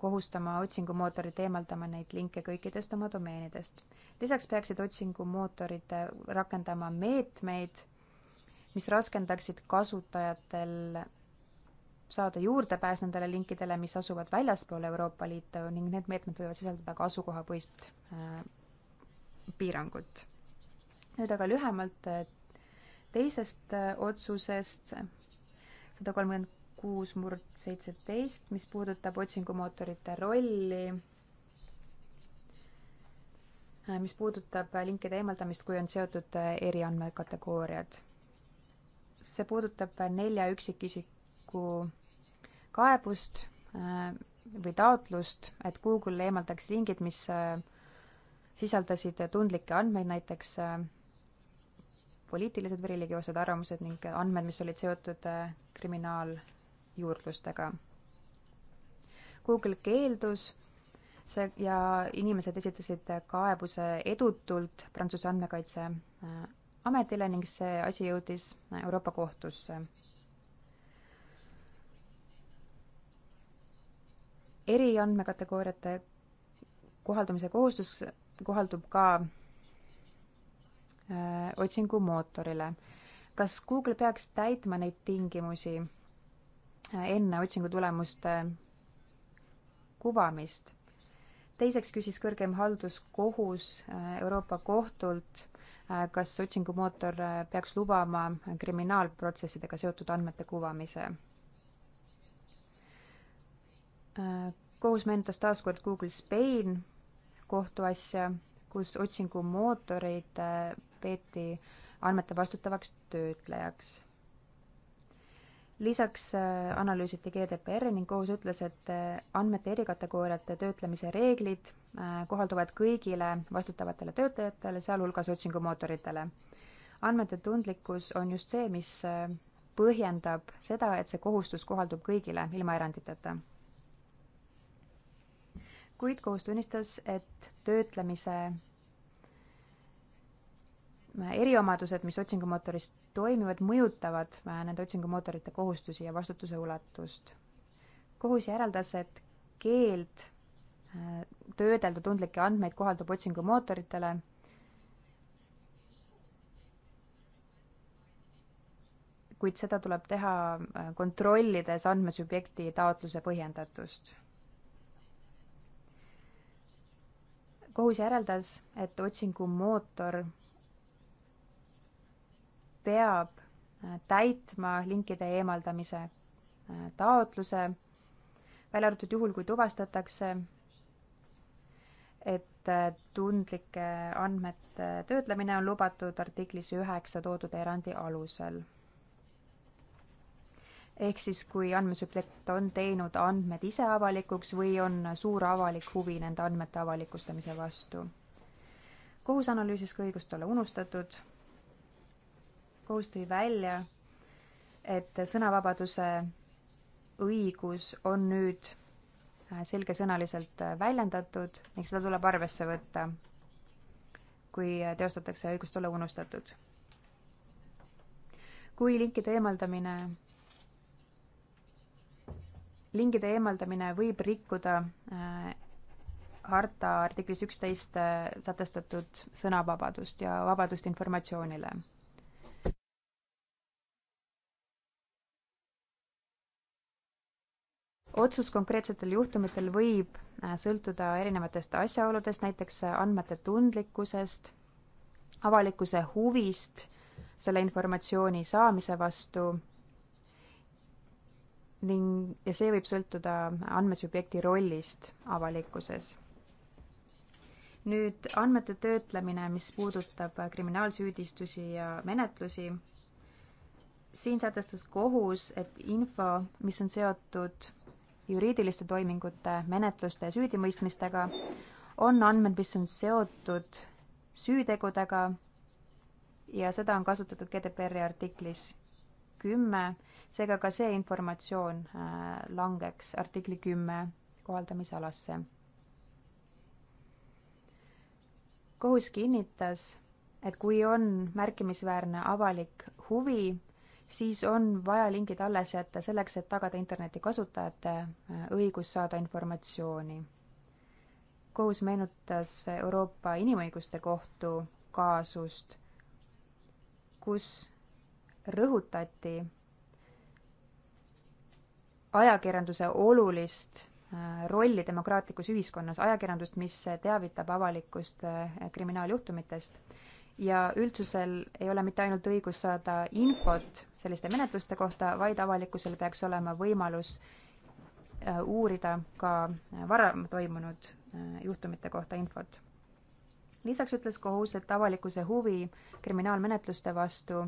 kohustama otsingumootorid eemaldama neid linke kõikidest oma domeenidest. lisaks peaksid otsingumootorid äh, rakendama meetmeid, mis raskendaksid kasutajatel saada juurdepääs nendele linkidele, mis asuvad väljaspool Euroopa Liitu ning need meetmed võivad sisaldada ka asukohapõhist äh, piirangut. nüüd aga lühemalt teisest äh, otsusest, sada kolmkümmend kuus murd seitseteist, mis puudutab otsingumootorite rolli, äh, mis puudutab linkide eemaldamist, kui on seotud äh, eriandmekategooriad. see puudutab nelja üksikisiku kaebust või taotlust, et Google eemaldaks lingid, mis sisaldasid tundlikke andmeid, näiteks poliitilised või religioossed arvamused ning andmed, mis olid seotud äh, kriminaaljuurdlustega. Google keeldus see ja inimesed esitasid kaebuse edutult Prantsuse andmekaitseametile äh, ning see asi jõudis äh, Euroopa kohtusse eriandmekategooriate kohaldamise kohustus kohaldub ka Äh, otsingumootorile. kas Google peaks täitma neid tingimusi äh, enne otsingutulemuste kuvamist? teiseks küsis kõrgem halduskohus äh, Euroopa Kohtult, kas otsingumootor peaks lubama kriminaalprotsessidega seotud andmete kuvamise. kohus meenutas taas kord Google Spain kohtuasja, kus otsingumootorid peeti andmete vastutavaks töötlejaks. lisaks äh, analüüsiti GDPR-i ning kohus ütles, et äh, andmete erikategooriate töötlemise reeglid äh, kohalduvad kõigile vastutavatele töötajatele, sealhulgas otsingumootoritele. andmete tundlikkus on just see, mis põhjendab seda, et see kohustus kohaldub kõigile ilma eranditeta. kuid kohus tunnistas, et töötlemise Äh, eriomadused, mis otsingumootoris toimivad, mõjutavad äh, nende otsingumootorite kohustusi ja vastutuse ulatust. kohus järeldas, et keeld äh, töödelda tundlikke andmeid kohaldub otsingumootoritele, kuid seda tuleb teha kontrollides andmesubjekti taotluse põhjendatust. kohus järeldas, et otsingumootor peab äh, täitma linkide eemaldamise äh, taotluse, välja arvatud juhul, kui tuvastatakse, et äh, tundlike andmete töötlemine on lubatud artiklis üheksa toodud erandi alusel. ehk siis, kui andmesubjekt on teinud andmed ise avalikuks või on suur avalik huvi nende andmete avalikustamise vastu. kohus analüüsis ka õigust olla unustatud kohus tõi välja, et sõnavabaduse õigus on nüüd äh, selgesõnaliselt äh, väljendatud ning seda tuleb arvesse võtta, kui äh, teostatakse õigust olla unustatud. kui linkide eemaldamine, lingide eemaldamine võib rikkuda harta artiklis üksteist sätestatud sõnavabadust ja vabadust informatsioonile otsus konkreetsetel juhtumitel võib äh, sõltuda erinevatest asjaoludest, näiteks äh, andmete tundlikkusest, avalikkuse huvist selle informatsiooni saamise vastu ning, ja see võib sõltuda äh, andmesubjekti rollist avalikkuses. nüüd andmete töötlemine, mis puudutab kriminaalsüüdistusi ja menetlusi, siin sätestas kohus, et info, mis on seotud juriidiliste toimingute, menetluste ja süüdimõistmistega, on andmed, mis on seotud süütegudega ja seda on kasutatud GDPR-i artiklis kümme, seega ka see informatsioon äh, langeks artikli kümme kohaldamisalasse. kohus kinnitas, et kui on märkimisväärne avalik huvi siis on vaja lingid alles jätta selleks, et tagada interneti kasutajate äh, õigus saada informatsiooni. kohus meenutas Euroopa Inimõiguste Kohtu kaasust, kus rõhutati ajakirjanduse olulist äh, rolli demokraatlikus ühiskonnas, ajakirjandust, mis teavitab avalikkust äh, kriminaaljuhtumitest ja üldsusel ei ole mitte ainult õigus saada infot selliste menetluste kohta, vaid avalikkusel peaks olema võimalus äh, uurida ka varem toimunud äh, juhtumite kohta infot. lisaks ütles kohus, et avalikkuse huvi kriminaalmenetluste vastu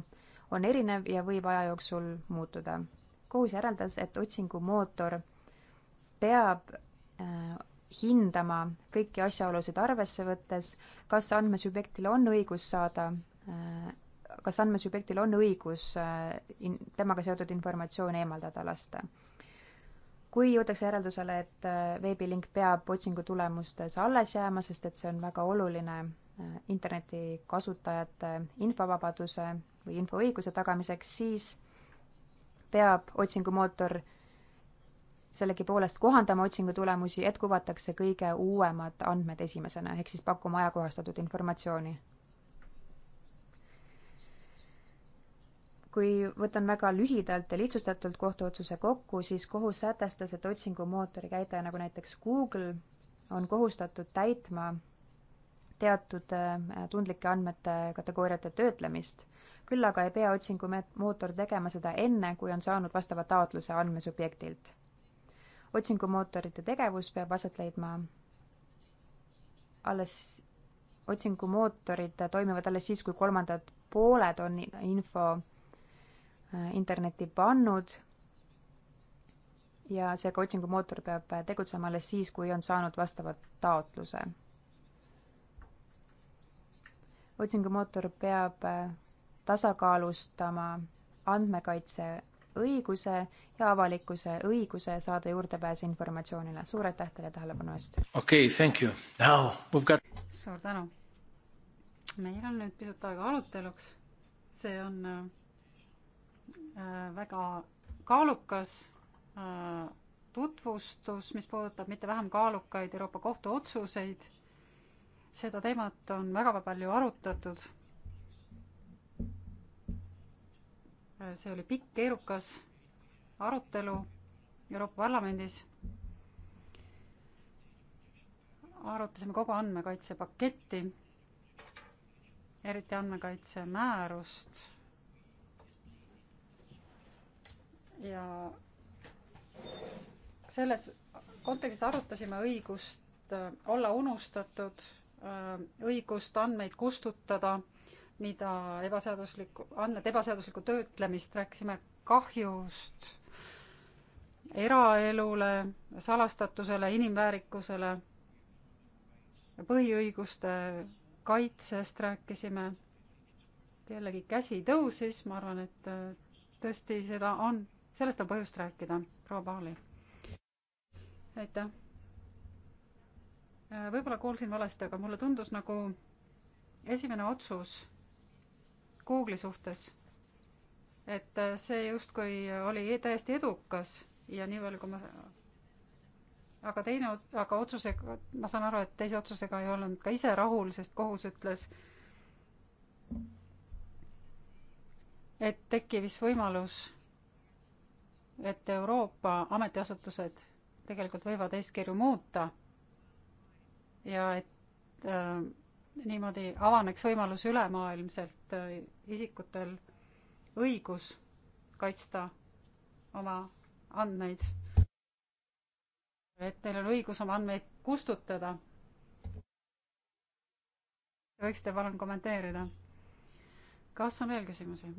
on erinev ja võib aja jooksul muutuda. kohus järeldas, et otsingumootor peab äh, hindama kõiki asjaolusid arvesse võttes, kas andmesubjektil on õigus saada, kas andmesubjektil on õigus äh, in-, temaga seotud informatsiooni eemaldada lasta. kui jõutakse järeldusele, et äh, veebilink peab otsingu tulemustes alles jääma, sest et see on väga oluline äh, internetikasutajate infovabaduse või infoõiguse tagamiseks, siis peab otsingumootor sellegipoolest kohandama otsingu tulemusi, et kuvatakse kõige uuemad andmed esimesena, ehk siis pakkuma ajakohastatud informatsiooni. kui võtan väga lühidalt ja lihtsustatult kohtuotsuse kokku, siis kohus sätestas, et otsingumootori käitleja, nagu näiteks Google, on kohustatud täitma teatud äh, tundlike andmete kategooriate töötlemist, küll aga ei pea otsingumootor tegema seda enne, kui on saanud vastava taotluse andmesubjektilt otsingumootorite tegevus peab aset leidma alles, otsingumootorid toimivad alles siis, kui kolmandad pooled on info äh, internetti pannud ja seega otsingumootor peab tegutsema alles siis, kui on saanud vastava taotluse. otsingumootor peab äh, tasakaalustama andmekaitse õiguse ja avalikkuse õiguse saada juurdepääs informatsioonile. suur aitäh teile tähelepanu eest! okei okay,, thank you! Now we ve got suur tänu! meil on nüüd pisut aega aruteluks, see on äh, äh, väga kaalukas äh, tutvustus, mis puudutab mitte vähem kaalukaid Euroopa Kohtu otsuseid, seda teemat on väga palju arutatud see oli pikk, keerukas arutelu Euroopa Parlamendis. arutasime kogu andmekaitsepaketti, eriti andmekaitsemäärust ja selles kontekstis arutasime õigust äh, olla unustatud, äh, õigust andmeid kustutada mida ebaseaduslikku, andmete ebaseaduslikku töötlemist, rääkisime kahjust eraelule, salastatusele, inimväärikusele, põhiõiguste kaitsest rääkisime, jällegi käsi tõusis, ma arvan, et äh, tõesti seda on, sellest on põhjust rääkida, proua Paali. aitäh. Äh, võib-olla kuulsin valesti, aga mulle tundus nagu esimene otsus Google'i suhtes. et äh, see justkui oli e-, täiesti edukas ja nii palju, kui ma aga teine, aga otsusega, ma saan aru, et teise otsusega ei olnud ka ise rahul, sest kohus ütles, et tekkis võimalus, et Euroopa ametiasutused tegelikult võivad eeskirju muuta ja et äh, niimoodi avaneks võimalus ülemaailmselt äh, isikutel õigus kaitsta oma andmeid. et neil on õigus oma andmeid kustutada. võiksite palun kommenteerida? kas on veel küsimusi?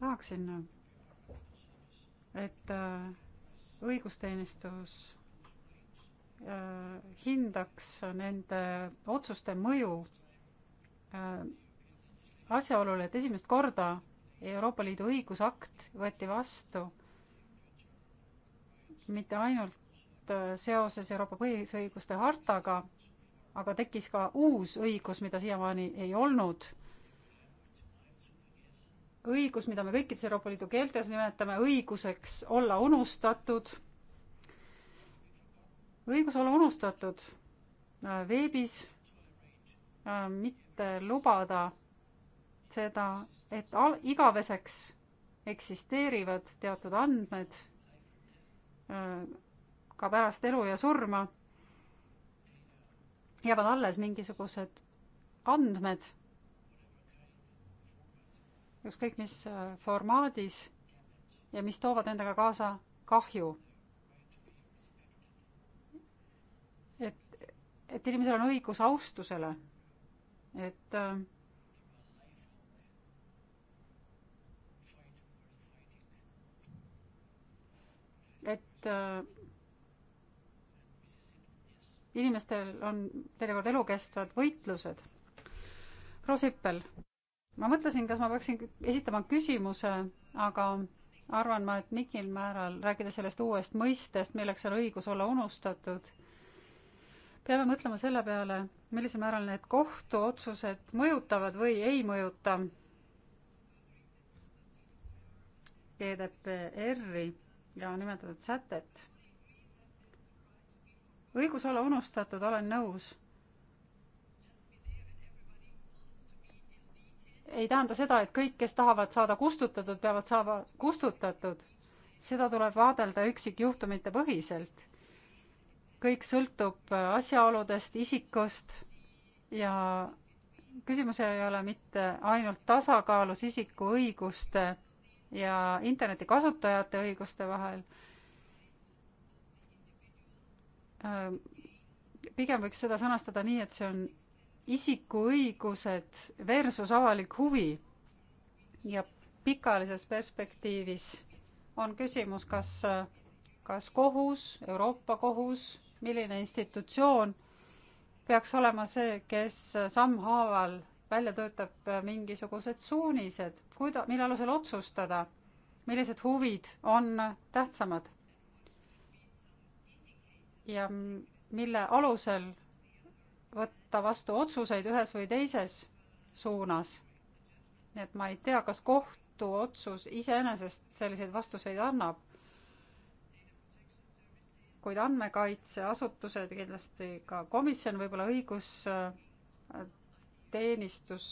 tahaksin, et äh, õigusteenistus äh, hindaks nende otsuste mõju äh, asjaolule, et esimest korda Euroopa Liidu õigusakt võeti vastu mitte ainult seoses Euroopa põhiõiguste hartaga, aga tekkis ka uus õigus, mida siiamaani ei olnud õigus, mida me kõikides Euroopa Liidu keeltes nimetame õiguseks olla unustatud, õigus olla unustatud äh, veebis, äh, mitte lubada seda, et al-, igaveseks eksisteerivad teatud andmed äh, ka pärast elu ja surma, jäävad alles mingisugused andmed ükskõik mis äh, formaadis ja mis toovad endaga kaasa kahju. et, et inimesel on õigus austusele, et äh, et äh, inimestel on teinekord elukestvad võitlused. proua Sippel ma mõtlesin, kas ma peaksin esitama küsimuse, aga arvan ma, et mingil määral, rääkides sellest uuest mõistest, milleks on õigus olla unustatud, peame mõtlema selle peale, millisel määral need kohtuotsused mõjutavad või ei mõjuta GDPR-i ja nimetatud sätet. õigus olla unustatud, olen nõus ei tähenda seda, et kõik, kes tahavad saada kustutatud, peavad saama kustutatud. seda tuleb vaadelda üksikjuhtumite põhiselt. kõik sõltub äh, asjaoludest, isikust ja küsimus ei ole mitte ainult tasakaalus isiku õiguste ja interneti kasutajate õiguste vahel. Äh, pigem võiks seda sõnastada nii, et see on isikuõigused versus avalik huvi. ja pikaajalises perspektiivis on küsimus, kas, kas kohus, Euroopa kohus, milline institutsioon peaks olema see, kes sammhaaval välja töötab mingisugused suunised, kuida-, mille alusel otsustada, millised huvid on tähtsamad ja mille alusel võtta vastu otsuseid ühes või teises suunas. nii et ma ei tea, kas kohtuotsus iseenesest selliseid vastuseid annab. kuid andmekaitseasutused, kindlasti ka komisjon, võib-olla õigusteenistus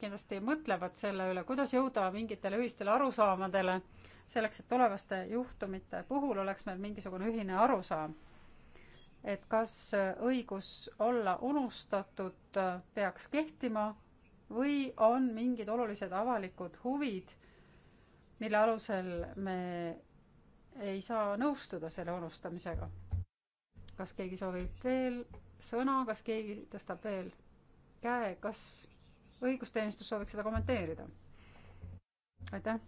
kindlasti mõtlevad selle üle, kuidas jõuda mingitele ühistele arusaamadele, selleks et tulevaste juhtumite puhul oleks meil mingisugune ühine arusaam et kas õigus olla unustatud peaks kehtima või on mingid olulised avalikud huvid, mille alusel me ei saa nõustuda selle unustamisega. kas keegi soovib veel sõna, kas keegi tõstab veel käe, kas õigusteenistus sooviks seda kommenteerida? aitäh.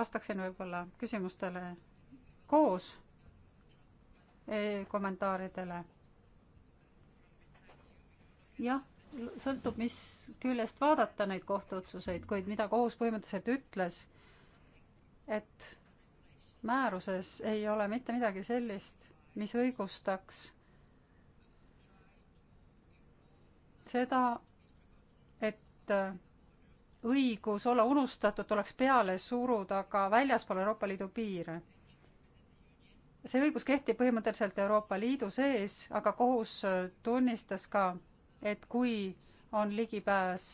vastaksin võib-olla küsimustele koos kommentaaridele. jah, sõltub, mis küljest vaadata neid kohtuotsuseid, kuid mida kohus põhimõtteliselt ütles, et määruses ei ole mitte midagi sellist, mis õigustaks seda, et õigus olla unustatud tuleks peale suruda ka väljaspool Euroopa Liidu piire see õigus kehtib põhimõtteliselt Euroopa Liidu sees, aga kohus tunnistas ka, et kui on ligipääs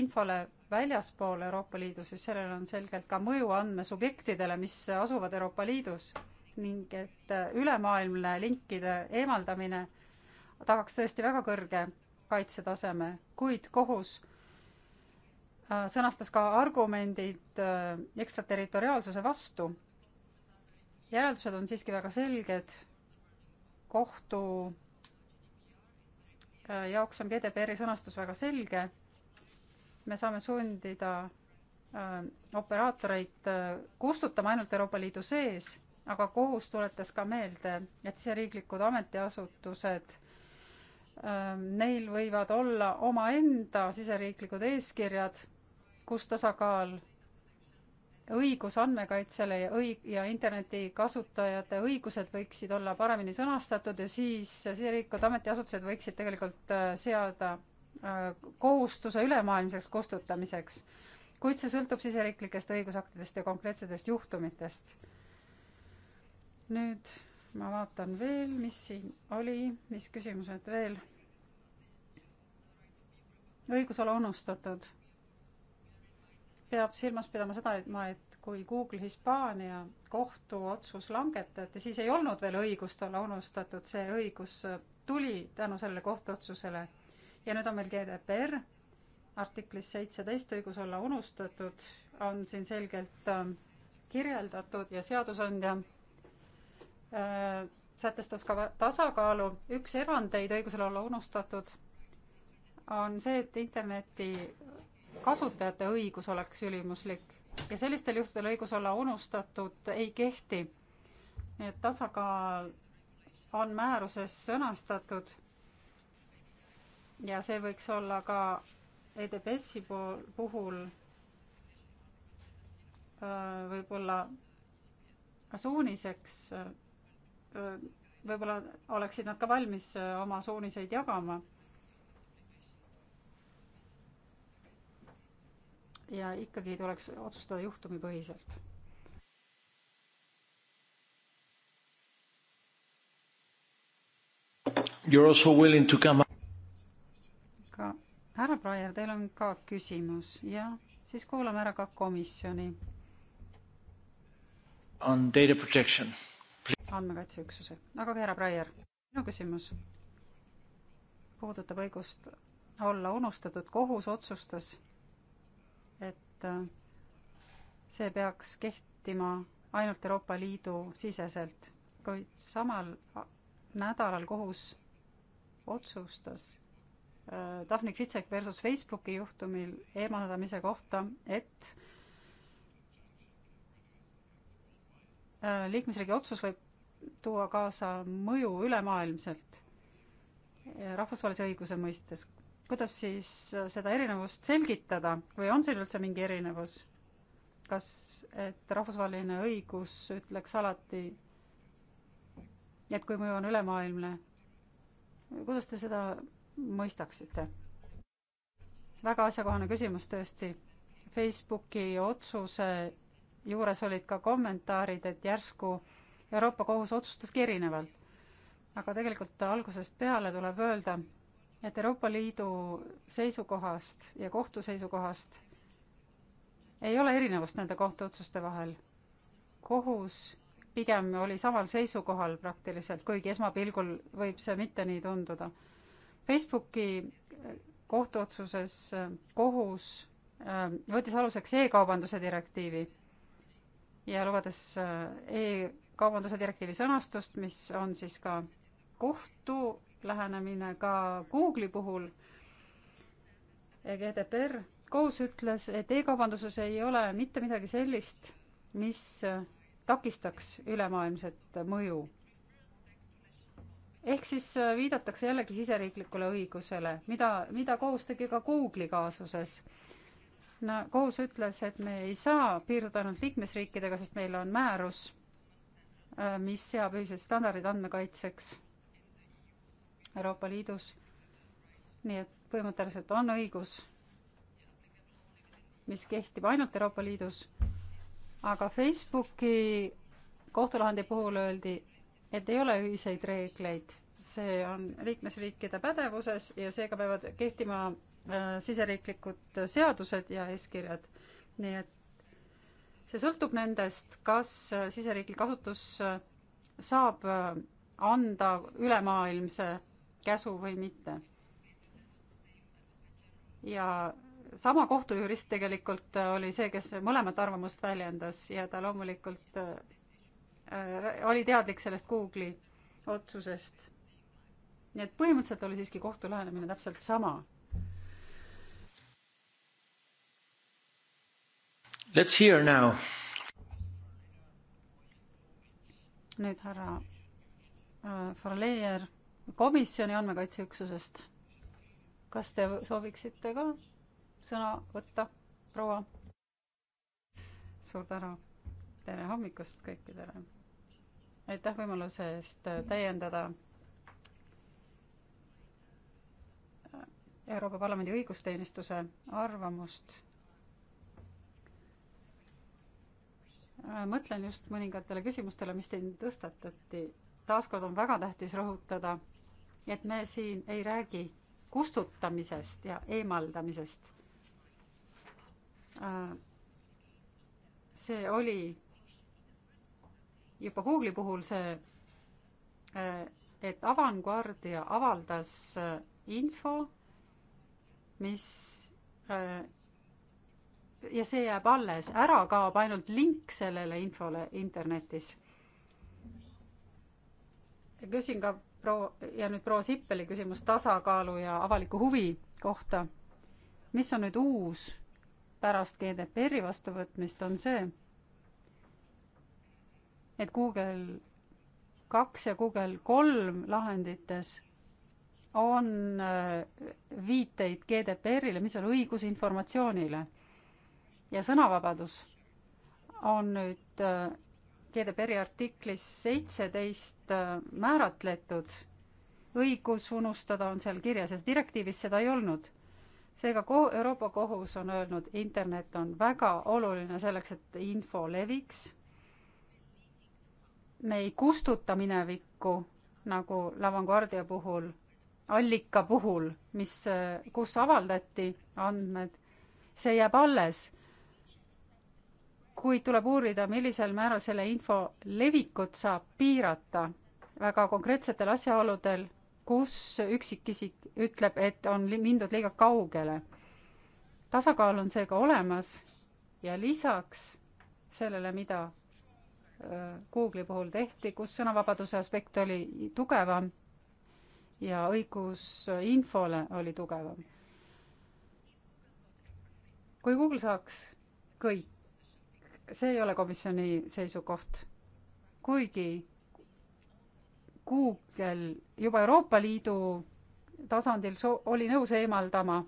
infole väljaspool Euroopa Liidu, siis sellel on selgelt ka mõju andmesubjektidele, mis asuvad Euroopa Liidus ning et ülemaailmne linkide eemaldamine tagaks tõesti väga kõrge kaitsetaseme, kuid kohus äh, sõnastas ka argumendid äh, ekstraterritoriaalsuse vastu järeldused on siiski väga selged. kohtu äh, jaoks on GDPR-i sõnastus väga selge. me saame sundida äh, operaatoreid äh, kustutama ainult Euroopa Liidu sees, aga kohus tuletas ka meelde, et siseriiklikud ametiasutused, neil võivad olla omaenda siseriiklikud eeskirjad, kus tasakaal õigus andmekaitsele ja õig- ja internetikasutajate õigused võiksid olla paremini sõnastatud ja siis siseriiklikud ametiasutused võiksid tegelikult äh, seada äh, kohustuse ülemaailmseks kustutamiseks. kuid see sõltub siseriiklikest õigusaktidest ja konkreetsetest juhtumitest. nüüd ma vaatan veel, mis siin oli, mis küsimused veel? õigus olla unustatud peab silmas pidama seda, et ma, et kui Google Hispaania kohtuotsus langetati, siis ei olnud veel õigust olla unustatud, see õigus tuli tänu sellele kohtuotsusele. ja nüüd on meil GDPR, artiklis seitseteist õigus olla unustatud on siin selgelt äh, kirjeldatud ja seadusandja äh, sätestas ka tasakaalu, üks erandeid õigusele olla unustatud on see, et interneti kasutajate õigus oleks ülimuslik ja sellistel juhtudel õigus olla unustatud ei kehti. nii et tasakaal on määruses sõnastatud. ja see võiks olla ka EDPS-i puhul äh, võib-olla suuniseks. Äh, äh, võib-olla oleksid nad ka valmis oma suuniseid jagama ja ikkagi tuleks otsustada juhtumipõhiselt. You are also willing to come up. ka härra Breyer, teil on ka küsimus ja siis kuulame ära ka komisjoni. On data protection. andmekaitseüksuse, aga ka härra Breyer, minu küsimus puudutab õigust olla unustatud, kohus otsustas et äh, see peaks kehtima ainult Euroopa Liidu siseselt, kuid samal äh, nädalal kohus otsustas äh, Daphne Kvitsek versus Facebooki juhtumil eemaldamise kohta, et liikmesriigi otsus võib tuua kaasa mõju ülemaailmselt rahvusvahelise õiguse mõistes kuidas siis äh, seda erinevust selgitada või on siin üldse mingi erinevus? kas, et rahvusvaheline õigus ütleks alati, et kui mõju on ülemaailmne, kuidas te seda mõistaksite? väga asjakohane küsimus tõesti. Facebooki otsuse juures olid ka kommentaarid, et järsku Euroopa Kohus otsustaski erinevalt. aga tegelikult algusest peale tuleb öelda, et Euroopa Liidu seisukohast ja kohtu seisukohast ei ole erinevust nende kohtuotsuste vahel. kohus pigem oli samal seisukohal praktiliselt, kuigi esmapilgul võib see mitte nii tunduda. Facebooki äh, kohtuotsuses äh, kohus äh, võttis aluseks e-kaubanduse direktiivi ja lugedes e-kaubanduse direktiivi sõnastust, mis on siis ka kohtu lähenemine ka Google'i puhul. GDPR kohus ütles, et e-kaubanduses ei ole mitte midagi sellist, mis takistaks ülemaailmset mõju. ehk siis viidatakse jällegi siseriiklikule õigusele, mida, mida kohus tegi ka Google'i kaasuses. no kohus ütles, et me ei saa piirduda ainult liikmesriikidega, sest meil on määrus, mis seab ühised standardid andmekaitseks Euroopa Liidus. nii et põhimõtteliselt on õigus, mis kehtib ainult Euroopa Liidus, aga Facebooki kohtulahendi puhul öeldi, et ei ole ühiseid reegleid, see on liikmesriikide pädevuses ja seega peavad kehtima äh, siseriiklikud seadused ja eeskirjad. nii et see sõltub nendest, kas äh, siseriiklik asutus äh, saab anda ülemaailmse käsu või mitte. ja sama kohtujurist tegelikult oli see, kes mõlemat arvamust väljendas ja ta loomulikult äh, oli teadlik sellest Google'i otsusest. nii et põhimõtteliselt oli siiski kohtu lähenemine täpselt sama. Let's hear now. nüüd härra äh, Forleier komisjoni andmekaitseüksusest. kas te sooviksite ka sõna võtta, proua? suur tänu. tere hommikust kõikidele. aitäh võimaluse eest täiendada Euroopa Parlamendi õigusteenistuse arvamust. mõtlen just mõningatele küsimustele, mis teil tõstatati. taaskord on väga tähtis rõhutada nii et me siin ei räägi kustutamisest ja eemaldamisest. Äh, see oli juba Google'i puhul see, äh, et avanguardia avaldas äh, info, mis ja see jääb alles, ära kaob ainult link sellele infole internetis. küsin ka proua, ja nüüd proua Sippeli küsimus tasakaalu ja avaliku huvi kohta. mis on nüüd uus pärast GDPR-i vastuvõtmist, on see, et Google kaks ja Google kolm lahendites on äh, viiteid GDPR-ile, mis on õigus informatsioonile. ja sõnavabadus on nüüd äh, GDPR-i artiklis seitseteist äh, määratletud õigus unustada on seal kirjas ja direktiivis seda ei olnud. seega ko-, Euroopa Kohus on öelnud, internet on väga oluline selleks, et info leviks, me ei kustuta minevikku, nagu Lavanguardia puhul, allika puhul, mis, äh, kus avaldati andmed, see jääb alles kuid tuleb uurida, millisel määral selle info levikut saab piirata väga konkreetsetel asjaoludel, kus üksikisik ütleb, et on mindud liiga kaugele. tasakaal on seega olemas ja lisaks sellele, mida Google'i puhul tehti, kus sõnavabaduse aspekt oli tugevam ja õigus infole oli tugevam. kui Google saaks kõik, see ei ole komisjoni seisukoht. kuigi Google juba Euroopa Liidu tasandil so-, oli nõus eemaldama,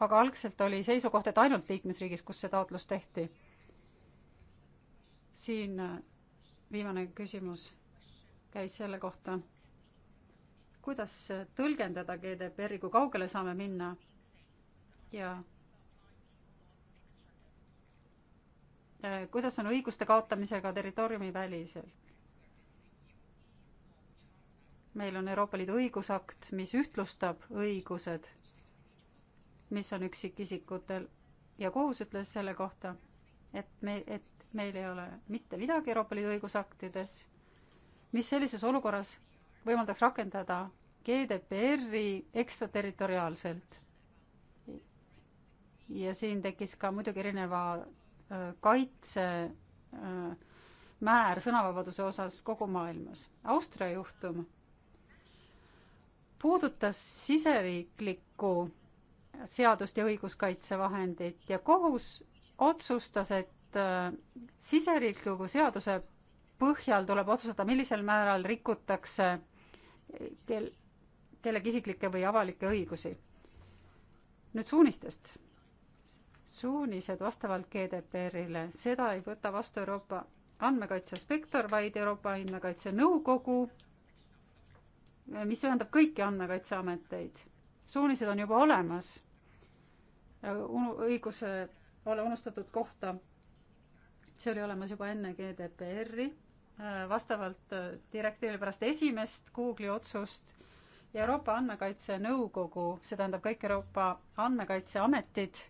aga algselt oli seisukoht, et ainult liikmesriigis, kus see taotlus tehti. siin äh, viimane küsimus käis selle kohta, kuidas tõlgendada GDPR-i, kui kaugele saame minna ja Äh, kuidas on õiguste kaotamisega territooriumi väliselt? meil on Euroopa Liidu õigusakt, mis ühtlustab õigused, mis on üksikisikutel ja kohus ütles selle kohta, et me, et meil ei ole mitte midagi Euroopa Liidu õigusaktides, mis sellises olukorras võimaldaks rakendada GDPR-i ekstraterritoriaalselt. ja siin tekkis ka muidugi erineva kaitsemäär äh, sõnavabaduse osas kogu maailmas. Austria juhtum puudutas siseriiklikku seadust ja õiguskaitsevahendit ja kohus otsustas, et äh, siseriikliku seaduse põhjal tuleb otsustada, millisel määral rikutakse kel-, kellegi isiklikke või avalikke õigusi. nüüd suunistest suunised vastavalt GDPR-ile, seda ei võta vastu Euroopa andmekaitsespektor, vaid Euroopa Andmekaitse Nõukogu, mis ühendab kõiki andmekaitseameteid. suunised on juba olemas äh, õiguse ole unustatud kohta. see oli olemas juba enne GDPR-i, äh, vastavalt äh, direktiivile pärast esimest Google'i otsust Euroopa Andmekaitse Nõukogu, see tähendab kõik Euroopa andmekaitseametid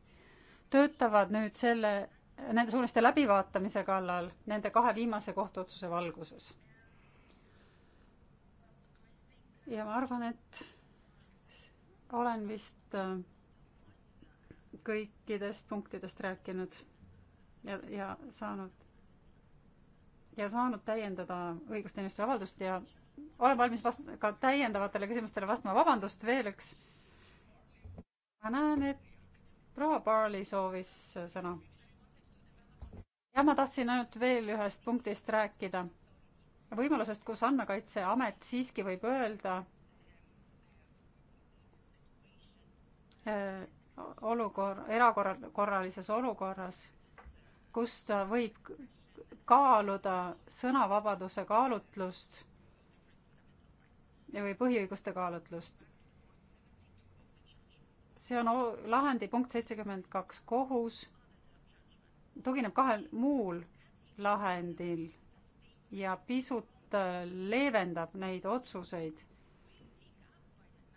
töötavad nüüd selle, nende suuniste läbivaatamise kallal nende kahe viimase kohtuotsuse valguses. ja ma arvan, et olen vist äh, kõikidest punktidest rääkinud ja, ja saanud ja saanud täiendada õigusteenistuse avaldust ja olen valmis vast-, ka täiendavatele küsimustele vastama, vabandust, veel üks. ma näen, et proua Barley soovis äh, sõna. jah, ma tahtsin ainult veel ühest punktist rääkida. võimalusest, kus Andmekaitseamet siiski võib öelda äh, olukorra, erakorralises olukorras, kus ta võib kaaluda sõnavabaduse kaalutlust või põhiõiguste kaalutlust see on lahendi punkt seitsekümmend kaks, kohus tugineb kahel muul lahendil ja pisut äh, leevendab neid otsuseid.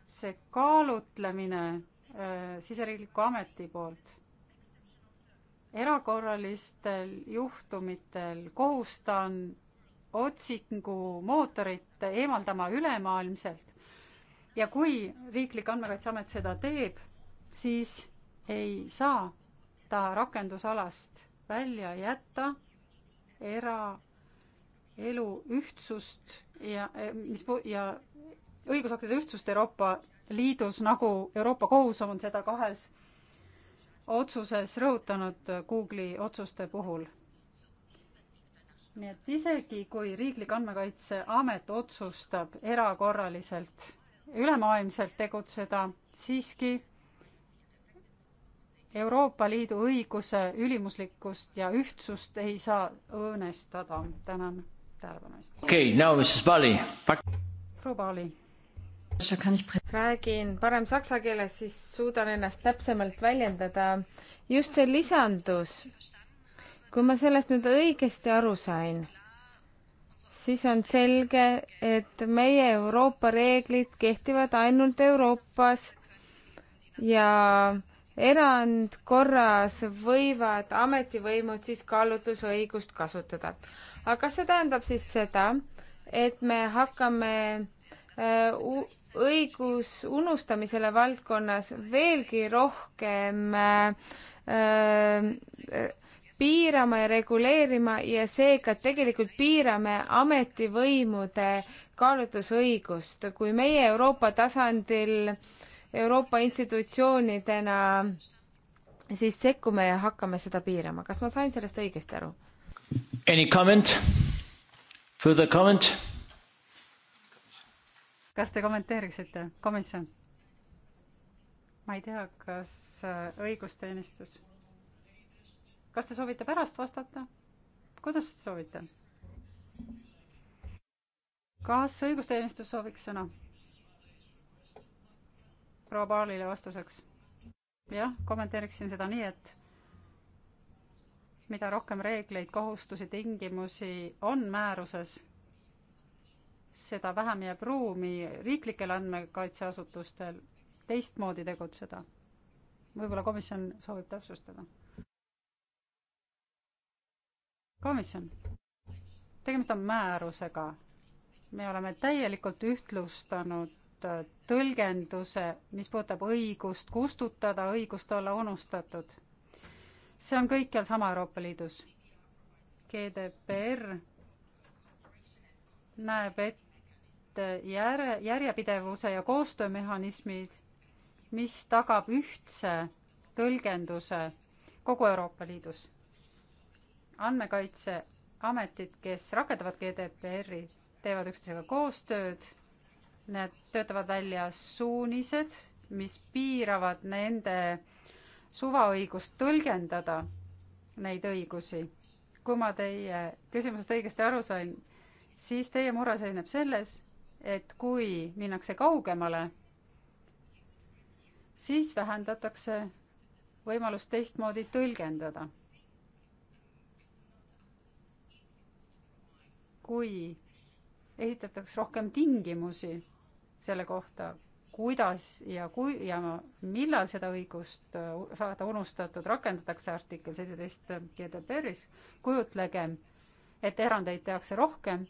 see kaalutlemine äh, siseriikliku ameti poolt erakorralistel juhtumitel kohustan otsingumootorit eemaldama ülemaailmselt ja kui Riiklik Andmekaitseamet seda teeb siis ei saa ta rakendusalast välja jätta eraelu ühtsust ja mis pu-, ja õigusaktide ühtsust Euroopa Liidus, nagu Euroopa Kohus on seda kahes otsuses rõhutanud Google'i otsuste puhul. nii et isegi, kui Riiklik Andmekaitseamet otsustab erakorraliselt ülemaailmselt tegutseda, siiski Euroopa Liidu õiguse ülimuslikkust ja ühtsust ei saa õõnestada. tänan tähelepanu eest. okei okay,, now Mrs Bali. proua Bali. räägin parem saksa keeles, siis suudan ennast täpsemalt väljendada. just see lisandus, kui ma sellest nüüd õigesti aru sain, siis on selge, et meie Euroopa reeglid kehtivad ainult Euroopas ja erandkorras võivad ametivõimud siis kaalutlusõigust kasutada. aga kas see tähendab siis seda, et me hakkame äh, õigus unustamisele valdkonnas veelgi rohkem äh, äh, piirama ja reguleerima ja seega tegelikult piirame ametivõimude kaalutlusõigust, kui meie Euroopa tasandil äh, Euroopa institutsioonidena siis sekkume ja hakkame seda piirama. kas ma sain sellest õigesti aru? Any comment? Further comment? kas te kommenteeriksite, komisjon? ma ei tea, kas äh, õigusteenistus, kas te soovite pärast vastata? kuidas soovite? kas õigusteenistus sooviks sõna? proua Paalile vastuseks. jah, kommenteeriksin seda nii, et mida rohkem reegleid, kohustusi, tingimusi on määruses, seda vähem jääb ruumi riiklikel andmekaitseasutustel teistmoodi tegutseda. võib-olla komisjon soovib täpsustada. komisjon, tegemist on määrusega. me oleme täielikult ühtlustanud seotud äh, tõlgenduse, mis puudutab õigust kustutada, õigust olla unustatud. see on kõikjal sama Euroopa Liidus. GDPR näeb ette järe, järjepidevuse ja koostöömehhanismid, mis tagab ühtse tõlgenduse kogu Euroopa Liidus. andmekaitseametid, kes rakendavad GDPR-i, teevad üksteisega koostööd Need töötavad välja suunised, mis piiravad nende suvaõigust tõlgendada neid õigusi. kui ma teie küsimusest õigesti aru sain, siis teie mure seisneb selles, et kui minnakse kaugemale, siis vähendatakse võimalust teistmoodi tõlgendada. kui esitatakse rohkem tingimusi selle kohta, kuidas ja kui ja millal seda õigust äh, saada unustatud rakendatakse artikkel seitseteist GDPR-is, kujutlegem, et erandeid tehakse rohkem,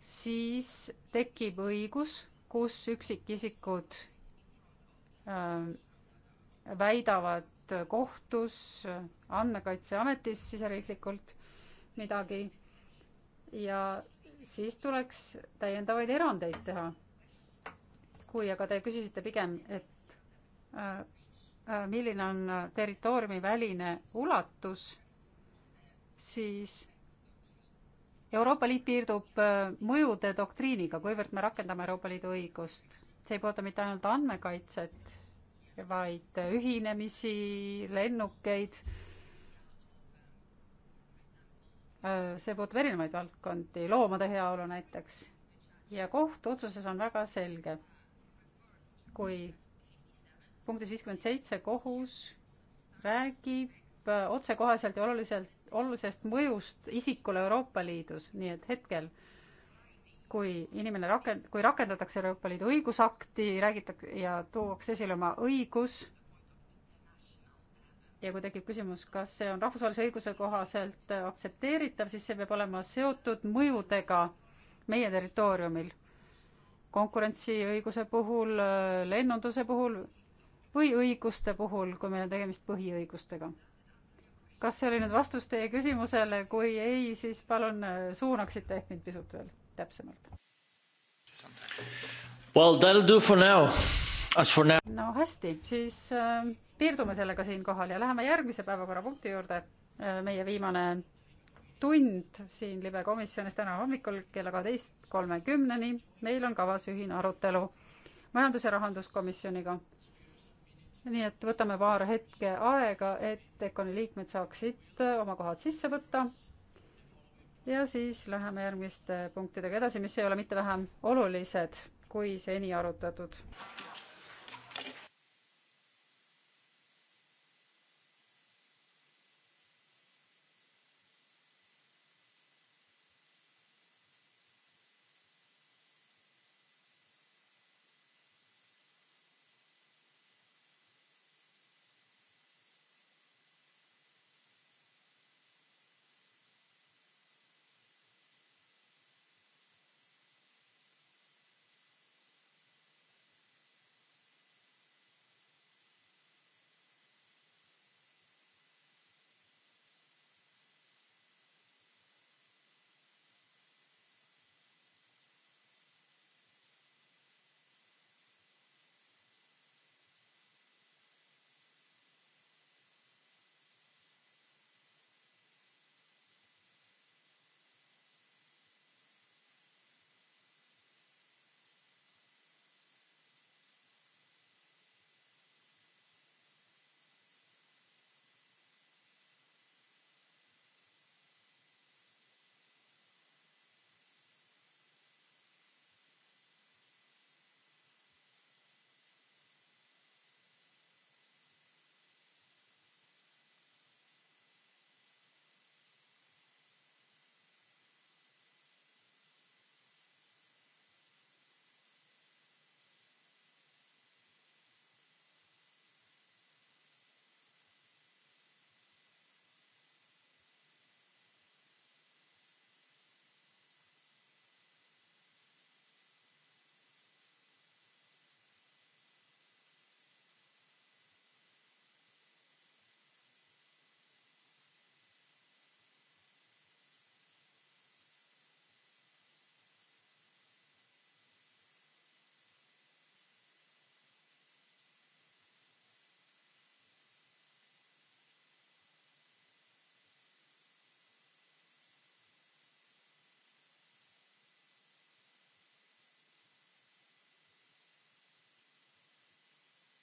siis tekib õigus, kus üksikisikud äh, väidavad kohtus äh, Andmekaitseametis siseriiklikult midagi ja siis tuleks täiendavaid erandeid teha kui aga te küsisite pigem, et äh, äh milline on äh, territooriumi väline ulatus, siis Euroopa Liit piirdub äh, mõjude doktriiniga, kuivõrd me rakendame Euroopa Liidu õigust. see ei puuduta mitte ainult andmekaitset, vaid ühinemisi, lennukeid, see puudutab erinevaid valdkondi, loomade heaolu näiteks. ja kohtuotsuses on väga selge kui punktis viiskümmend seitse kohus räägib äh, otsekoheselt ja oluliselt, olulisest mõjust isikule Euroopa Liidus, nii et hetkel kui inimene rakend-, kui rakendatakse Euroopa Liidu õigusakti, räägitakse ja tuuakse esile oma õigus ja kui tekib küsimus, kas see on rahvusvahelise õiguse kohaselt äh, aktsepteeritav, siis see peab olema seotud mõjudega meie territooriumil konkurentsiõiguse puhul, lennunduse puhul või õiguste puhul, kui meil on tegemist põhiõigustega. kas see oli nüüd vastus teie küsimusele, kui ei, siis palun äh, suunaksite ehk mind pisut veel täpsemalt. Well, that'll do for now. As for now. no hästi, siis äh, piirdume sellega siinkohal ja läheme järgmise päevakorrapunkti juurde äh,. meie viimane tund siin libe komisjonis täna hommikul kella kaheteist kolmekümneni. meil on kavas ühine arutelu majandus- ja rahanduskomisjoniga. nii et võtame paar hetke aega, et EKONi liikmed saaksid oma kohad sisse võtta. ja siis läheme järgmiste punktidega edasi, mis ei ole mitte vähem olulised kui seni arutatud.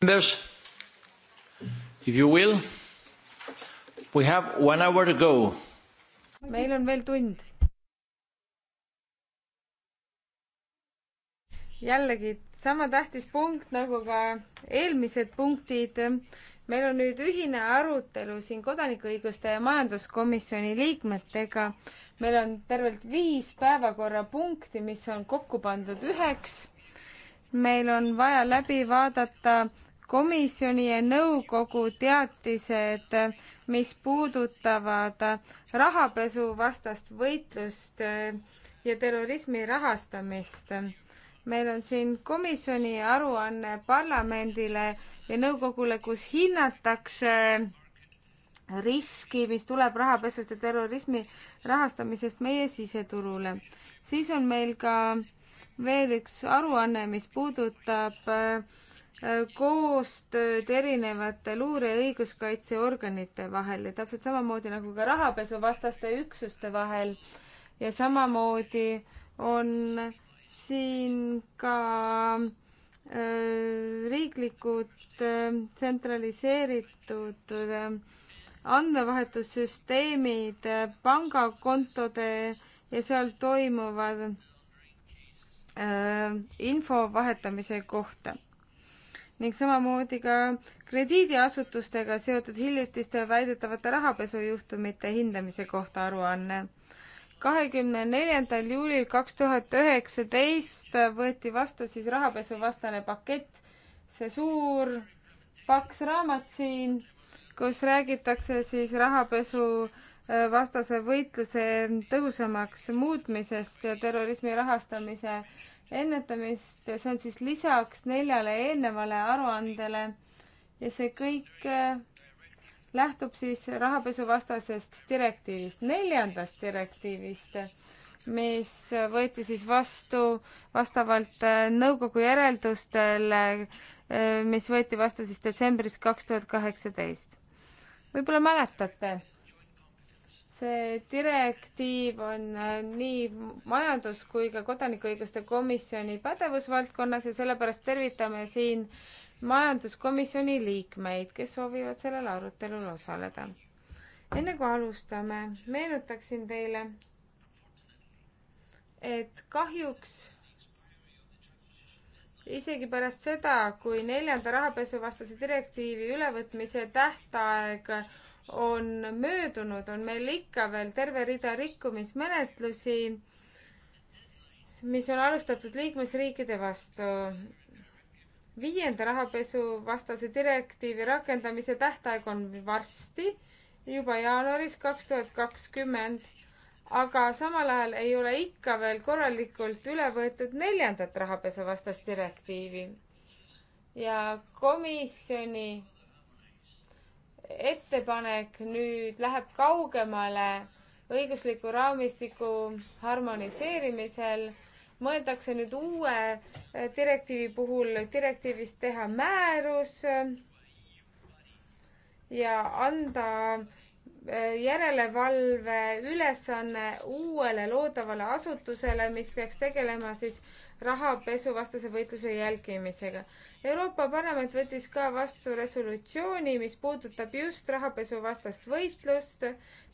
Members, if you will, we have one hour to go. meil on veel tund. jällegi sama tähtis punkt nagu ka eelmised punktid meil on nüüd ühine arutelu siin kodanikuõiguste ja majanduskomisjoni liikmetega. meil on tervelt viis päevakorrapunkti, mis on kokku pandud üheks. meil on vaja läbi vaadata komisjoni ja nõukogu teatised, mis puudutavad rahapesuvastast võitlust äh, ja terrorismi rahastamist. meil on siin komisjoni aruanne parlamendile ja nõukogule, kus hinnatakse riski, mis tuleb rahapesust ja terrorismi rahastamisest meie siseturule. siis on meil ka veel üks aruanne, mis puudutab äh, Äh, koostööd erinevate luure- ja õiguskaitseorganite vahel ja täpselt samamoodi nagu ka rahapesuvastaste üksuste vahel. ja samamoodi on siin ka öö, äh, riiklikud öö, äh, tsentraliseeritud öö, andmevahetussüsteemid, pangakontode ja seal toimuvad info vahetamise kohta ning samamoodi ka krediidiasutustega seotud hiljutiste väidetavate rahapesujuhtumite hindamise kohta aruanne. kahekümne neljandal juulil kaks tuhat üheksateist võeti vastu siis rahapesuvastane pakett, see suur paks raamat siin, kus räägitakse siis rahapesu vastase võitluse tõhusamaks muutmisest ja terrorismi rahastamise ennetamist, see on siis lisaks neljale eelnevale aruandele ja see kõik äh, lähtub siis rahapesuvastasest direktiivist, neljandast direktiivist, mis võeti siis vastu vastavalt äh, nõukogu järeldustele, äh, mis võeti vastu siis detsembris kaks tuhat kaheksateist. võib-olla mäletate see direktiiv on äh, nii majandus kui ka kodanikuõiguste komisjoni pädevusvaldkonnas ja sellepärast tervitame siin majanduskomisjoni liikmeid, kes soovivad sellel arutelul osaleda. enne kui alustame, meenutaksin teile, et kahjuks isegi pärast seda, kui neljanda rahapesuvastase direktiivi ülevõtmise tähtaeg on möödunud, on meil ikka veel terve rida rikkumismenetlusi, mis on alustatud liikmesriikide vastu. viienda rahapesuvastase direktiivi rakendamise tähtaeg on varsti, juba jaanuaris kaks tuhat kakskümmend, aga samal ajal ei ole ikka veel korralikult üle võetud neljandat rahapesuvastast direktiivi. ja komisjoni ettepanek nüüd läheb kaugemale õigusliku raamistiku harmoniseerimisel. mõeldakse nüüd uue eh, direktiivi puhul direktiivist teha määrus ja anda eh, järelevalve ülesanne uuele loodavale asutusele, mis peaks tegelema siis äh, rahapesuvastase võitluse jälgimisega. Euroopa Parlament võttis ka vastu resolutsiooni, mis puudutab just rahapesuvastast võitlust.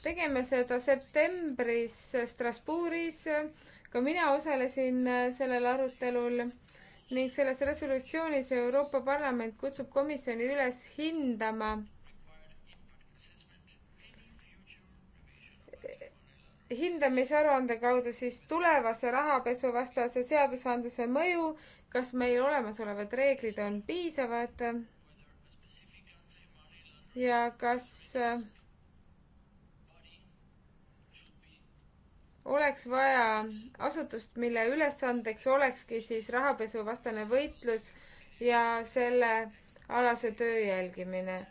tegime seda septembris Strasbourgis. ka mina osalesin sellel arutelul ning selles resolutsioonis Euroopa Parlament kutsub komisjoni üles hindama hindamisaruande kaudu siis tulevase rahapesuvastase seadusandluse mõju, kas meil olemasolevad reeglid on piisavad ja kas äh, oleks vaja asutust, mille ülesandeks olekski siis rahapesuvastane võitlus ja selle alase töö jälgimine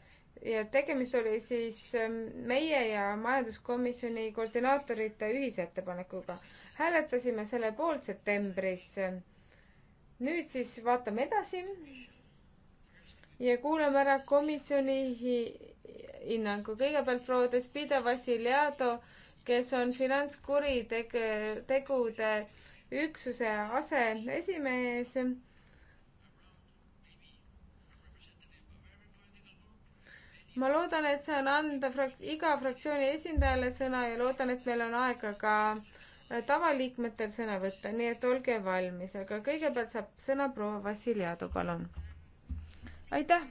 ja tegemist oli siis ähm, meie ja majanduskomisjoni koordinaatorite ühisettepanekuga. hääletasime selle poolt septembris. nüüd siis vaatame edasi ja kuulame ära komisjoni hinnangu. kõigepealt proua Despida Vassiljado, kes on finantskuritegude üksuse aseesimees ma loodan, et saan anda frak-, iga fraktsiooni esindajale sõna ja loodan, et meil on aega ka äh, tavaliikmetel sõna võtta, nii et olge valmis, aga kõigepealt saab sõna proua Vassiljadu, palun. aitäh!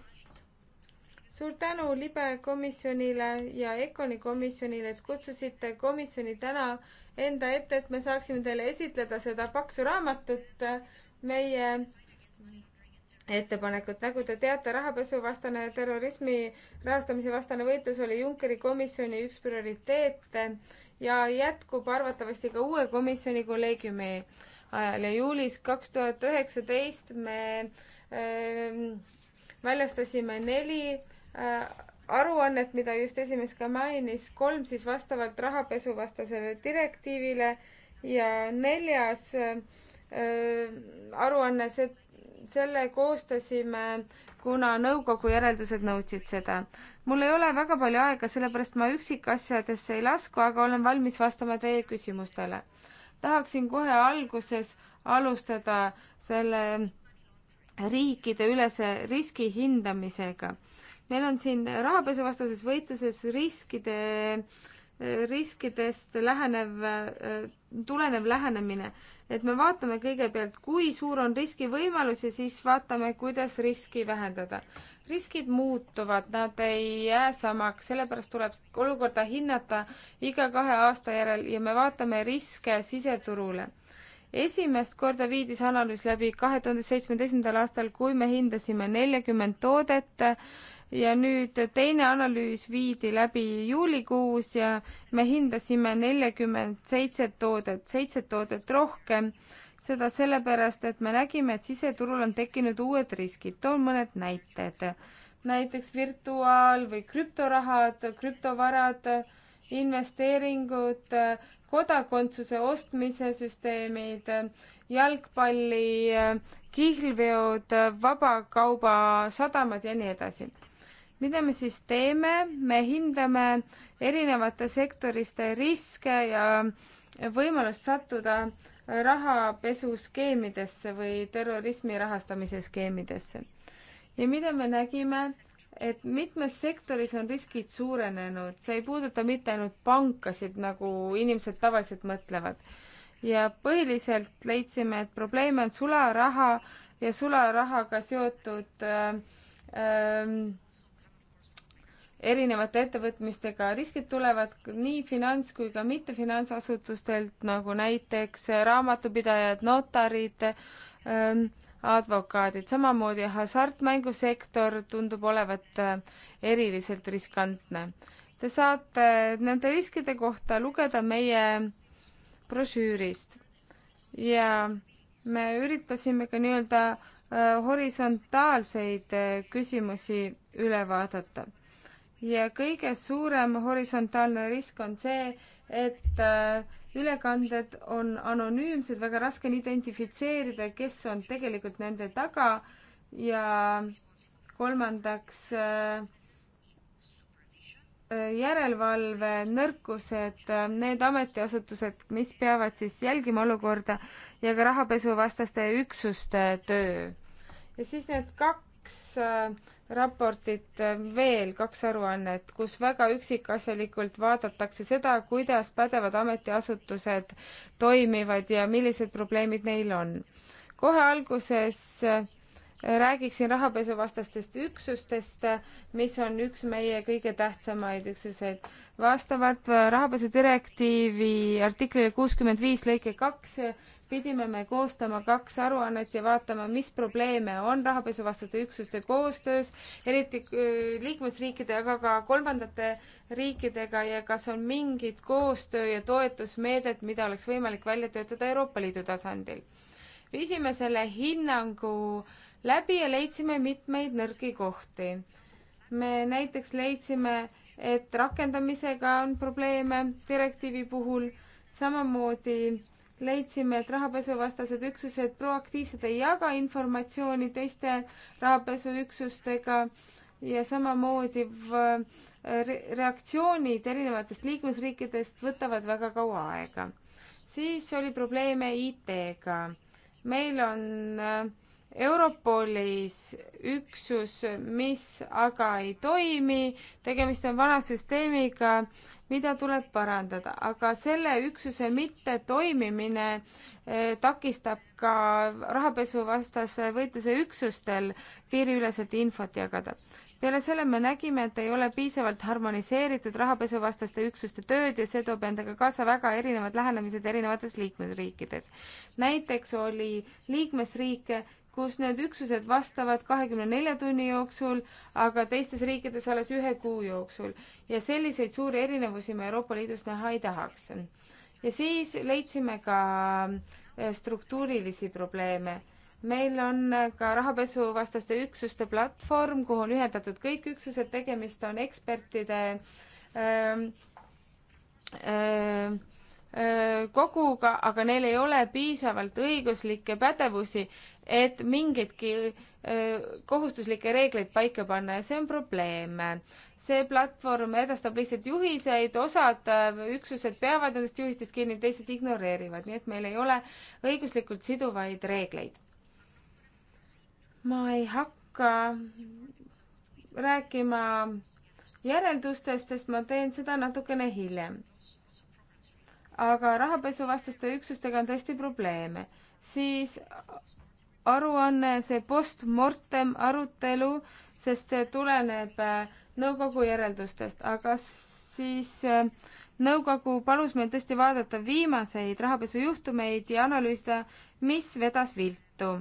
suur tänu libe komisjonile ja EKONi komisjonile, et kutsusite komisjoni täna enda ette, et me saaksime teile esitleda seda paksu raamatut äh, meie ettepanekut. nagu te teate, rahapesuvastane ja terrorismi rahastamise vastane võitlus oli Junckeri komisjoni üks prioriteete ja jätkub arvatavasti ka uue komisjoni kolleegiumi ajal ja juulis kaks tuhat üheksateist me äh, väljastasime neli äh, aruannet, mida just esimees ka mainis, kolm siis vastavalt rahapesuvastasele direktiivile ja neljas äh, äh aruanne, see selle koostasime, kuna nõukogu järeldused nõudsid seda. mul ei ole väga palju aega, sellepärast ma üksikasjadesse ei lasku, aga olen valmis vastama teie küsimustele. tahaksin kohe alguses alustada selle riikideülese riski hindamisega. meil on siin rahapesuvastases võitluses riskide äh, riskidest lähenev, tulenev lähenemine. et me vaatame kõigepealt, kui suur on riski võimalus ja siis vaatame, kuidas riski vähendada. riskid muutuvad, nad ei jää samaks, sellepärast tuleb olukorda hinnata iga kahe aasta järel ja me vaatame riske siseturule. esimest korda viidis analüüs läbi kahe tuhande seitsmeteistkümnendal aastal, kui me hindasime neljakümmend toodet ja nüüd teine analüüs viidi läbi juulikuus ja me hindasime neljakümmend seitset toodet, seitset toodet rohkem. seda sellepärast, et me nägime, et siseturul on tekkinud uued riskid. toon mõned näited. näiteks virtuaal- või krüptorahad, krüptovarad, investeeringud, kodakondsuse ostmise süsteemid, jalgpalli, kihlveod, vabakaubasadamad ja nii edasi mida me siis teeme, me hindame erinevate sektoriste riske ja võimalust sattuda rahapesuskeemidesse või terrorismi rahastamise skeemidesse. ja mida me nägime, et mitmes sektoris on riskid suurenenud, see ei puuduta mitte ainult pankasid, nagu inimesed tavaliselt mõtlevad. ja põhiliselt leidsime, et probleem on sularaha ja sularahaga seotud äh, äh, erinevate ettevõtmistega. riskid tulevad nii finants kui ka mittefinantsasutustelt, nagu näiteks raamatupidajad, notarid ähm,, advokaadid, samamoodi hasartmängusektor tundub olevat äh, eriliselt riskantne. Te saate nende riskide kohta lugeda meie brošüürist ja me üritasime ka nii-öelda äh, horisontaalseid äh, küsimusi üle vaadata ja kõige suurem horisontaalne risk on see, et äh, ülekanded on anonüümsed, väga raske on identifitseerida, kes on tegelikult nende taga ja kolmandaks äh, äh, järelevalve nõrkused, need ametiasutused, mis peavad siis jälgima olukorda ja ka rahapesuvastaste üksuste töö. ja siis need kaks kaks äh, raportit äh, veel, kaks aruannet, kus väga üksikasjalikult vaadatakse seda, kuidas pädevad ametiasutused toimivad ja millised probleemid neil on. kohe alguses äh, räägiksin rahapesuvastastest üksustest, mis on üks meie kõige tähtsamaid üksuseid. vastavalt rahapesu direktiivi artiklile kuuskümmend viis lõike kaks pidime me koostama kaks aruannet ja vaatama, mis probleeme on rahapesuvastaste üksuste koostöös, eriti äh, liikmesriikide, aga ka kolmandate riikidega ja kas on mingid koostöö ja toetusmeedet, mida oleks võimalik välja töötada Euroopa Liidu tasandil. viisime selle hinnangu läbi ja leidsime mitmeid nõrgi kohti. me näiteks leidsime, et rakendamisega on probleeme direktiivi puhul, samamoodi leidsime, et rahapesuvastased üksused proaktiivselt ei jaga informatsiooni teiste rahapesuüksustega ja samamoodi reaktsioonid erinevatest liikmesriikidest võtavad väga kaua aega. siis oli probleeme IT-ga. meil on äh, Europolis üksus, mis aga ei toimi, tegemist on vana süsteemiga, mida tuleb parandada, aga selle üksuse mittetoimimine eh, takistab ka rahapesuvastase võitluse üksustel piiriüleselt infot jagada. peale selle me nägime, et ei ole piisavalt harmoniseeritud rahapesuvastaste üksuste tööd ja see toob endaga kaasa väga erinevad lähenemised erinevates liikmesriikides. näiteks oli liikmesriike, kus need üksused vastavad kahekümne nelja tunni jooksul, aga teistes riikides alles ühe kuu jooksul. ja selliseid suuri erinevusi me Euroopa Liidus näha ei tahaks. ja siis leidsime ka eh, struktuurilisi probleeme meil on ka rahapesuvastaste üksuste platvorm, kuhu on ühendatud kõik üksused, tegemist on ekspertide öö, eh, öö, eh, koguga, aga neil ei ole piisavalt õiguslikke pädevusi, et mingeidki kohustuslikke reegleid paika panna ja see on probleem. see platvorm edastab lihtsalt juhiseid, osad üksused peavad nendest juhistest kinni, teised ignoreerivad, nii et meil ei ole õiguslikult siduvaid reegleid. ma ei hakka rääkima järeldustest, sest ma teen seda natukene hiljem aga rahapesuvastaste üksustega on tõesti probleeme. siis aruanne, see postmortem arutelu, sest see tuleneb äh, nõukogu järeldustest, aga siis äh, nõukogu palus meil tõesti vaadata viimaseid rahapesujuhtumeid ja analüüsida, mis vedas viltu.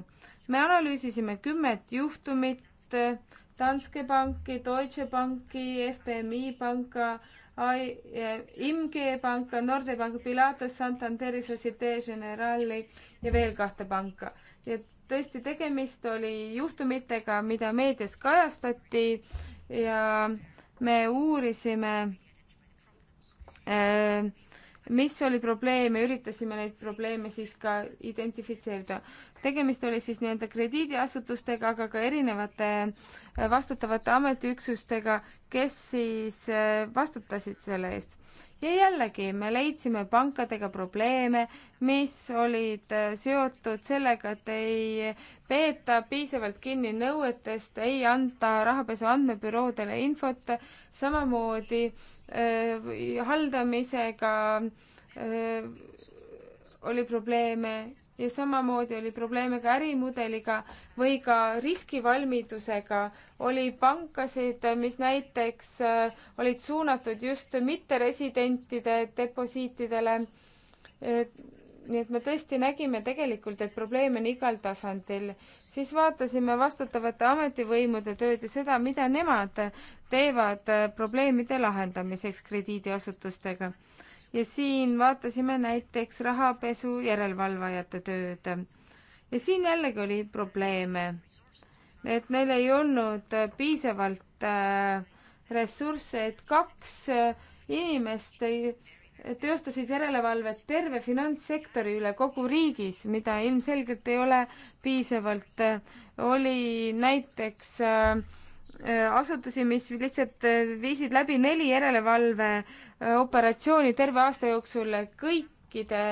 me analüüsisime kümmet juhtumit äh, Danske Banki, Deutsche Banki, FBMi panka, Eh, IMG panka, Nordi panka, Pilatus, Santander, Societe Generali ja veel kahte panka. ja tõesti, tegemist oli juhtumitega, mida meedias kajastati ja me uurisime, eh, mis oli probleem ja üritasime neid probleeme siis ka identifitseerida tegemist oli siis nii-öelda krediidiasutustega, aga ka erinevate äh, vastutavate ametiüksustega, kes siis äh, vastutasid selle eest. ja jällegi me leidsime pankadega probleeme, mis olid äh, seotud sellega, et ei peeta piisavalt kinni nõuetest, ei anta rahapesu andmebüroodele infot, samamoodi äh, haldamisega äh, oli probleeme ja samamoodi oli probleeme ka ärimudeliga või ka riskivalmidusega. oli pankasid, mis näiteks äh, olid suunatud just mitteresidentide deposiitidele. Äh, nii et me tõesti nägime tegelikult, et probleeme on igal tasandil. siis vaatasime vastutavate ametivõimude tööd ja seda, mida nemad teevad äh, probleemide lahendamiseks krediidiasutustega ja siin vaatasime näiteks rahapesu järelevalvajate tööd. ja siin jällegi oli probleeme, et neil ei olnud piisavalt äh, ressursse, et kaks äh, inimest ei, teostasid järelevalvet terve finantssektori üle kogu riigis, mida ilmselgelt ei ole piisavalt äh,, oli näiteks äh, Äh, asutusi, mis lihtsalt äh, viisid läbi neli järelevalveoperatsiooni äh, terve aasta jooksul kõikide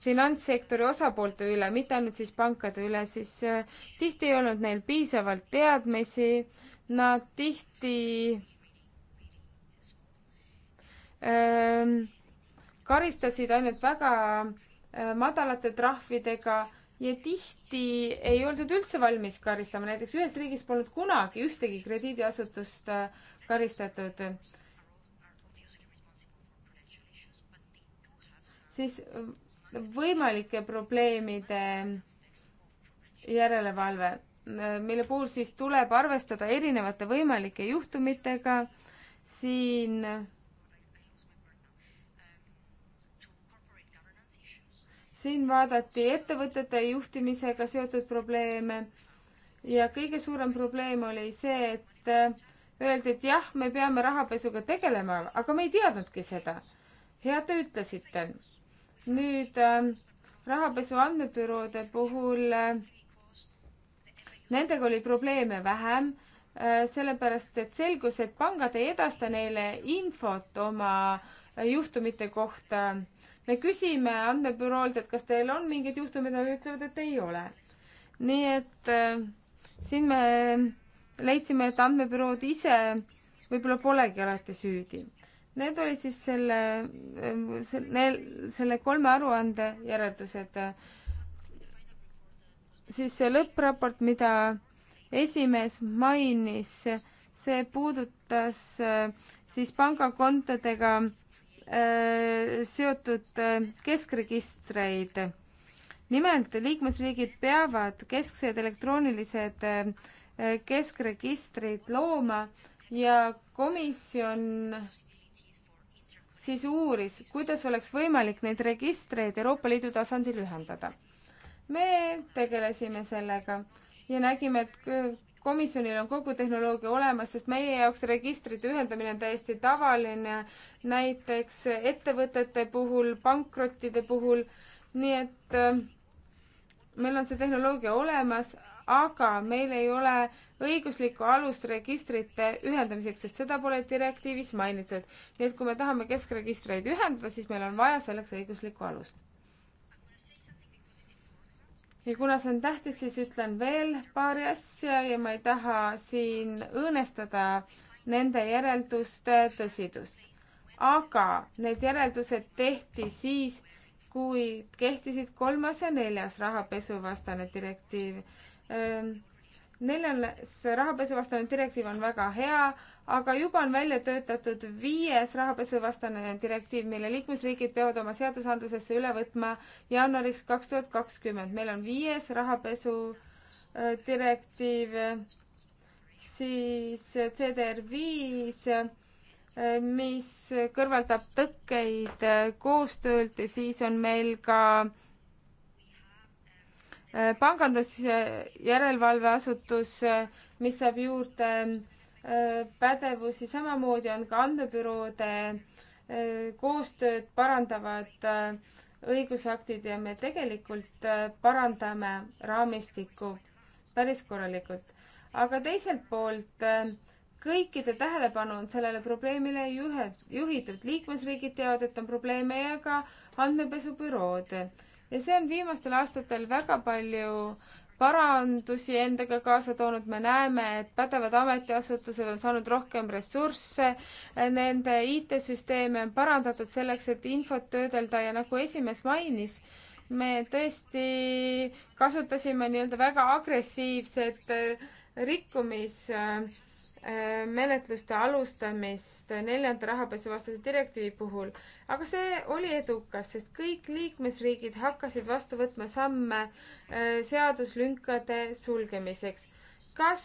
finantssektori osapoolte üle, mitte ainult siis pankade üle, siis tihti ei olnud neil piisavalt teadmisi, nad tihti öö, ähm, karistasid ainult väga madalate trahvidega ja tihti ei oldud üldse valmis karistama, näiteks ühes riigis polnud kunagi ühtegi krediidiasutust äh, karistatud. siis äh, võimalike probleemide järelevalve, äh, mille puhul siis tuleb arvestada erinevate võimalike juhtumitega, siin siin vaadati ettevõtete juhtimisega seotud probleeme ja kõige suurem probleem oli see, et äh, öeldi, et jah, me peame rahapesuga tegelema, aga me ei teadnudki seda. hea, te ütlesite. nüüd äh, rahapesu andmebüroode puhul äh, nendega oli probleeme vähem äh,, sellepärast et selgus, et pangad ei edasta neile infot oma äh, juhtumite kohta me küsime andmebüroolt, et kas teil on mingeid juhtumeid, nad nagu ütlevad, et ei ole. nii et äh, siin me leidsime, et andmebürood ise võib-olla polegi alati süüdi. Need olid siis selle, äh, selle, selle kolme aruande järeldused. siis see lõppraport, mida esimees mainis, see puudutas äh, siis pangakontodega seotud äh, keskregistreid. nimelt liikmesriigid peavad kesksed elektroonilised äh, keskregistrid looma ja komisjon siis uuris, kuidas oleks võimalik neid registreid Euroopa Liidu tasandil ühendada. me tegelesime sellega ja nägime, et komisjonil on kogu tehnoloogia olemas, sest meie jaoks registrite ühendamine on täiesti tavaline, näiteks ettevõtete puhul, pankrottide puhul, nii et äh, meil on see tehnoloogia olemas, aga meil ei ole õiguslikku alust registrite ühendamiseks, sest seda pole direktiivis mainitud. nii et kui me tahame keskregistreid ühendada, siis meil on vaja selleks õiguslikku alust ja kuna see on tähtis, siis ütlen veel paari asja ja ma ei taha siin õõnestada nende järelduste tõsidust. aga need järeldused tehti siis, kui kehtisid kolmas ja neljas rahapesuvastane direktiiv. Ehm, neljas rahapesuvastane direktiiv on väga hea aga juba on välja töötatud viies rahapesuvastane direktiiv, mille liikmesriigid peavad oma seadusandlusesse üle võtma jaanuariks kaks tuhat kakskümmend. meil on viies rahapesu äh, direktiiv, siis CDR viis, äh, mis kõrvaldab tõkkeid äh, koostöölt ja siis on meil ka pangandusjärelevalveasutus, mis saab juurde Äh, pädevusi, samamoodi on ka andmebüroode äh, koostööd parandavad äh, õigusaktid ja me tegelikult parandame raamistikku päris korralikult. aga teiselt poolt kõikide tähelepanu on sellele probleemile juhitud. liikmesriigid teavad, et on probleeme ja ka andmepesubürood. ja see on viimastel aastatel väga palju parandusi endaga kaasa toonud, me näeme, et pädevad ametiasutused on saanud rohkem ressursse, nende IT-süsteeme on parandatud selleks, et infot töödelda ja nagu esimees mainis, me tõesti kasutasime nii-öelda väga agressiivset äh, rikkumis äh, Äh, menetluste alustamist neljanda rahapesuvastase direktiivi puhul, aga see oli edukas, sest kõik liikmesriigid hakkasid vastu võtma samme äh, seaduslünkade sulgemiseks. kas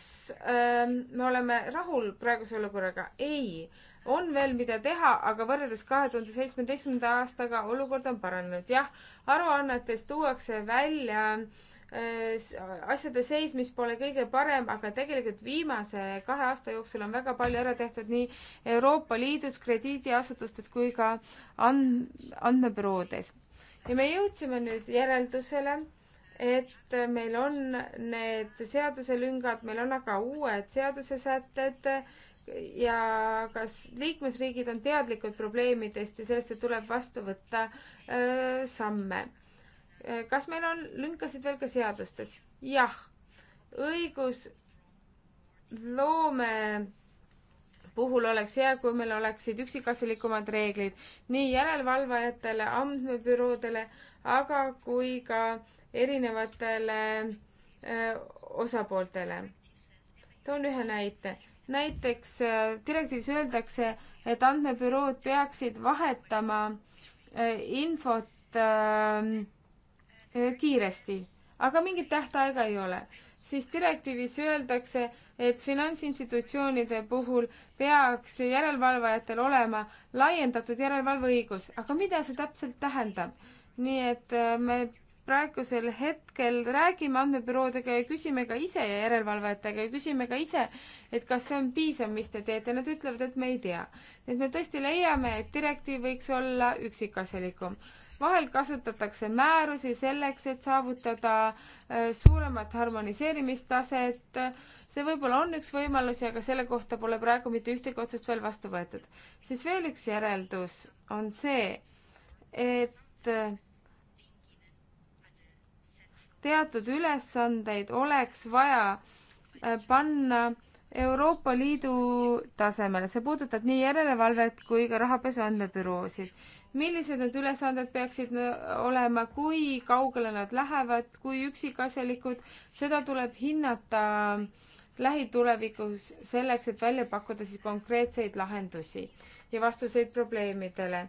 ähm, me oleme rahul praeguse olukorraga? ei, on veel, mida teha, aga võrreldes kahe tuhande seitsmeteistkümnenda aastaga olukord on paranenud. jah, aruannetes tuuakse välja äh, Äh, äh, asjade seis, mis pole kõige parem, aga tegelikult viimase kahe aasta jooksul on väga palju ära tehtud nii Euroopa Liidus krediidiasutustes kui ka and-, andmebüroodes. ja me jõudsime nüüd järeldusele, et meil on need seaduselüngad, meil on aga uued seadusesätted ja kas liikmesriigid on teadlikud probleemidest ja sellest, et tuleb vastu võtta öö, äh, samme Äh, kas meil on lünkasid veel ka seadustes? jah, õigusloome puhul oleks hea, kui meil oleksid üksikasjalikumad reeglid nii järelevalvajatele, andmebüroodele, aga kui ka erinevatele öö, äh, osapooltele. toon ühe näite. näiteks äh, direktiivis öeldakse, et andmebürood peaksid vahetama öö, infot öö, Äh, kiiresti, aga mingit tähtaega ei ole, siis direktiivis öeldakse, et finantsinstitutsioonide puhul peaks järelevalvajatel olema laiendatud järelevalveõigus, aga mida see täpselt tähendab? nii et äh, me praegusel hetkel räägime andmebüroodega ja küsime ka ise ja järelevalvajatega ja küsime ka ise, et kas see on piisav, mis te teete, nad ütlevad, et me ei tea. et me tõesti leiame, et direktiiv võiks olla üksikasjalikum vahel kasutatakse määrusi selleks, et saavutada äh, suuremat harmoniseerimistaset. see võib-olla on üks võimalusi, aga selle kohta pole praegu mitte ühtegi otsust veel vastu võetud. siis veel üks järeldus on see, et äh, teatud ülesandeid oleks vaja äh, panna Euroopa Liidu tasemele, see puudutab nii järelevalvet kui ka rahapesu andmebüroosid millised need ülesanded peaksid olema, kui kaugele nad lähevad, kui üksikasjalikud, seda tuleb hinnata lähitulevikus selleks, et välja pakkuda siis konkreetseid lahendusi ja vastuseid probleemidele.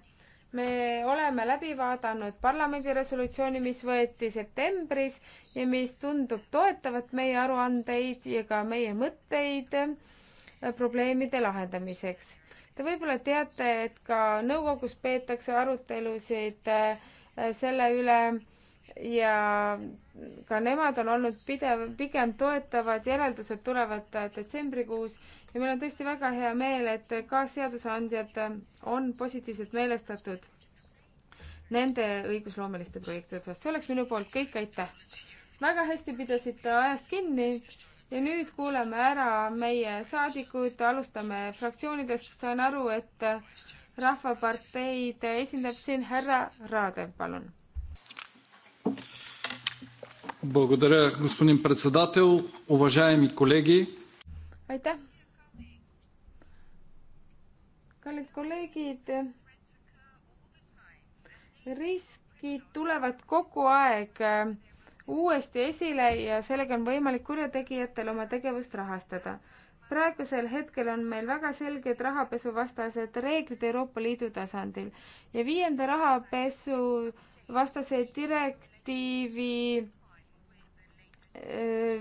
me oleme läbi vaadanud parlamendi resolutsiooni, mis võeti septembris ja mis tundub toetavat meie aruandeid ja ka meie mõtteid äh, probleemide lahendamiseks. Te võib-olla teate, et ka nõukogus peetakse arutelusid äh, selle üle ja ka nemad on olnud pidev, pigem toetavad, järeldused tulevad äh, detsembrikuus ja meil on tõesti väga hea meel, et ka seadusandjad äh, on positiivselt meelestatud nende õigusloomeliste projektide osas. see oleks minu poolt kõik, aitäh! väga hästi pidasite ajast kinni ja nüüd kuulame ära meie saadikud, alustame fraktsioonidest, saan aru, et Rahvaparteid esindab siin härra Raadev, palun. aitäh. kallid kolleegid, riskid tulevad kogu aeg uuesti esile ja sellega on võimalik kurjategijatel oma tegevust rahastada. praegusel hetkel on meil väga selged rahapesuvastased reeglid Euroopa Liidu tasandil ja viienda rahapesuvastase direktiivi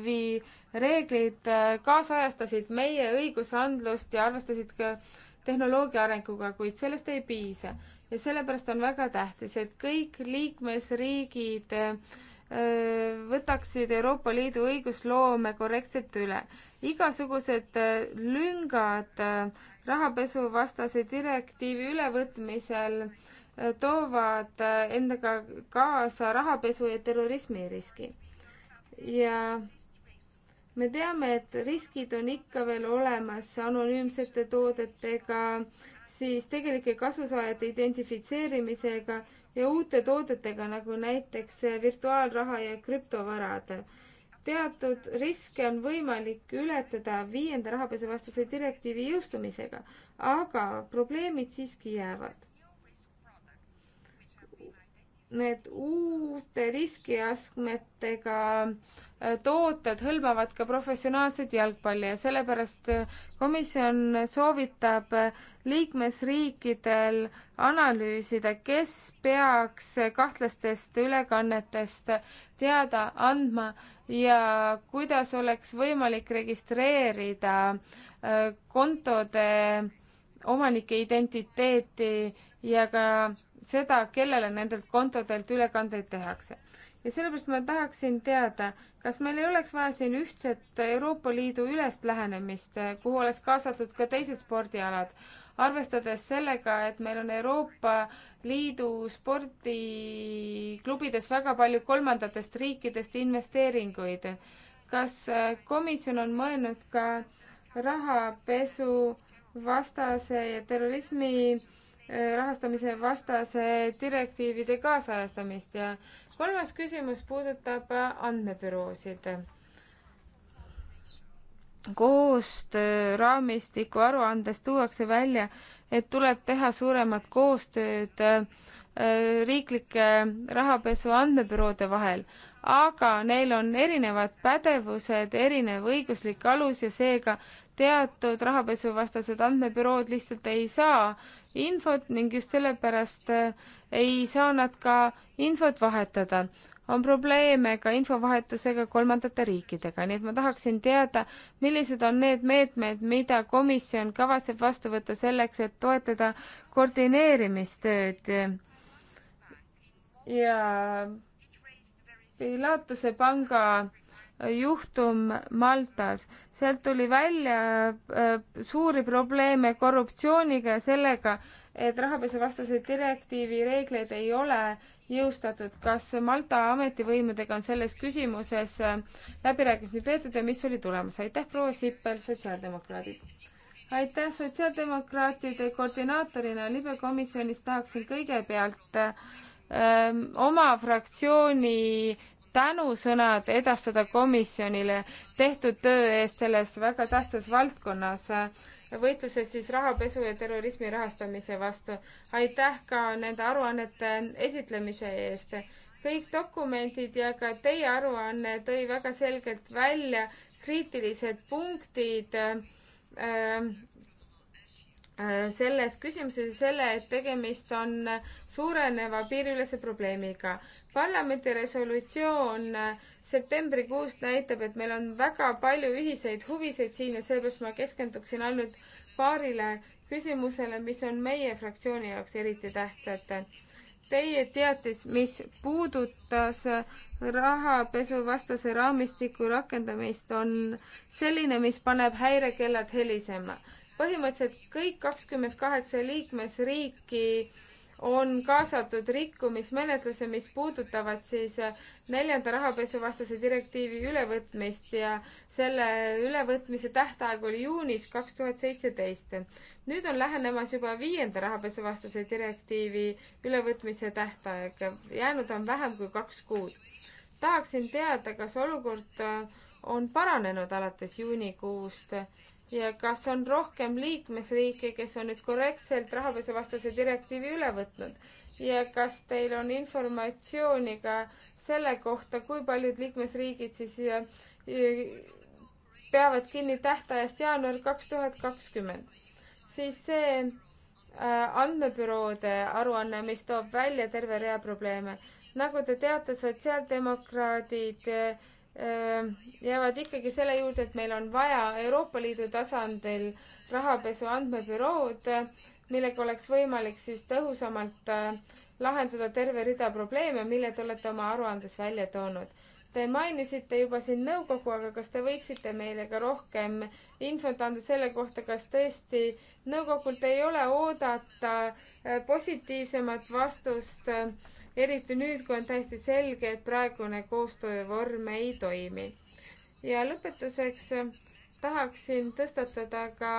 vii äh, reeglid äh, kaasajastasid meie õigusandlust ja arvestasid ka tehnoloogia arenguga, kuid sellest ei piisa. ja sellepärast on väga tähtis, et kõik liikmesriigid äh, võtaksid Euroopa Liidu õigusloome korrektselt üle. igasugused äh, lüngad äh, rahapesuvastase direktiivi ülevõtmisel äh, toovad endaga kaasa rahapesu ja terrorismi riski. ja me teame, et riskid on ikka veel olemas anonüümsete toodetega, siis tegelike kasusaajate identifitseerimisega ja uute toodetega, nagu näiteks virtuaalraha ja krüptovarad. teatud riske on võimalik ületada viienda rahapesuvastase direktiivi jõustumisega, aga probleemid siiski jäävad need uute riskiastmetega äh, tooted hõlmavad ka professionaalset jalgpalli ja sellepärast äh, komisjon soovitab äh, liikmesriikidel analüüsida, kes peaks kahtlastest ülekannetest teada andma ja kuidas oleks võimalik registreerida kontode omanike identiteeti ja ka seda, kellele nendelt kontodelt ülekandeid tehakse. ja sellepärast ma tahaksin teada, kas meil ei oleks vaja siin ühtset Euroopa Liidu ülest lähenemist, kuhu oleks kaasatud ka teised spordialad, arvestades sellega, et meil on Euroopa Liidu spordiklubides väga palju kolmandatest riikidest investeeringuid. kas komisjon on mõelnud ka rahapesu vastase ja terrorismi äh, rahastamise vastase direktiivide kaasajastamist ja kolmas küsimus puudutab andmebüroosid. koostööraamistiku aruandes tuuakse välja, et tuleb teha suuremat koostööd äh, riiklike rahapesu andmebüroode vahel, aga neil on erinevad pädevused, erinev õiguslik alus ja seega teatud rahapesuvastased andmebürood lihtsalt ei saa infot ning just sellepärast äh, ei saa nad ka infot vahetada. on probleeme ka infovahetusega kolmandate riikidega, nii et ma tahaksin teada, millised on need meetmed, mida komisjon kavatseb vastu võtta selleks, et toetada koordineerimistööd ja Pilatuse panga juhtum Maltas. sealt tuli välja äh, suuri probleeme korruptsiooniga ja sellega, et rahapesuvastase direktiivi reegleid ei ole jõustatud. kas Malta ametivõimudega on selles küsimuses äh, läbirääkimisi peetud ja mis oli tulemus? aitäh, proua Sippel, sotsiaaldemokraadid! aitäh, sotsiaaldemokraatide koordinaatorina libekomisjonis tahaksin kõigepealt öö, äh, oma fraktsiooni tänusõnad edastada komisjonile tehtud töö eest selles väga tähtsas valdkonnas, võitluses siis rahapesu ja terrorismi rahastamise vastu. aitäh ka nende aruannete esitlemise eest. kõik dokumendid ja ka teie aruanne tõi väga selgelt välja kriitilised punktid äh, Äh, selles küsimuses ja selle, et tegemist on suureneva piiriülese probleemiga. parlamendi resolutsioon äh, septembrikuust näitab, et meil on väga palju ühiseid huvisid siin ja seepärast ma keskenduksin ainult paarile küsimusele, mis on meie fraktsiooni jaoks eriti tähtsad. Teie teatis, mis puudutas rahapesuvastase raamistiku rakendamist, on selline, mis paneb häirekellad helisema põhimõtteliselt kõik kakskümmend kaheksa liikmesriiki on kaasatud rikkumismenetluse, mis puudutavad siis neljanda rahapesuvastase direktiivi ülevõtmist ja selle ülevõtmise tähtaeg oli juunis kaks tuhat seitseteist. nüüd on lähenemas juba viienda rahapesuvastase direktiivi ülevõtmise tähtaeg, jäänud on vähem kui kaks kuud. tahaksin teada, kas olukord on paranenud alates juunikuust ja kas on rohkem liikmesriike, kes on nüüd korrektselt rahapesuvastase direktiivi üle võtnud ja kas teil on informatsiooni ka selle kohta, kui paljud liikmesriigid siis peavad kinni tähtajast jaanuar kaks tuhat kakskümmend, siis see äh, andmebüroode aruanne, mis toob välja terve rea probleeme. nagu te teate, sotsiaaldemokraadid äh, Äh, jäävad ikkagi selle juurde, et meil on vaja Euroopa Liidu tasandil rahapesu andmebürood, millega oleks võimalik siis tõhusamalt äh, lahendada terve rida probleeme, mille te olete oma aruandes välja toonud. Te mainisite juba siin nõukogu, aga kas te võiksite meile ka rohkem infot anda selle kohta, kas tõesti nõukogult ei ole oodata äh, positiivsemat vastust äh, eriti nüüd, kui on täiesti selge, et praegune koostöövorm ei toimi. ja lõpetuseks tahaksin tõstatada ka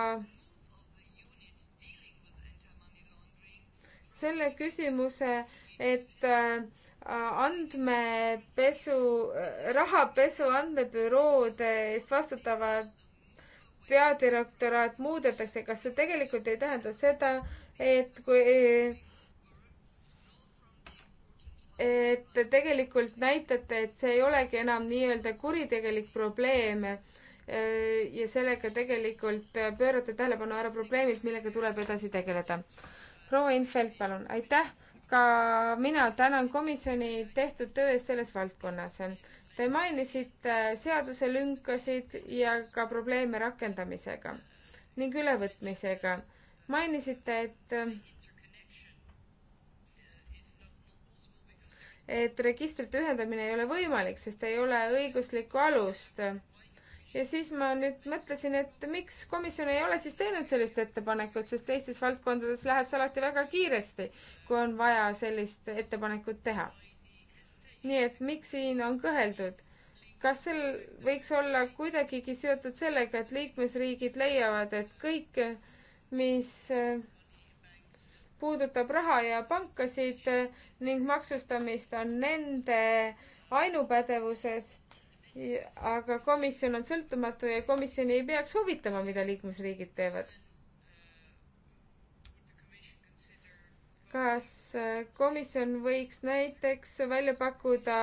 selle küsimuse, et äh, andmepesu, rahapesu andmebüroode eest vastutavad peadirektoraat muudetakse, kas see tegelikult ei tähenda seda, et kui et tegelikult näitate, et see ei olegi enam nii-öelda kuritegelik probleem eh, ja sellega tegelikult pöörate tähelepanu ära probleemilt, millega tuleb edasi tegeleda. proua Infeld, palun, aitäh! ka mina tänan komisjoni tehtud töö eest selles valdkonnas. Te mainisite seaduselünkasid ja ka probleeme rakendamisega ning ülevõtmisega. mainisite, et et registrite ühendamine ei ole võimalik, sest ei ole õiguslikku alust. ja siis ma nüüd mõtlesin, et miks komisjon ei ole siis teinud sellist ettepanekut, sest teistes valdkondades läheb see alati väga kiiresti, kui on vaja sellist ettepanekut teha. nii et miks siin on kõheldud? kas sel võiks olla kuidagigi seotud sellega, et liikmesriigid leiavad, et kõik, mis äh, puudutab raha ja pankasid eh, ning maksustamist on nende ainupädevuses. aga komisjon on sõltumatu ja komisjoni ei peaks huvitama, mida liikmesriigid teevad. kas eh, komisjon võiks näiteks välja pakkuda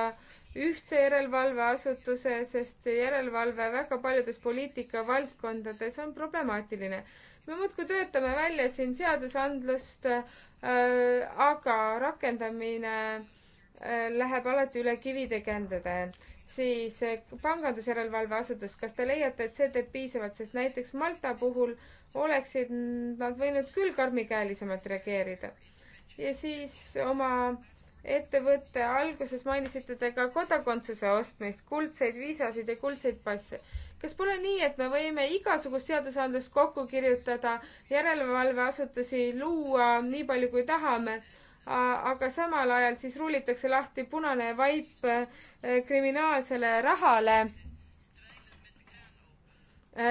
ühtse järelevalveasutuse, sest järelevalve väga paljudes poliitikavaldkondades on problemaatiline me muudkui töötame välja siin seadusandlust äh,, aga rakendamine äh, läheb alati üle kivide kändede. siis äh, pangandusjärelevalveasutus, kas te leiate, et see teeb piisavalt, sest näiteks Malta puhul oleksid nad võinud küll karmikäelisemalt reageerida. ja siis oma ettevõtte alguses mainisite te ka kodakondsuse ostmist, kuldseid viisasid ja kuldseid passe kas pole nii, et me võime igasugust seadusandlust kokku kirjutada, järelevalveasutusi luua nii palju, kui tahame, aga samal ajal siis rullitakse lahti punane vaip e, kriminaalsele rahale? E,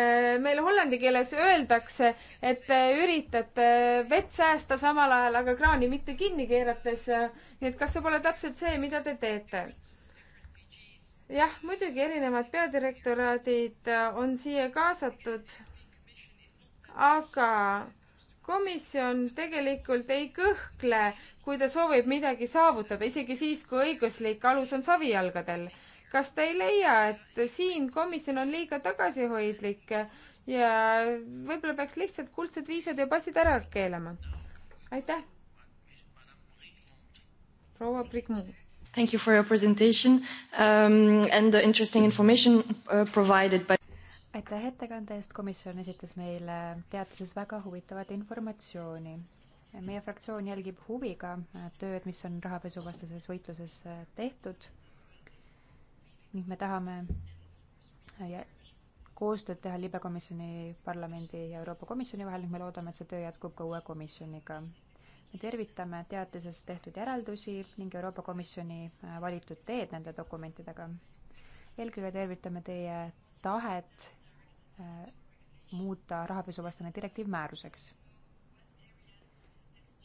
meil hollandi keeles öeldakse, et te üritate vett säästa samal ajal, aga kraani mitte kinni keerates. nii et kas see pole täpselt see, mida te teete? jah, muidugi erinevad peadirektoraadid äh, on siia kaasatud, aga komisjon tegelikult ei kõhkle, kui ta soovib midagi saavutada, isegi siis, kui õiguslik alus on savijalgadel. kas ta ei leia, et siin komisjon on liiga tagasihoidlik ja võib-olla peaks lihtsalt kuldsed viisad ja passid ära keelama? aitäh! proua Prigmund Thank you for your presentation um, and the interesting information uh, provided by aitäh ettekande eest, komisjon esitas meile teatises väga huvitavat informatsiooni. meie fraktsioon jälgib huviga tööd, mis on rahapesuvastases võitluses äh, tehtud ning me tahame äh, koostööd teha libekomisjoni, parlamendi ja Euroopa Komisjoni vahel ning me loodame, et see töö jätkub ka uue komisjoniga me tervitame teatises tehtud järeldusi ning Euroopa Komisjoni äh, valitud teed nende dokumentidega. eelkõige tervitame teie tahet äh, muuta rahapesuvastane direktiiv määruseks.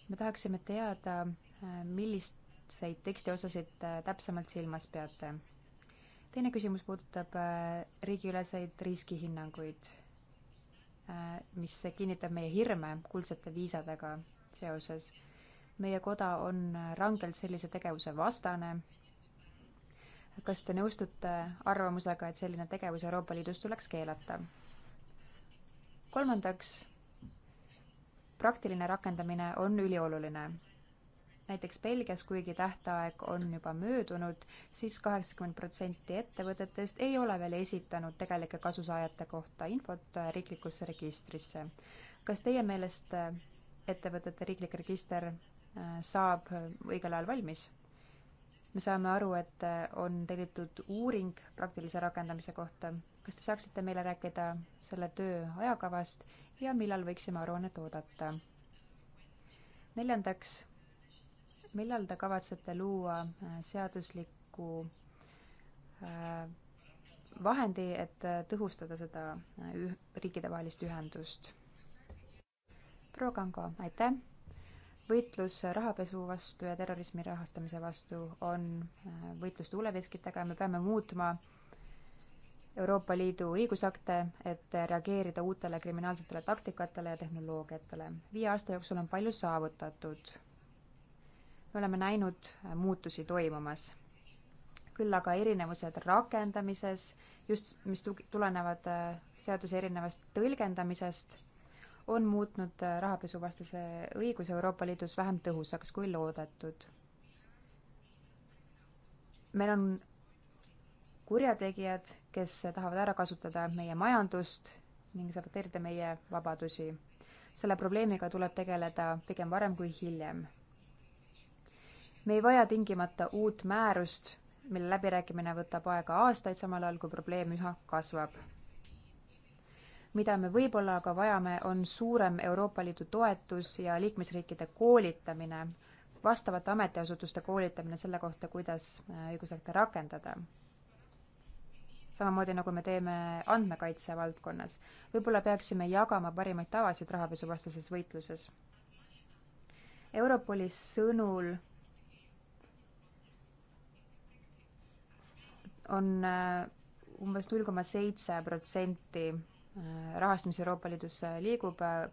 me tahaksime teada, äh, milliseid tekstiosasid täpsemalt silmas peate. teine küsimus puudutab riigiüleseid riskihinnanguid, mis kinnitab meie hirme kuldsete viisadega seoses. meie koda on rangelt sellise tegevuse vastane. kas te nõustute arvamusega, et selline tegevus Euroopa Liidus tuleks keelata? kolmandaks, praktiline rakendamine on ülioluline näiteks Belgias, kuigi tähtaeg on juba möödunud siis, siis kaheksakümmend protsenti ettevõtetest ei ole veel esitanud tegelike kasusaajate kohta infot riiklikusse registrisse. kas teie meelest ettevõtete riiklik register äh, saab äh, õigel ajal valmis. me saame aru, et äh, on tellitud uuring praktilise rakendamise kohta. kas te saaksite meile rääkida selle töö ajakavast ja millal võiksime aruannet oodata? neljandaks, millal te kavatsete luua seadusliku vahendi, et tõhustada seda riikidevahelist ühendust? proua Kango, aitäh! võitlus rahapesu vastu ja terrorismi rahastamise vastu on äh, võitlus tuuleveskitega ja me peame muutma Euroopa Liidu õigusakte, et reageerida uutele kriminaalsetele taktikatele ja tehnoloogiatele. viie aasta jooksul on palju saavutatud. me oleme näinud äh, muutusi toimumas. küll aga erinevused rakendamises, just mis tulenevad äh, seaduse erinevast tõlgendamisest on muutnud äh, rahapesuvastase õiguse Euroopa Liidus vähem tõhusaks kui loodetud. meil on kurjategijad, kes tahavad ära kasutada meie majandust ning saboteerida meie vabadusi. selle probleemiga tuleb tegeleda pigem varem kui hiljem. me ei vaja tingimata uut määrust, mille läbirääkimine võtab aega aastaid, samal ajal kui probleem üha kasvab mida me võib-olla aga vajame, on suurem Euroopa Liidu toetus ja liikmesriikide koolitamine, vastavate ametiasutuste koolitamine selle kohta, kuidas äh, õigusakte rakendada. samamoodi, nagu me teeme andmekaitse valdkonnas. võib-olla peaksime jagama parimaid tavasid rahapesuvastases võitluses. Europoli sõnul on äh, umbes null koma seitse protsenti rahast, mis Euroopa Liidus äh, liigub, äh,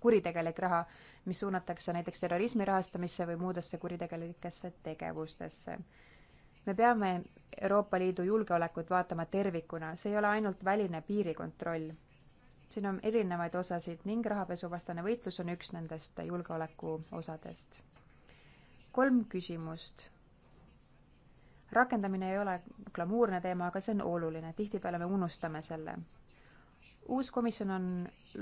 kuritegelik raha, mis suunatakse näiteks terrorismi rahastamisse või muudesse kuritegelikesse tegevustesse. me peame Euroopa Liidu julgeolekut vaatama tervikuna, see ei ole ainult väline piirikontroll. siin on erinevaid osasid ning rahapesuvastane võitlus on üks nendest julgeoleku osadest. kolm küsimust rakendamine ei ole glamuurne teema, aga see on oluline, tihtipeale me unustame selle. uus komisjon on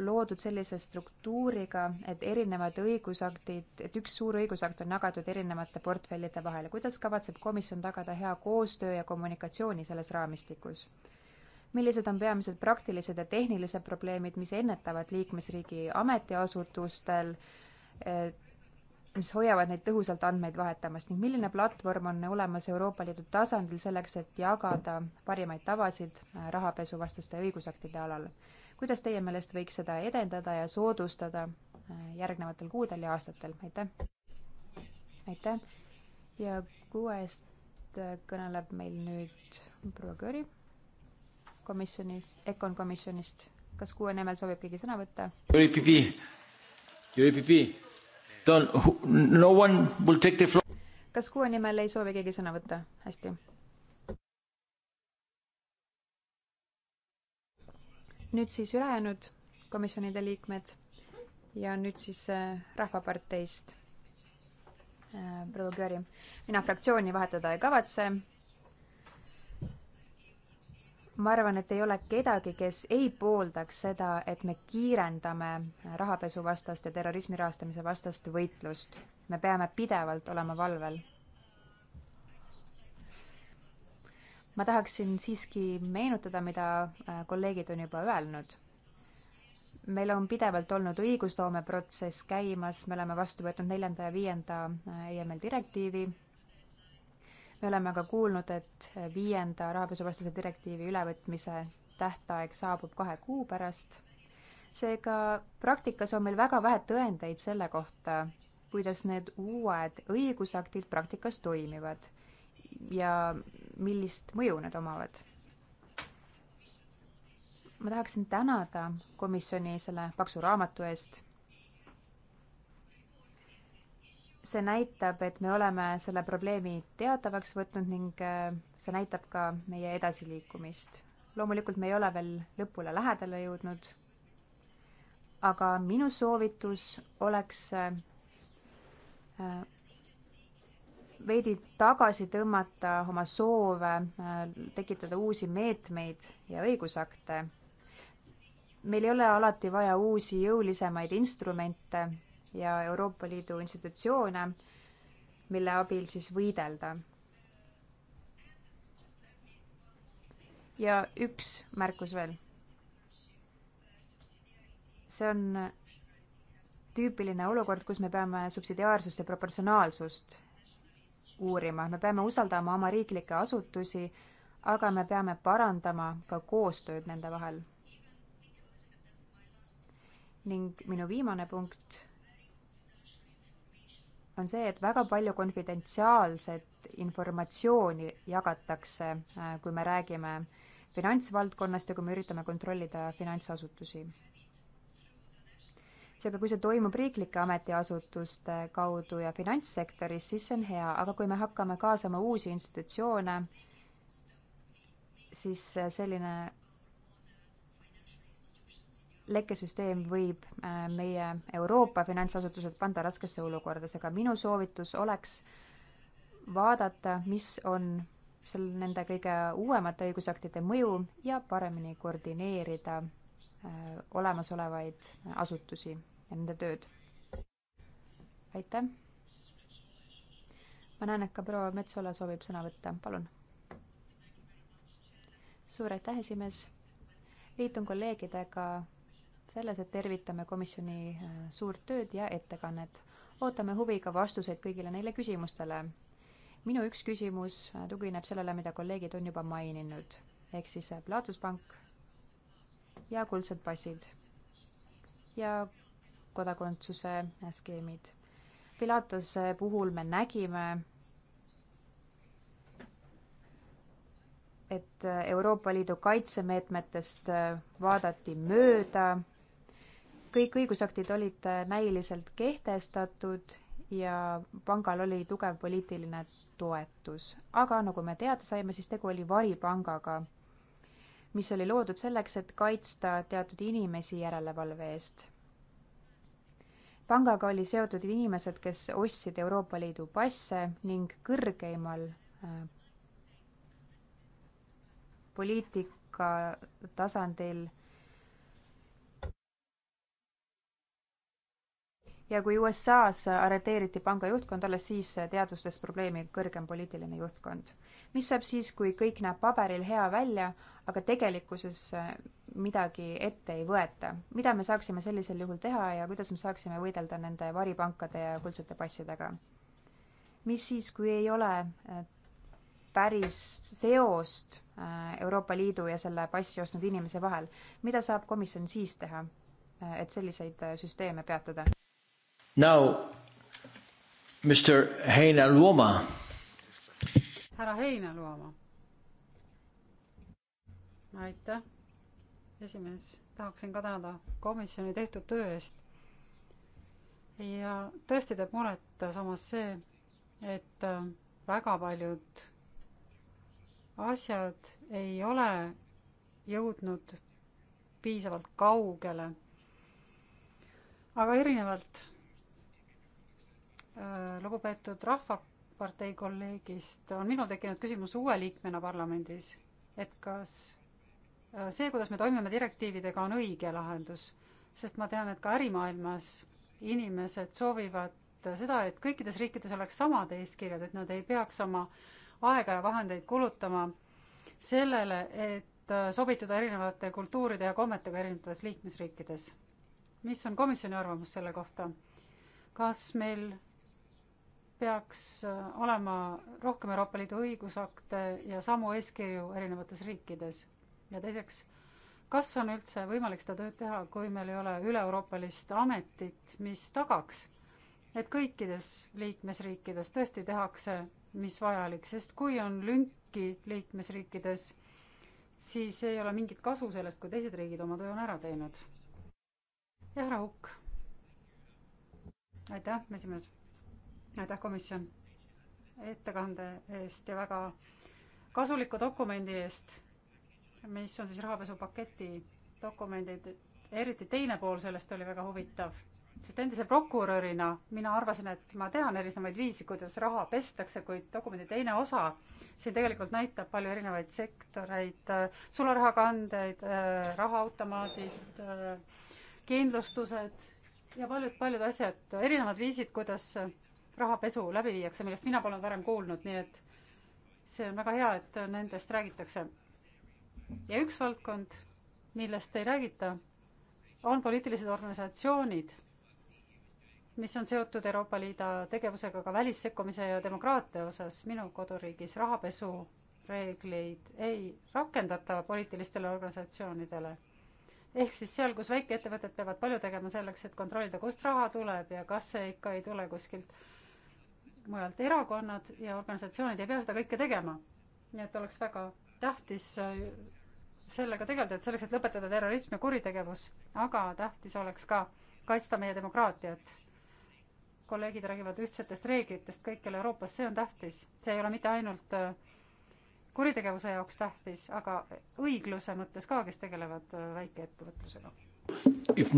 loodud sellise struktuuriga, et erinevad õigusaktid, et üks suur õigusakt on jagatud erinevate portfellide vahel. kuidas kavatseb komisjon tagada hea koostöö ja kommunikatsiooni selles raamistikus? millised on peamised praktilised ja tehnilised probleemid, mis ennetavad liikmesriigi ametiasutustel mis hoiavad neid tõhusalt andmeid vahetamast ning milline platvorm on olemas Euroopa Liidu tasandil selleks, et jagada parimaid tavasid äh, rahapesuvastaste õigusaktide alal? kuidas teie meelest võiks seda edendada ja soodustada äh, järgnevatel kuudel ja aastatel, aitäh! aitäh ja kuuest äh, kõneleb meil nüüd proua Köri komisjonis, EKOn komisjonist. kas kuue nimel soovib keegi sõna võtta? Jüri Pipi, Jüri Pipi No kas kuue nimel ei soovi keegi sõna võtta? hästi. nüüd siis ülejäänud komisjonide liikmed ja nüüd siis äh, Rahvaparteist. Äh, proua Kööri, mina fraktsiooni vahetada ei kavatse ma arvan, et ei ole kedagi, kes ei pooldaks seda, et me kiirendame rahapesuvastast ja terrorismi rahastamise vastast võitlust. me peame pidevalt olema valvel. ma tahaksin siiski meenutada, mida äh, kolleegid on juba öelnud. meil on pidevalt olnud õigusloomeprotsess käimas, me oleme vastu võtnud neljanda ja viienda äh, EML direktiivi me oleme ka kuulnud, et viienda rahapesuvastase direktiivi ülevõtmise tähtaeg saabub kahe kuu pärast. seega praktikas on meil väga vähe tõendeid selle kohta, kuidas need uued õigusaktid praktikas toimivad ja millist mõju need omavad. ma tahaksin tänada komisjoni selle paksu raamatu eest see näitab, et me oleme selle probleemi teatavaks võtnud ning äh, see näitab ka meie edasiliikumist. loomulikult me ei ole veel lõpule lähedale jõudnud, aga minu soovitus oleks äh, äh, veidi tagasi tõmmata oma soove, tekitada uusi meetmeid ja õigusakte. meil ei ole alati vaja uusi jõulisemaid instrumente ja Euroopa Liidu institutsioone, mille abil siis võidelda. ja üks märkus veel. see on tüüpiline olukord, kus me peame subsidiaarsust ja proportsionaalsust uurima, me peame usaldama oma riiklikke asutusi, aga me peame parandama ka koostööd nende vahel. ning minu viimane punkt on see, et väga palju konfidentsiaalset informatsiooni jagatakse, äh, kui me räägime finantsvaldkonnast ja kui me üritame kontrollida finantsasutusi. seega, kui see toimub riiklike ametiasutuste kaudu ja finantssektoris, siis see on hea, aga kui me hakkame kaasama uusi institutsioone, siis äh, selline lekkesüsteem võib äh, meie Euroopa finantsasutused panda raskesse olukorda, seega minu soovitus oleks vaadata, mis on seal nende kõige uuemate õigusaktide mõju ja paremini koordineerida äh, olemasolevaid asutusi ja nende tööd. aitäh! ma näen, et ka proua Metsola soovib sõna võtta, palun. suur aitäh, esimees! liitun kolleegidega selles, et tervitame komisjoni äh, suurt tööd ja ettekannet. ootame huviga vastuseid kõigile neile küsimustele. minu üks küsimus äh, tugineb sellele, mida kolleegid on juba maininud, ehk siis äh, plaatuspank ja kuldsed passid ja kodakondsuse skeemid. Pilatuse puhul me nägime, et Euroopa Liidu kaitsemeetmetest vaadati mööda kõik õigusaktid olid äh, näiliselt kehtestatud ja pangal oli tugev poliitiline toetus. aga nagu me teada saime, siis tegu oli varipangaga, mis oli loodud selleks, et kaitsta teatud inimesi järelevalve eest. pangaga oli seotud inimesed, kes ostsid Euroopa Liidu passe ning kõrgeimal äh, poliitika tasandil ja kui USA-s arreteeriti panga juhtkond, alles siis teadvustas probleemi kõrgem poliitiline juhtkond. mis saab siis, kui kõik näeb paberil hea välja, aga tegelikkuses äh, midagi ette ei võeta? mida me saaksime sellisel juhul teha ja kuidas me saaksime võidelda nende varipankade ja kuldsete passidega? mis siis, kui ei ole äh, päris seost äh, Euroopa Liidu ja selle passi ostnud inimese vahel, mida saab komisjon siis teha, et selliseid süsteeme peatada? Now Mr Heina Luoma. härra Heina Luoma. aitäh, esimees, tahaksin ka tänada komisjoni tehtud töö eest. ja tõesti teeb muret samas see, et äh, väga paljud asjad ei ole jõudnud piisavalt kaugele. aga erinevalt Äh, lugupeetud Rahvapartei kolleegist on minul tekkinud küsimus uue liikmena parlamendis, et kas äh, see, kuidas me toimime direktiividega, on õige lahendus, sest ma tean, et ka ärimaailmas inimesed soovivad seda, et kõikides riikides oleks samad eeskirjad, et nad ei peaks oma aega ja vahendeid kulutama sellele, et äh, sobituda erinevate kultuuride ja kommetega erinevates liikmesriikides. mis on komisjoni arvamus selle kohta? kas meil peaks äh, olema rohkem Euroopa Liidu õigusakte ja samu eeskirju erinevates riikides. ja teiseks, kas on üldse võimalik seda tööd teha, kui meil ei ole üle-euroopalist ametit, mis tagaks, et kõikides liikmesriikides tõesti tehakse, mis vajalik, sest kui on lünki liikmesriikides, siis ei ole mingit kasu sellest, kui teised riigid oma töö on ära teinud. jah, Rahuk. aitäh, esimees aitäh, komisjon, ettekande eest ja väga kasuliku dokumendi eest, mis on siis rahapesupaketi dokumendid, eriti teine pool sellest oli väga huvitav, sest endise prokurörina mina arvasin, et ma tean erinevaid viisi, kuidas raha pestakse, kuid dokumendi teine osa siin tegelikult näitab palju erinevaid sektoreid, sularahakandeid, rahaautomaadid, kindlustused ja paljud, paljud asjad, erinevad viisid, kuidas rahapesu läbi viiakse, millest mina polnud varem kuulnud, nii et see on väga hea, et nendest räägitakse. ja üks valdkond, millest ei räägita, on poliitilised organisatsioonid, mis on seotud Euroopa Liidu tegevusega ka välissekkumise ja demokraatia osas. minu koduriigis rahapesureegleid ei rakendata poliitilistele organisatsioonidele. ehk siis seal, kus väikeettevõtted peavad palju tegema selleks, et kontrollida, kust raha tuleb ja kas see ikka ei tule kuskilt äh, mujalt. erakonnad ja organisatsioonid ei pea seda kõike tegema. nii et oleks väga tähtis äh, sellega tegeleda, et selleks, et lõpetada terrorism ja kuritegevus, aga tähtis oleks ka kaitsta meie demokraatiat. kolleegid räägivad ühtsetest reeglitest kõikjal Euroopas, see on tähtis, see ei ole mitte ainult äh, kuritegevuse jaoks tähtis, aga õigluse mõttes ka, kes tegelevad äh, väikeettevõtlusega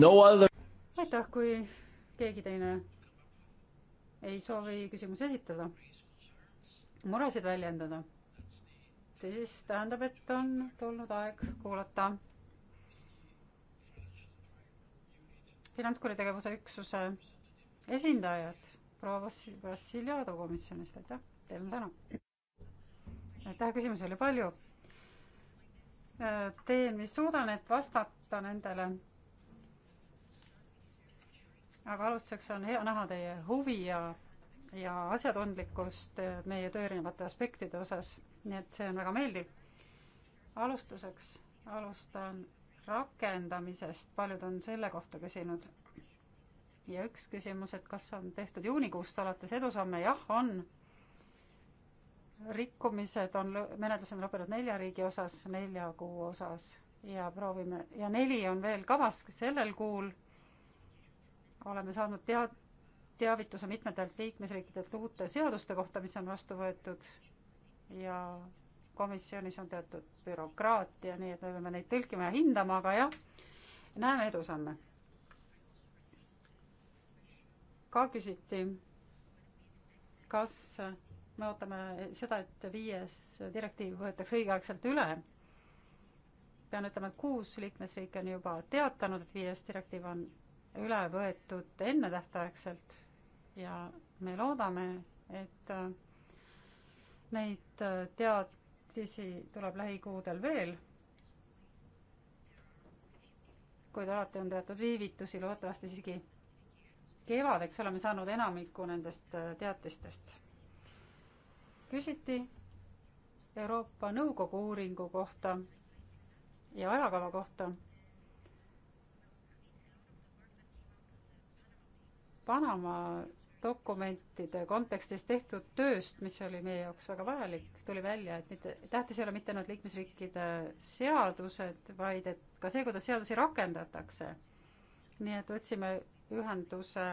no other.... aitäh, kui keegi teine ei soovi küsimusi esitada, muresid väljendada, siis tähendab, et on tulnud aeg kuulata finantskuritegevuse üksuse esindajad proua Vassiljadu komisjonist, aitäh, teil on sõna. aitäh, küsimusi oli palju. teen, mis suudan, et vastata nendele aga alustuseks on hea näha teie huvi ja, ja asjatundlikkust meie töö erinevate aspektide osas, nii et see on väga meeldiv. alustuseks alustan rakendamisest, paljud on selle kohta küsinud. ja üks küsimus, et kas on tehtud juunikuust alates edusamme, jah, on. rikkumised on, menetlus on lõppenud nelja riigi osas, nelja kuu osas ja proovime, ja neli on veel kavas sellel kuul oleme saanud tead-, teavituse mitmetelt liikmesriikidelt uute seaduste kohta, mis on vastu võetud ja komisjonis on teatud bürokraatia, nii et me peame neid tõlkima ja hindama, aga jah, näeme edusamme. ka küsiti, kas me ootame seda, et viies direktiiv võetakse õigeaegselt üle. pean ütlema, et kuus liikmesriiki on juba teatanud, et viies direktiiv on üle võetud ennetähtaegselt ja me loodame, et äh, neid äh, teadisi tuleb lähikuudel veel. kuid alati on teatud viivitusi, loodetavasti isegi kevadeks oleme saanud enamiku nendest äh, teatistest. küsiti Euroopa Nõukogu uuringu kohta ja ajakava kohta Panama dokumentide kontekstis tehtud tööst, mis oli meie jaoks väga vajalik, tuli välja, et mitte, tähtis ei ole mitte ainult liikmesriikide seadused, vaid et ka see, kuidas seadusi rakendatakse. nii et võtsime ühenduse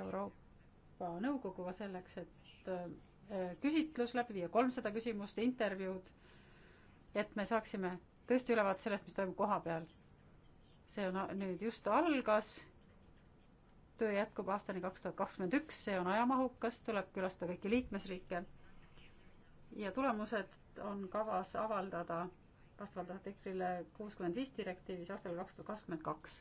Euroopa Nõukoguga selleks, et äh, küsitlus läbi viia, kolmsada küsimust, intervjuud, et me saaksime tõesti ülevaate sellest, mis toimub koha peal. see on nüüd just algas töö jätkub aastani kaks tuhat kakskümmend üks, see on ajamahukas, tuleb külastada kõiki liikmesriike. ja tulemused on kavas avaldada vastavalt artiklile kuuskümmend viis direktiivis aastal kaks tuhat kakskümmend kaks.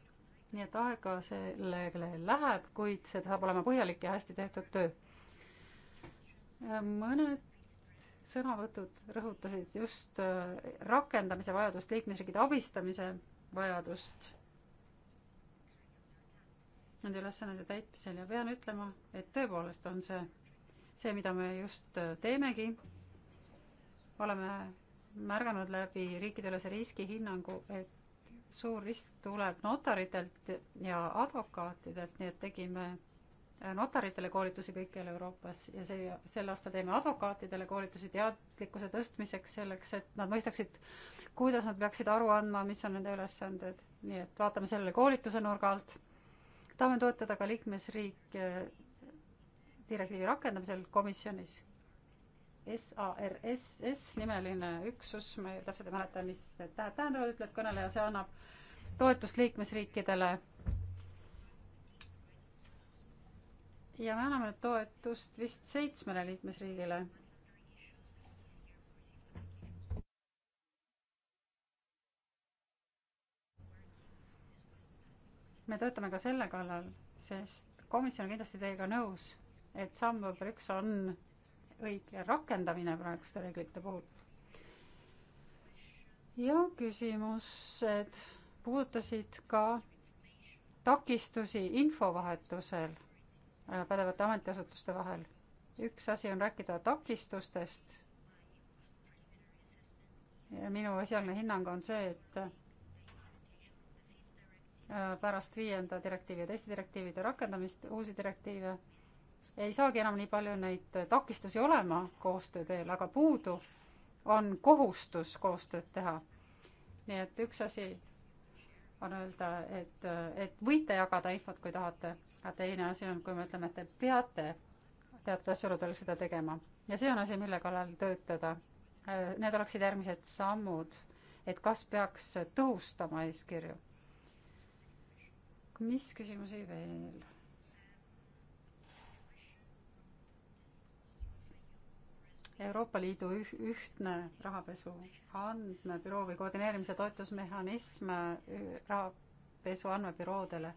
nii et aega sellele läheb, kuid see saab olema põhjalik ja hästi tehtud töö. mõned sõnavõtud rõhutasid just äh, rakendamise vajadust, liikmesriikide abistamise vajadust nende ülesannete täitmisel ja pean ütlema, et tõepoolest on see, see, mida me just äh, teemegi, oleme märganud läbi riikideülese riskihinnangu, et suur risk tuleb notaritelt ja advokaatidelt, nii et tegime äh, notaritele koolitusi kõikjal Euroopas ja see, sel aastal teeme advokaatidele koolitusi teadlikkuse tõstmiseks, selleks et nad mõistaksid, kuidas nad peaksid aru andma, mis on nende ülesanded. nii et vaatame sellele koolituse nurga alt tahame toetada ka liikmesriike direktiivi rakendamisel komisjonis. SARSS nimeline üksus, ma ei täpselt ei mäleta, mis need tähed tähendavad, ütleb kõneleja, see annab toetust liikmesriikidele. ja me anname toetust vist seitsmele liikmesriigile me töötame ka selle kallal, sest komisjon on kindlasti teiega nõus, et samm number üks on õige rakendamine praeguste reeglite puhul. ja küsimused puudutasid ka takistusi infovahetusel äh, pädevate ametiasutuste vahel. üks asi on rääkida takistustest. minu esialgne hinnang on see, et Äh, pärast viienda direktiivi ja teiste direktiivide rakendamist, uusi direktiive, ei saagi enam nii palju neid äh, takistusi olema koostöö teel, aga puudu on kohustus koostööd teha. nii et üks asi on öelda, et, äh, et võite jagada infot, kui tahate, aga teine asi on, kui me ütleme, et te peate teatud asjaoludel seda tegema ja see on asi, mille kallal töötada. Need oleksid järgmised sammud, et kas peaks tõhustama eeskirju mis küsimusi veel? Euroopa Liidu ühtne rahapesu andmebüroo või koordineerimise toetusmehhanism äh, rahapesu andmebüroodele.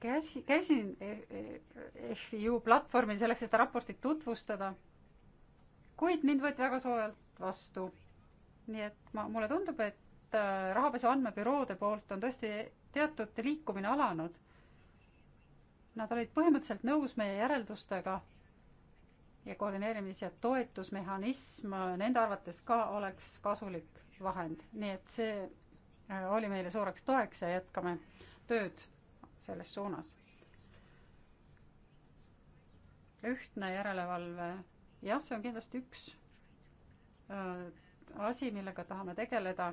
käsi, käisin äh, äh, FIU platvormil selleks, et seda raportit tutvustada, kuid mind võeti väga soojalt vastu. nii et ma, mulle tundub, et et äh, rahapesu andmebüroode poolt on tõesti teatud liikumine alanud. Nad olid põhimõtteliselt nõus meie järeldustega ja koordineerimis- ja toetusmehhanism äh, nende arvates ka oleks kasulik vahend, nii et see äh, oli meile suureks toeks ja jätkame tööd selles suunas. ühtne järelevalve, jah, see on kindlasti üks asi, millega tahame tegeleda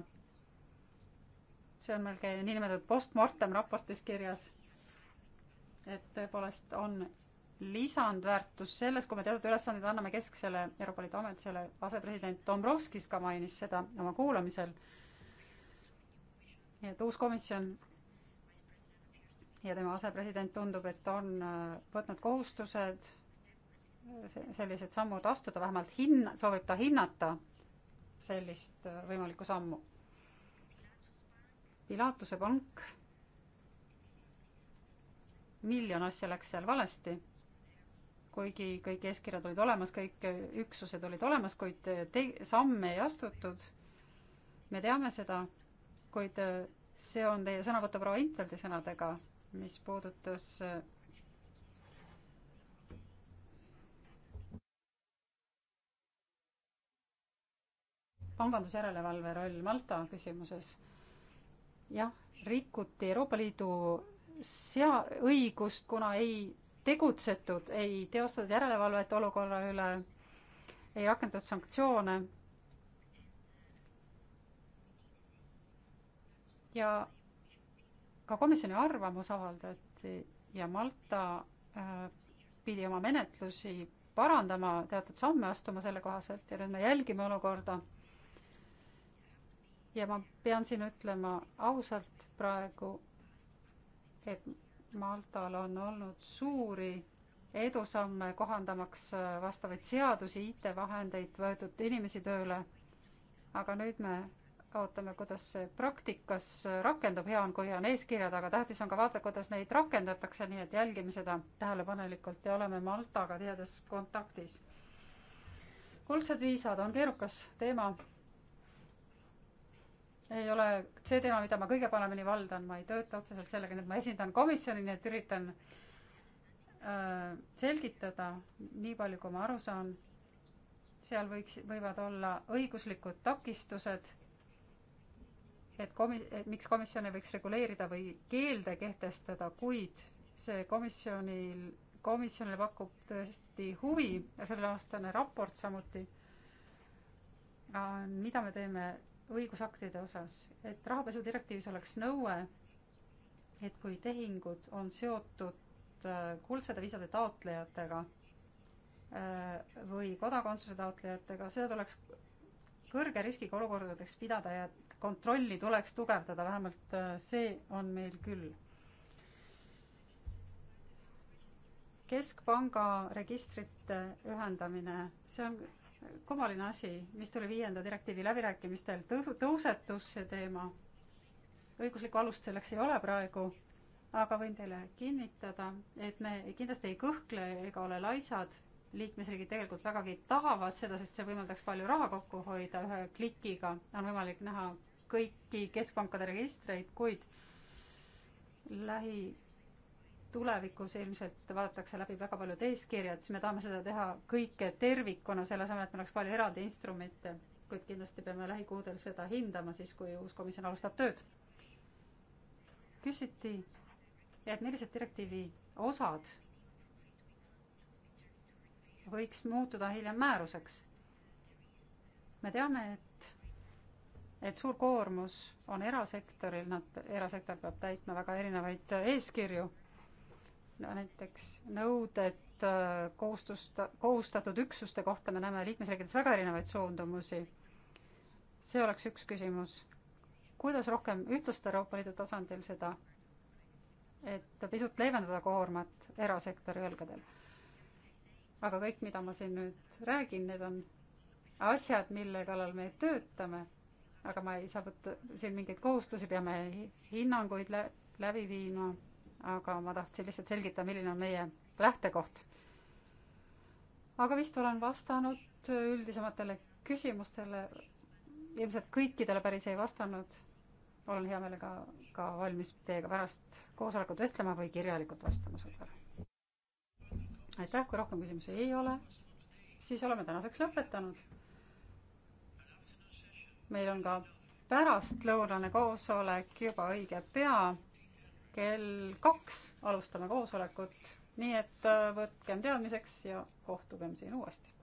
see on meil käi-, niinimetatud postmortem raportis kirjas, et tõepoolest on lisandväärtus selles, kui me teatud ülesanded anname kesksele Euroopa Liidu ametisele, asepresident Dombrovskis ka mainis seda oma kuulamisel, nii et uus komisjon ja tema asepresident tundub, et on äh, võtnud kohustused äh, sellised sammud astuda, vähemalt hinna, soovib ta hinnata sellist äh, võimalikku sammu Pilatuse pank, miljon asja läks seal valesti, kuigi kõik eeskirjad olid olemas, kõik üksused olid olemas, kuid te-, samme ei astutud. me teame seda, kuid see on teie sõnavõtu proua Intveldi sõnadega, mis puudutas pangandusjärelevalve roll Malta küsimuses jah, rikuti Euroopa Liidu sea-, õigust, kuna ei tegutsetud, ei teostatud järelevalvet olukorra üle, ei rakendatud sanktsioone. ja ka komisjoni arvamus avaldati ja Malta äh, pidi oma menetlusi parandama, teatud samme astuma selle kohaselt ja nüüd me jälgime olukorda ja ma pean siin ütlema ausalt praegu, et Maltal on olnud suuri edusamme kohandamaks äh, vastavaid seadusi, IT-vahendeid, võetud inimesi tööle. aga nüüd me ootame, kuidas see praktikas äh, rakendub, hea on, kui on eeskirjad, aga tähtis on ka vaadata, kuidas neid rakendatakse, nii et jälgime seda tähelepanelikult ja oleme Maltaga tihedas kontaktis. kuldsed viisad on keerukas teema ei ole see teema, mida ma kõige paremini valdan, ma ei tööta otseselt sellega, nii et ma esindan komisjoni, nii et üritan äh, selgitada nii palju, kui ma aru saan. seal võiks, võivad olla õiguslikud takistused, et komi-, et miks komisjon ei võiks reguleerida või keelde kehtestada, kuid see komisjonil, komisjonile pakub tõesti huvi ja selleaastane raport samuti, äh, mida me teeme õigusaktide osas, et rahapesudirektiivis oleks nõue, et kui tehingud on seotud äh, kuldsete viisade taotlejatega äh, või kodakondsuse taotlejatega, seda tuleks kõrge riskiga olukordadeks pidada ja kontrolli tuleks tugevdada, vähemalt äh, see on meil küll. keskpanga registrite ühendamine, see on kummaline asi, mis tuli viienda direktiivi läbirääkimistel, tõusu, tõusetus see teema. õiguslikku alust selleks ei ole praegu, aga võin teile kinnitada, et me kindlasti ei kõhkle ega ole laisad, liikmesriigid tegelikult vägagi tahavad seda, sest see võimaldaks palju raha kokku hoida ühe klikiga, on võimalik näha kõiki keskpankade registreid, kuid lähi tulevikus ilmselt vaadatakse läbi väga paljud eeskirjad, siis me tahame seda teha kõike tervikuna, selle asemel, et meil oleks palju eraldi instrumente, kuid kindlasti peame lähikuudel seda hindama siis, kui uus komisjon alustab tööd. küsiti, et millised direktiivi osad võiks muutuda hiljem määruseks. me teame, et, et suur koormus on erasektoril, nad, erasektor peab täitma väga erinevaid eeskirju no näiteks nõuded äh, kohustust, kohustatud üksuste kohta me näeme liikmesriikides väga erinevaid suundumusi. see oleks üks küsimus. kuidas rohkem ühtlustada Euroopa Liidu tasandil seda, et pisut leevendada koormat erasektori õlgadel? aga kõik, mida ma siin nüüd räägin, need on asjad, mille kallal me töötame, aga ma ei saa võtta siin mingeid kohustusi, peame hinnanguid lä läbi viima aga ma tahtsin lihtsalt selgitada, milline on meie lähtekoht. aga vist olen vastanud üldisematele küsimustele, ilmselt kõikidele päris ei vastanud. olen hea meelega ka, ka valmis teiega pärast koosolekut vestlema või kirjalikult vastama sulle. aitäh, kui rohkem küsimusi ei ole, siis oleme tänaseks lõpetanud. meil on ka pärastlõunane koosolek juba õige pea kell kaks alustame koosolekut, nii et äh, võtkem teadmiseks ja kohtugem siin uuesti.